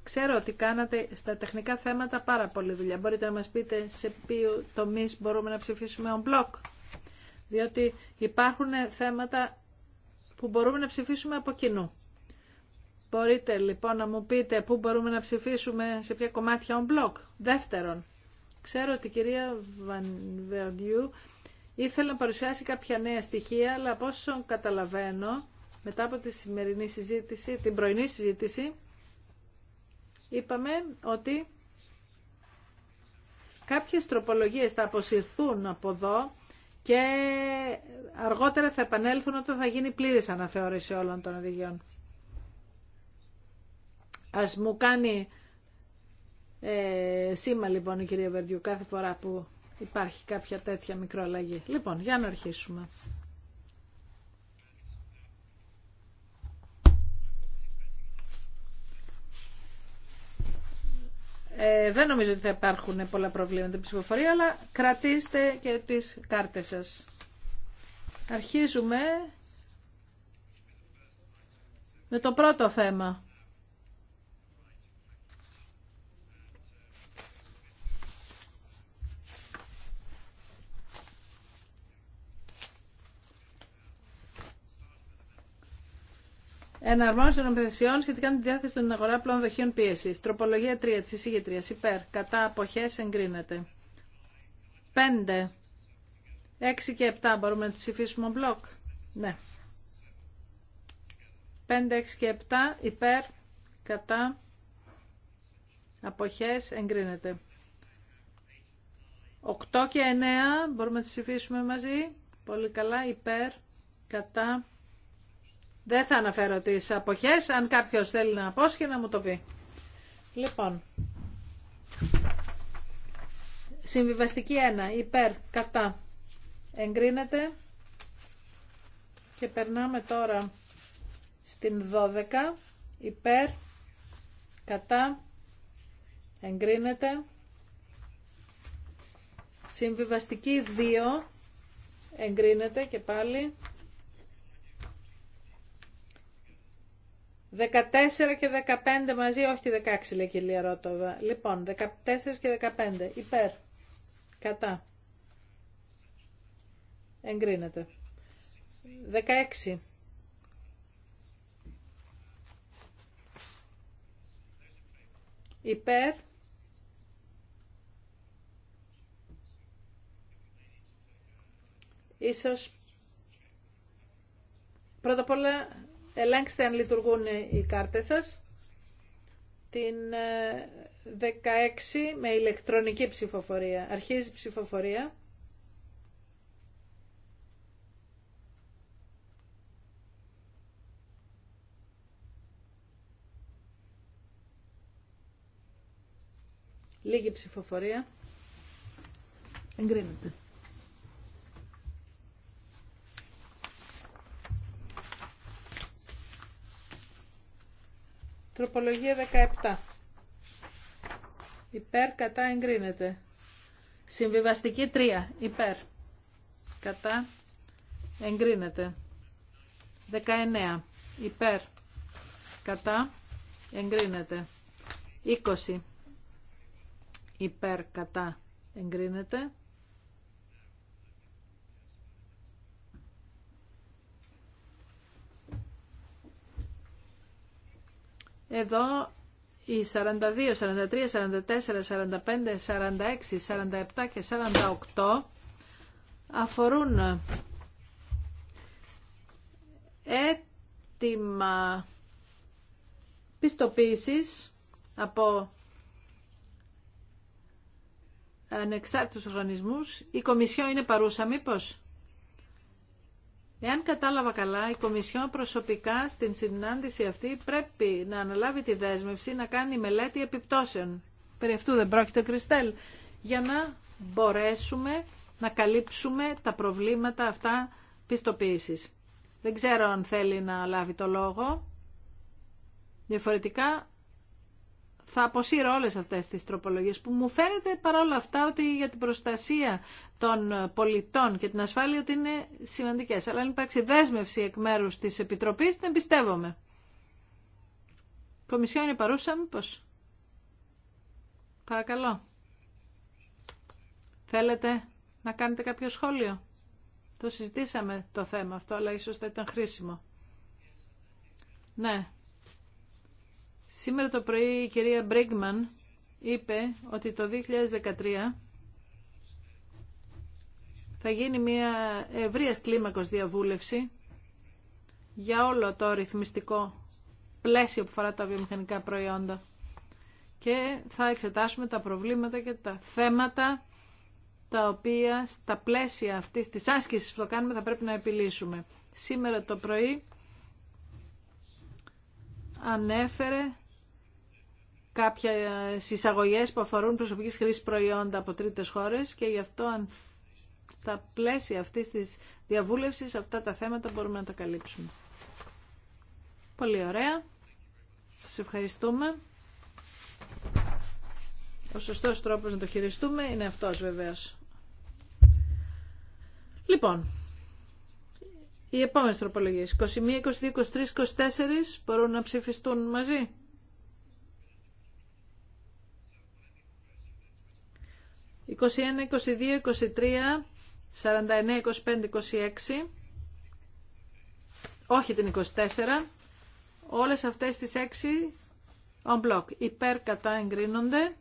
ξέρω ότι κάνατε στα τεχνικά θέματα πάρα πολλή δουλειά. Μπορείτε να μας πείτε σε ποιο τομείς μπορούμε να ψηφίσουμε on block διότι υπάρχουν θέματα που μπορούμε να ψηφίσουμε από κοινού. Μπορείτε λοιπόν να μου πείτε πού μπορούμε να ψηφίσουμε, σε ποια κομμάτια on block. Δεύτερον, ξέρω ότι η κυρία Βανβεοντιού ήθελε να παρουσιάσει κάποια νέα στοιχεία, αλλά από όσο καταλαβαίνω, μετά από τη σημερινή συζήτηση, την πρωινή συζήτηση, είπαμε ότι κάποιες τροπολογίες θα αποσυρθούν από εδώ, και αργότερα θα επανέλθουν όταν θα γίνει πλήρης αναθεώρηση όλων των οδηγιών. Ας μου κάνει ε, σήμα λοιπόν η κυρία Βερδιού κάθε φορά που υπάρχει κάποια τέτοια μικρό αλλαγή. Λοιπόν, για να αρχίσουμε. Ε, δεν νομίζω ότι θα υπάρχουν πολλά προβλήματα ψηφοφορία, αλλά κρατήστε και τις κάρτες σας. Αρχίζουμε με το πρώτο θέμα. Εναρμόνιση των επιθεσιών σχετικά με τη διάθεση των αγορά πλών δοχείων πίεση. Τροπολογία 3 τη εισηγητρία. Υπέρ. Κατά αποχέ εγκρίνεται. 5. 6 και 7 μπορούμε να τι ψηφίσουμε μπλοκ. Ναι. 5, 6 και 7 υπέρ, κατά, αποχές, εγκρίνεται. 8 και 9 μπορούμε να τι ναι. ψηφίσουμε μαζί. Πολύ καλά, υπέρ, κατά, δεν θα αναφέρω τις αποχές, αν κάποιος θέλει να απόσχει να μου το πει. Λοιπόν, συμβιβαστική 1, υπέρ, κατά, εγκρίνεται και περνάμε τώρα στην 12, υπέρ, κατά, εγκρίνεται, συμβιβαστική 2, εγκρίνεται και πάλι. 14 και 15 μαζί, όχι 16 λέει η κυρία Λοιπόν, 14 και 15, υπέρ, κατά. Εγκρίνεται. 16. Υπέρ. Ίσως πρώτα απ' όλα Ελέγξτε αν λειτουργούν οι κάρτες σας. Την 16 ε, με ηλεκτρονική ψηφοφορία. Αρχίζει η ψηφοφορία. Λίγη ψηφοφορία. Εγκρίνεται. Τροπολογία 17. Υπέρ κατά εγκρίνεται. Συμβιβαστική 3. Υπέρ. Κατά εγκρίνεται. 19. Υπέρ. Κατά εγκρίνεται. 20. Υπέρ κατά εγκρίνεται. Εδώ οι 42, 43, 44, 45, 46, 47 και 48 αφορούν έτοιμα πιστοποίησης από ανεξάρτητους οργανισμούς. Η Κομισιό είναι παρούσα μήπως. Εάν κατάλαβα καλά, η Κομισιόν προσωπικά στην συνάντηση αυτή πρέπει να αναλάβει τη δέσμευση να κάνει μελέτη επιπτώσεων. Περί αυτού δεν πρόκειται Κριστέλ. Για να μπορέσουμε να καλύψουμε τα προβλήματα αυτά πιστοποίησης. Δεν ξέρω αν θέλει να λάβει το λόγο. Διαφορετικά θα αποσύρω όλες αυτές τις τροπολογίες που μου φαίνεται παρόλα αυτά ότι για την προστασία των πολιτών και την ασφάλεια ότι είναι σημαντικές. Αλλά αν υπάρξει δέσμευση εκ μέρους της Επιτροπής, την εμπιστεύομαι. Κομισιόν είναι παρούσα, μήπως. Παρακαλώ. Θέλετε να κάνετε κάποιο σχόλιο. Το συζητήσαμε το θέμα αυτό, αλλά ίσως θα ήταν χρήσιμο. Ναι, Σήμερα το πρωί η κυρία Μπρίγκμαν είπε ότι το 2013 θα γίνει μια ευρεία κλίμακος διαβούλευση για όλο το ρυθμιστικό πλαίσιο που φορά τα βιομηχανικά προϊόντα και θα εξετάσουμε τα προβλήματα και τα θέματα τα οποία στα πλαίσια αυτής της άσκησης που το κάνουμε θα πρέπει να επιλύσουμε. Σήμερα το πρωί ανέφερε κάποια εισαγωγές που αφορούν προσωπικής χρήση προϊόντα από τρίτες χώρες και γι' αυτό αν τα πλαίσια αυτή τη διαβούλευση αυτά τα θέματα μπορούμε να τα καλύψουμε. Πολύ ωραία. Σας ευχαριστούμε. Ο σωστό τρόπο να το χειριστούμε είναι αυτός βεβαίω. Λοιπόν, οι επόμενε τροπολογίε. 21, 22, 23, 24 μπορούν να ψηφιστούν μαζί. 21, 22, 23, 49, 25, 26, όχι την 24, όλες αυτές τις 6 on block. Υπέρ κατά εγκρίνονται.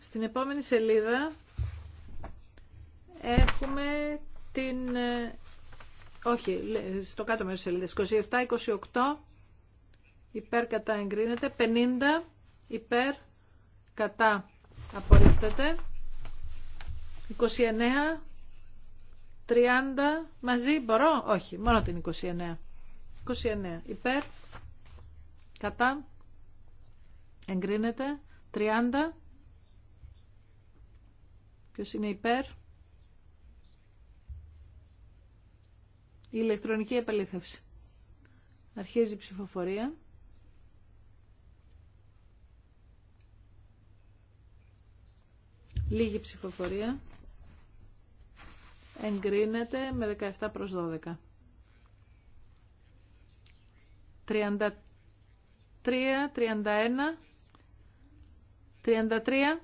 Στην επόμενη σελίδα έχουμε την... Ε, όχι, στο κάτω μέρος σελίδας. 27, 28, υπέρ κατά εγκρίνεται. 50, υπέρ κατά Απορρίπτεται. 29, 30 μαζί. Μπορώ. Όχι. Μόνο την 29. 29. Υπέρ. Κατά. Εγκρίνεται. 30. Ποιος είναι υπέρ. Η ηλεκτρονική επαλήθευση. Αρχίζει η ψηφοφορία. Λίγη ψηφοφορία. Εγκρίνεται με 17 προς 12. 33, 31, 33.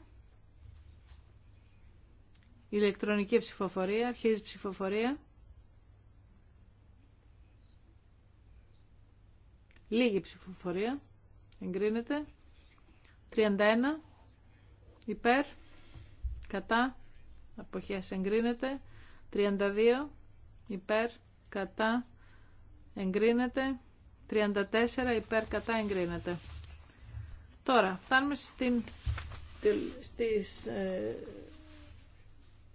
Ηλεκτρονική ψηφοφορία, αρχίζει ψηφοφορία. Λίγη ψηφοφορία, εγκρίνεται. 31, υπέρ κατά αποχές εγκρίνεται 32 υπέρ κατά εγκρίνεται 34 υπέρ κατά εγκρίνεται τώρα φτάνουμε στην στις ε,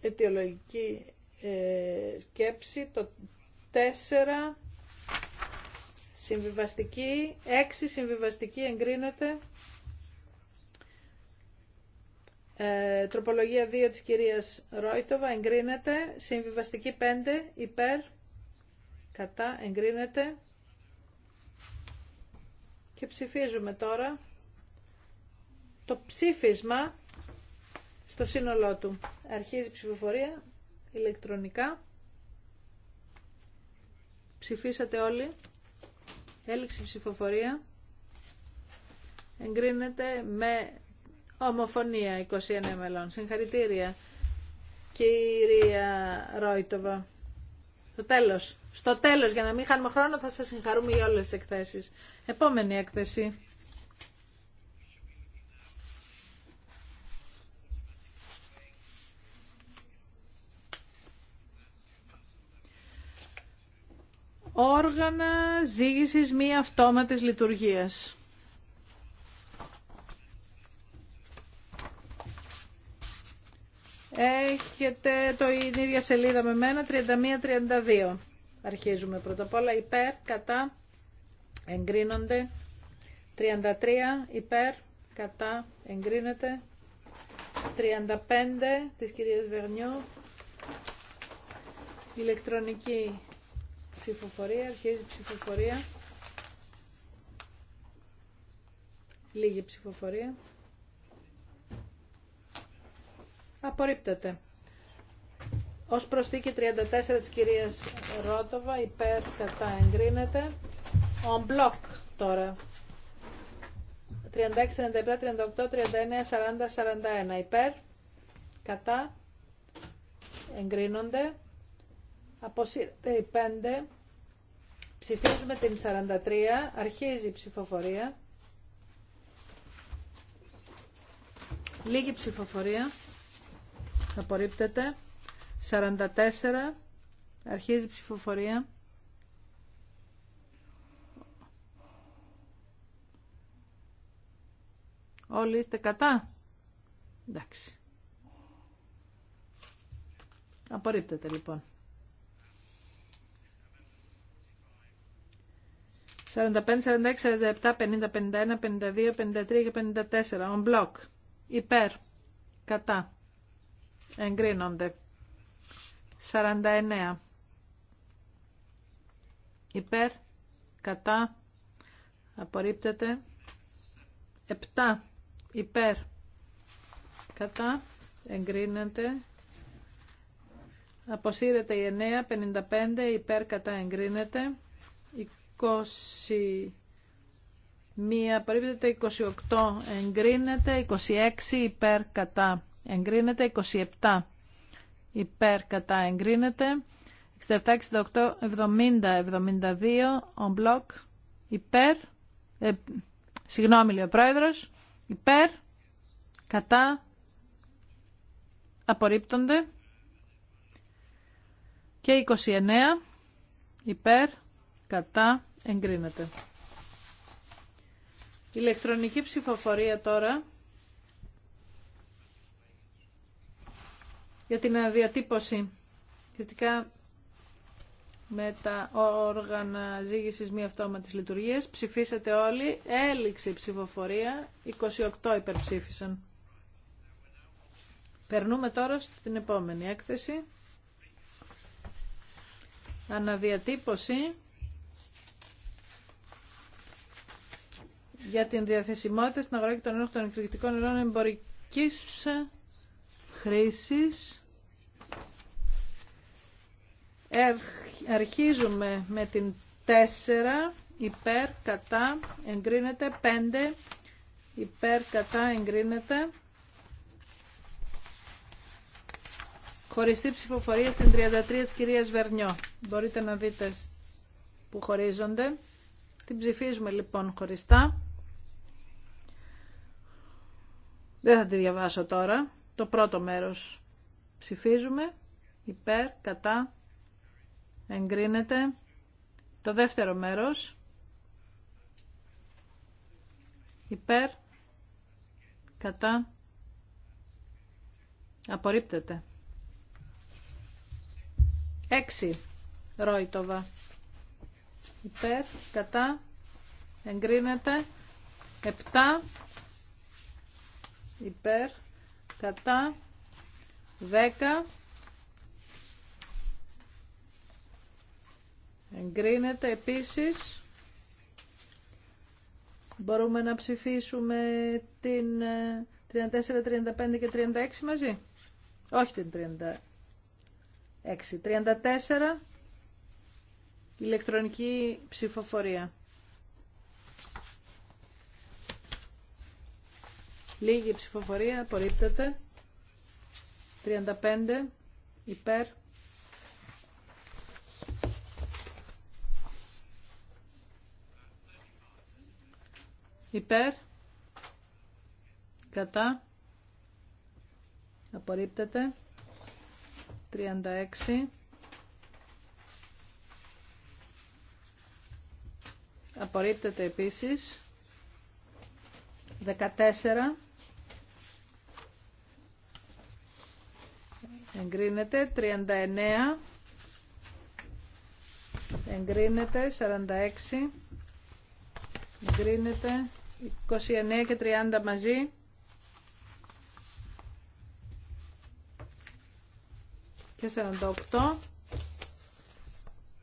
αιτιολογική ε, σκέψη το 4 συμβιβαστική 6 συμβιβαστική εγκρίνεται ε, τροπολογία 2 της κυρίας Ρόιτοβα εγκρίνεται. Συμβιβαστική 5 υπέρ. Κατά εγκρίνεται. Και ψηφίζουμε τώρα το ψήφισμα στο σύνολό του. Αρχίζει η ψηφοφορία ηλεκτρονικά. Ψηφίσατε όλοι. Έληξη ψηφοφορία. Εγκρίνεται με Ομοφωνία 21 μελών. Συγχαρητήρια κυρία Ρόιτοβα. Στο τέλος. Στο τέλος, για να μην χάνουμε χρόνο, θα σας συγχαρούμε για όλες τι εκθέσεις. Επόμενη έκθεση. Όργανα ζήγησης μη αυτόματης λειτουργίας. Έχετε το ίδια σελίδα με μένα, 31-32. Αρχίζουμε πρώτα απ' όλα υπέρ, κατά, εγκρίνονται. 33 υπέρ, κατά, εγκρίνεται. 35 της κυρίας Βερνιό. Ηλεκτρονική ψηφοφορία, αρχίζει η ψηφοφορία. Λίγη ψηφοφορία. απορρίπτεται. Ω προσθήκη 34 τη κυρία Ρότοβα, υπέρ κατά εγκρίνεται. On block τώρα. 36, 37, 38, 39, 40, 41. Υπέρ, κατά, εγκρίνονται. Αποσύρεται η 5. Ψηφίζουμε την 43. Αρχίζει η ψηφοφορία. Λίγη ψηφοφορία απορρίπτεται 44 αρχίζει η ψηφοφορία όλοι είστε κατά εντάξει απορρίπτεται λοιπόν 45, 46, 47, 50, 51, 52, 53 και 54. On block. Υπέρ. Κατά εγκρίνονται. 49. Υπέρ, κατά, απορρίπτεται. 7. Υπέρ, κατά, εγκρίνεται. Αποσύρεται η 9, 55, υπέρ, κατά, εγκρίνεται. 20. Μία απορρίπτεται 28 εγκρίνεται, 26 υπέρ κατά εγκρίνεται, 27 υπέρ κατά εγκρίνεται, 67, 68, 70, 72, on block, υπέρ, ε, συγγνώμη λέει ο πρόεδρος, υπέρ, κατά, απορρίπτονται και 29, υπέρ, κατά, εγκρίνεται. Ηλεκτρονική ψηφοφορία τώρα για την αναδιατύπωση, ε, σχετικά με τα όργανα ζήγησης μη αυτόματης λειτουργίας. Ψηφίσατε όλοι. Έληξε η ψηφοφορία. 28 υπερψήφισαν. Περνούμε τώρα στην επόμενη έκθεση. Αναδιατύπωση για την διαθεσιμότητα στην αγορά και τον των ενεργητικών ειρών εμπορικής χρήσης. Αρχίζουμε με την 4 υπέρ κατά εγκρίνεται 5 υπέρ κατά εγκρίνεται χωριστή ψηφοφορία στην 33 της κυρίας Βερνιό μπορείτε να δείτε που χωρίζονται την ψηφίζουμε λοιπόν χωριστά δεν θα τη διαβάσω τώρα το πρώτο μέρος ψηφίζουμε υπέρ κατά εγκρίνεται. Το δεύτερο μέρος, υπέρ, κατά, απορρίπτεται. 6. Ρόιτοβα. Υπέρ, κατά, εγκρίνεται. 7. Υπέρ, κατά, 10. Εγκρίνεται επίσης. Μπορούμε να ψηφίσουμε την 34, ε, 35 και 36 μαζί. Όχι την 36. 34 ηλεκτρονική ψηφοφορία. Λίγη ψηφοφορία, απορρίπτεται. 35 υπέρ. υπέρ κατά απορρίπτεται 36 απορρίπτεται επίσης 14 εγκρίνεται 39 εγκρίνεται 46 εγκρίνεται 29 και 30 μαζί. Και 48.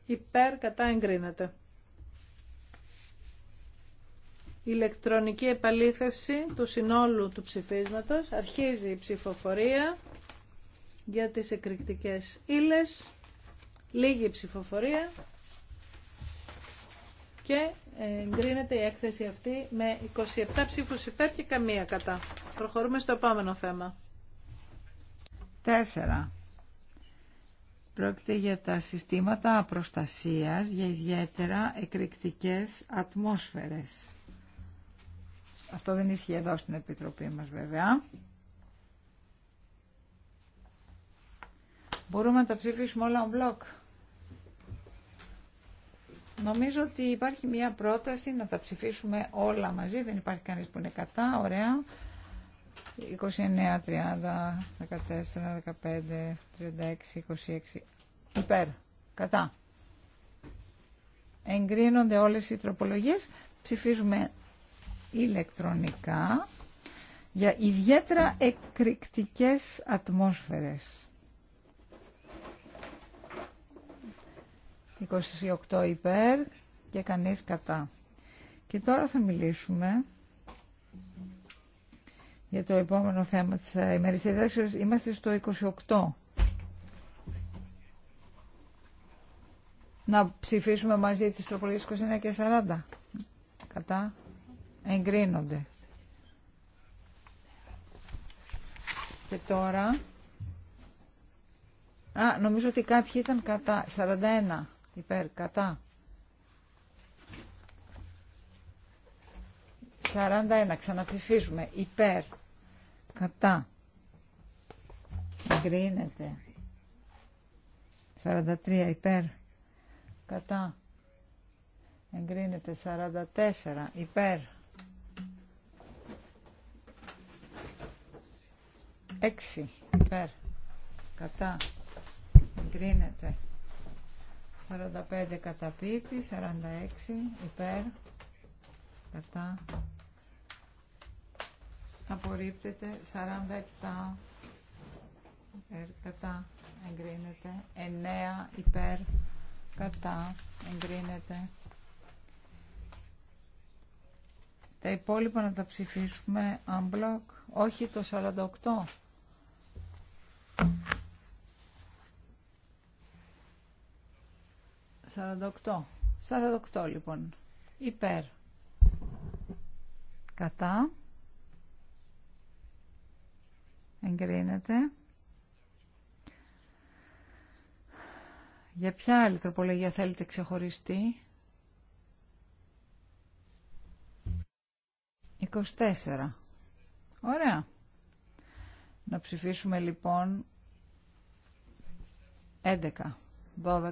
Υπέρ κατά εγκρίνεται. Ηλεκτρονική επαλήθευση του συνόλου του ψηφίσματος. Αρχίζει η ψηφοφορία για τις εκρηκτικές ύλες. Λίγη ψηφοφορία και εγκρίνεται η έκθεση αυτή με 27 ψήφους υπέρ και καμία κατά. Προχωρούμε στο επόμενο θέμα. 4. Πρόκειται για τα συστήματα προστασίας για ιδιαίτερα εκρηκτικές ατμόσφαιρες. Αυτό δεν ισχύει εδώ στην Επιτροπή μας βέβαια. Μπορούμε να τα ψηφίσουμε όλα on block. Νομίζω ότι υπάρχει μια πρόταση να τα ψηφίσουμε όλα μαζί. Δεν υπάρχει κανείς που είναι κατά. Ωραία. 29, 30, 14, 15, 36, 26. Υπέρ. Κατά. Εγκρίνονται όλες οι τροπολογίες. Ψηφίζουμε ηλεκτρονικά για ιδιαίτερα εκρηκτικές ατμόσφαιρες. 28 υπέρ και κανείς κατά. Και τώρα θα μιλήσουμε για το επόμενο θέμα της ημερησίας. Είμαστε στο 28. Να ψηφίσουμε μαζί τις τροπολογίες 29 και 40. Κατά. Εγκρίνονται. Και τώρα... Α, νομίζω ότι κάποιοι ήταν κατά. 41 υπέρ, κατά. 41, ξαναψηφίζουμε, υπέρ, κατά. Εγκρίνεται. 43, υπέρ, κατά. Εγκρίνεται 44, υπέρ. 6, υπέρ, κατά. Εγκρίνεται. 45 καταπίπτει, 46 υπέρ, κατά, απορρίπτεται, 47 υπέρ, ε, κατά, εγκρίνεται, 9 υπέρ, κατά, εγκρίνεται. Τα υπόλοιπα να τα ψηφίσουμε unblock, όχι το 48. 48. 48 λοιπόν. Υπέρ. Κατά. Εγκρίνεται. Για ποια άλλη τροπολογία θέλετε ξεχωριστή. 24. Ωραία. Να ψηφίσουμε λοιπόν 11, 12,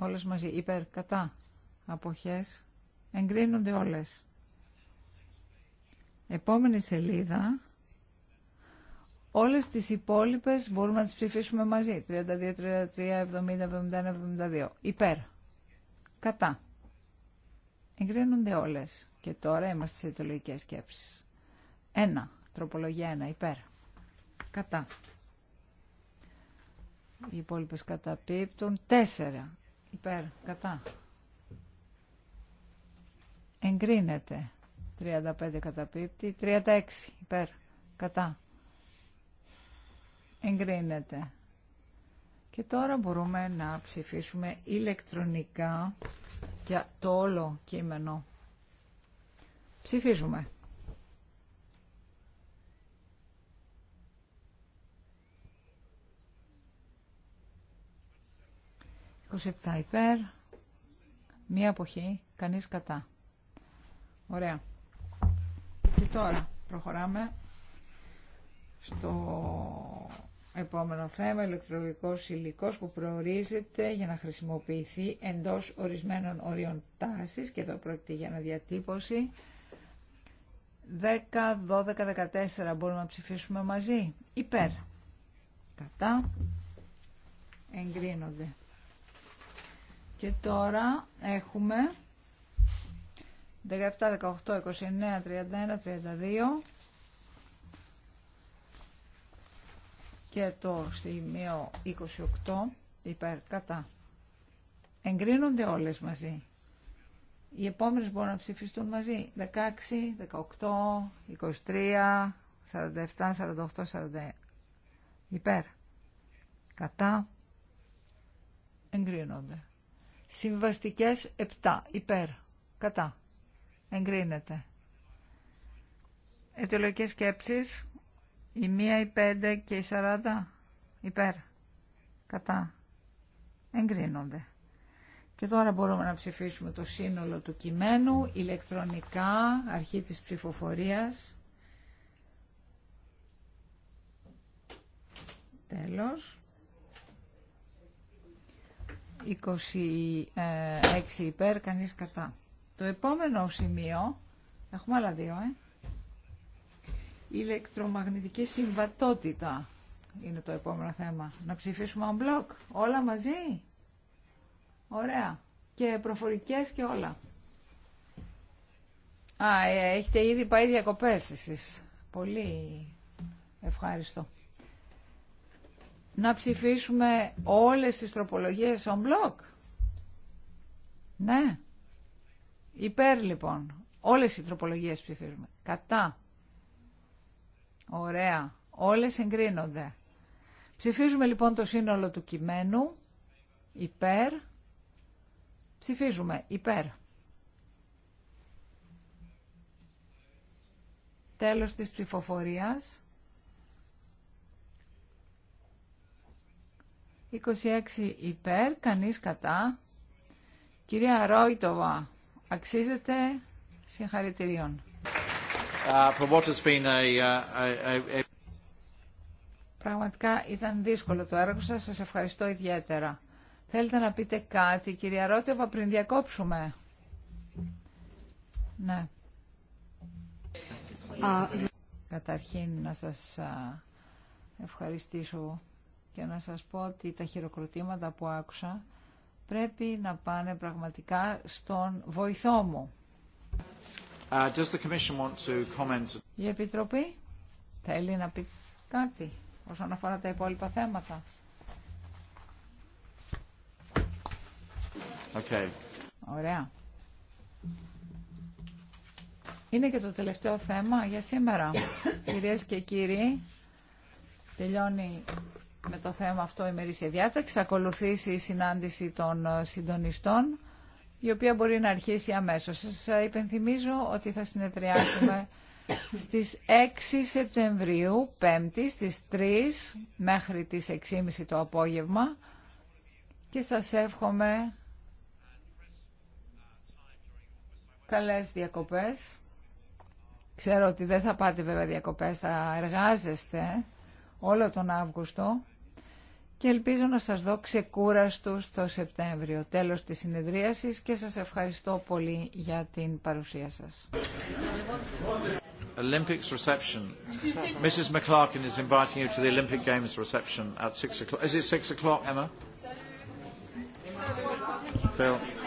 όλες μαζί υπέρ κατά αποχές εγκρίνονται όλες. Επόμενη σελίδα όλες τις υπόλοιπες μπορούμε να τις ψηφίσουμε μαζί 32, 33, 70, 71, 72 υπέρ κατά εγκρίνονται όλες και τώρα είμαστε σε αιτιολογικές σκέψεις. Ένα. Τροπολογία ένα. Υπέρ. Κατά. Οι υπόλοιπε καταπίπτουν. Τέσσερα. Υπέρ. Κατά. Εγκρίνεται. 35 καταπίπτει. 36. Υπέρ. Κατά. Εγκρίνεται. Και τώρα μπορούμε να ψηφίσουμε ηλεκτρονικά για το όλο κείμενο. Ψηφίζουμε. 27 υπέρ, μία αποχή, κανείς κατά. Ωραία. Και τώρα προχωράμε στο επόμενο θέμα, ηλεκτρολογικός υλικός που προορίζεται για να χρησιμοποιηθεί εντός ορισμένων ορίων τάσης και εδώ πρόκειται για διατύπωση. 10, 12, 14 μπορούμε να ψηφίσουμε μαζί. Υπέρ. Κατά. Εγκρίνονται. Και τώρα έχουμε 17, 18, 29, 31, 32 και το σημείο 28 υπέρ κατά. Εγκρίνονται όλες μαζί. Οι επόμενες μπορούν να ψηφιστούν μαζί. 16, 18, 23, 47, 48, 49. Υπέρ. Κατά. Εγκρίνονται. Συμβαστικές 7 υπέρ. Κατά. Εγκρίνεται. Αιτιολογικές σκέψεις. Η 1, η 5 και η 40 υπέρ. Κατά. Εγκρίνονται. Και τώρα μπορούμε να ψηφίσουμε το σύνολο του κειμένου ηλεκτρονικά, αρχή της ψηφοφορίας. Τέλος. 26 υπέρ, κανείς κατά. Το επόμενο σημείο, έχουμε άλλα δύο, ε. Ηλεκτρομαγνητική συμβατότητα είναι το επόμενο θέμα. Να ψηφίσουμε on block, όλα μαζί. Ωραία. Και προφορικές και όλα. Α, ε, έχετε ήδη πάει διακοπές εσείς. Πολύ ευχαριστώ να ψηφίσουμε όλες τις τροπολογίες on block. Ναι. Υπέρ λοιπόν. Όλες οι τροπολογίες ψηφίζουμε. Κατά. Ωραία. Όλες εγκρίνονται. Ψηφίζουμε λοιπόν το σύνολο του κειμένου. Υπέρ. Ψηφίζουμε. Υπέρ. Τέλος της ψηφοφορίας. 26 υπέρ, κανείς κατά. Κυρία Ρόιτοβα, αξίζετε συγχαρητηρίων. Uh, uh, Πραγματικά ήταν δύσκολο το έργο σας, σας ευχαριστώ ιδιαίτερα. Θέλετε να πείτε κάτι, κυρία Ρόιτοβα, πριν διακόψουμε. Ναι. Καταρχήν να σας ευχαριστήσω και να σας πω ότι τα χειροκροτήματα που άκουσα πρέπει να πάνε πραγματικά στον βοηθό μου. Uh, comment? Η Επιτροπή θέλει να πει κάτι όσον αφορά τα υπόλοιπα θέματα. Okay. Ωραία. Είναι και το τελευταίο θέμα για σήμερα. Κυρίες και κύριοι, τελειώνει με το θέμα αυτό η ημερήσια διάταξη. Θα ακολουθήσει η συνάντηση των ε, συντονιστών, η οποία μπορεί να αρχίσει αμέσως. Σας ε, υπενθυμίζω ότι θα συνεδριάσουμε στις 6 Σεπτεμβρίου, 5η, στις 3 μέχρι τις 6.30 το απόγευμα και σας εύχομαι καλές διακοπές. Ξέρω ότι δεν θα πάτε βέβαια διακοπές, θα εργάζεστε όλο τον Αύγουστο και ελπίζω να σας δω ξεκούραστος το Σεπτέμβριο. Τέλος της συνεδρίασης και σας ευχαριστώ πολύ για την παρουσία σας. Olympics reception. Mrs. McClarkin is inviting you to the Olympic Games reception at 6 o'clock. Is it 6 o'clock, Emma? Phil.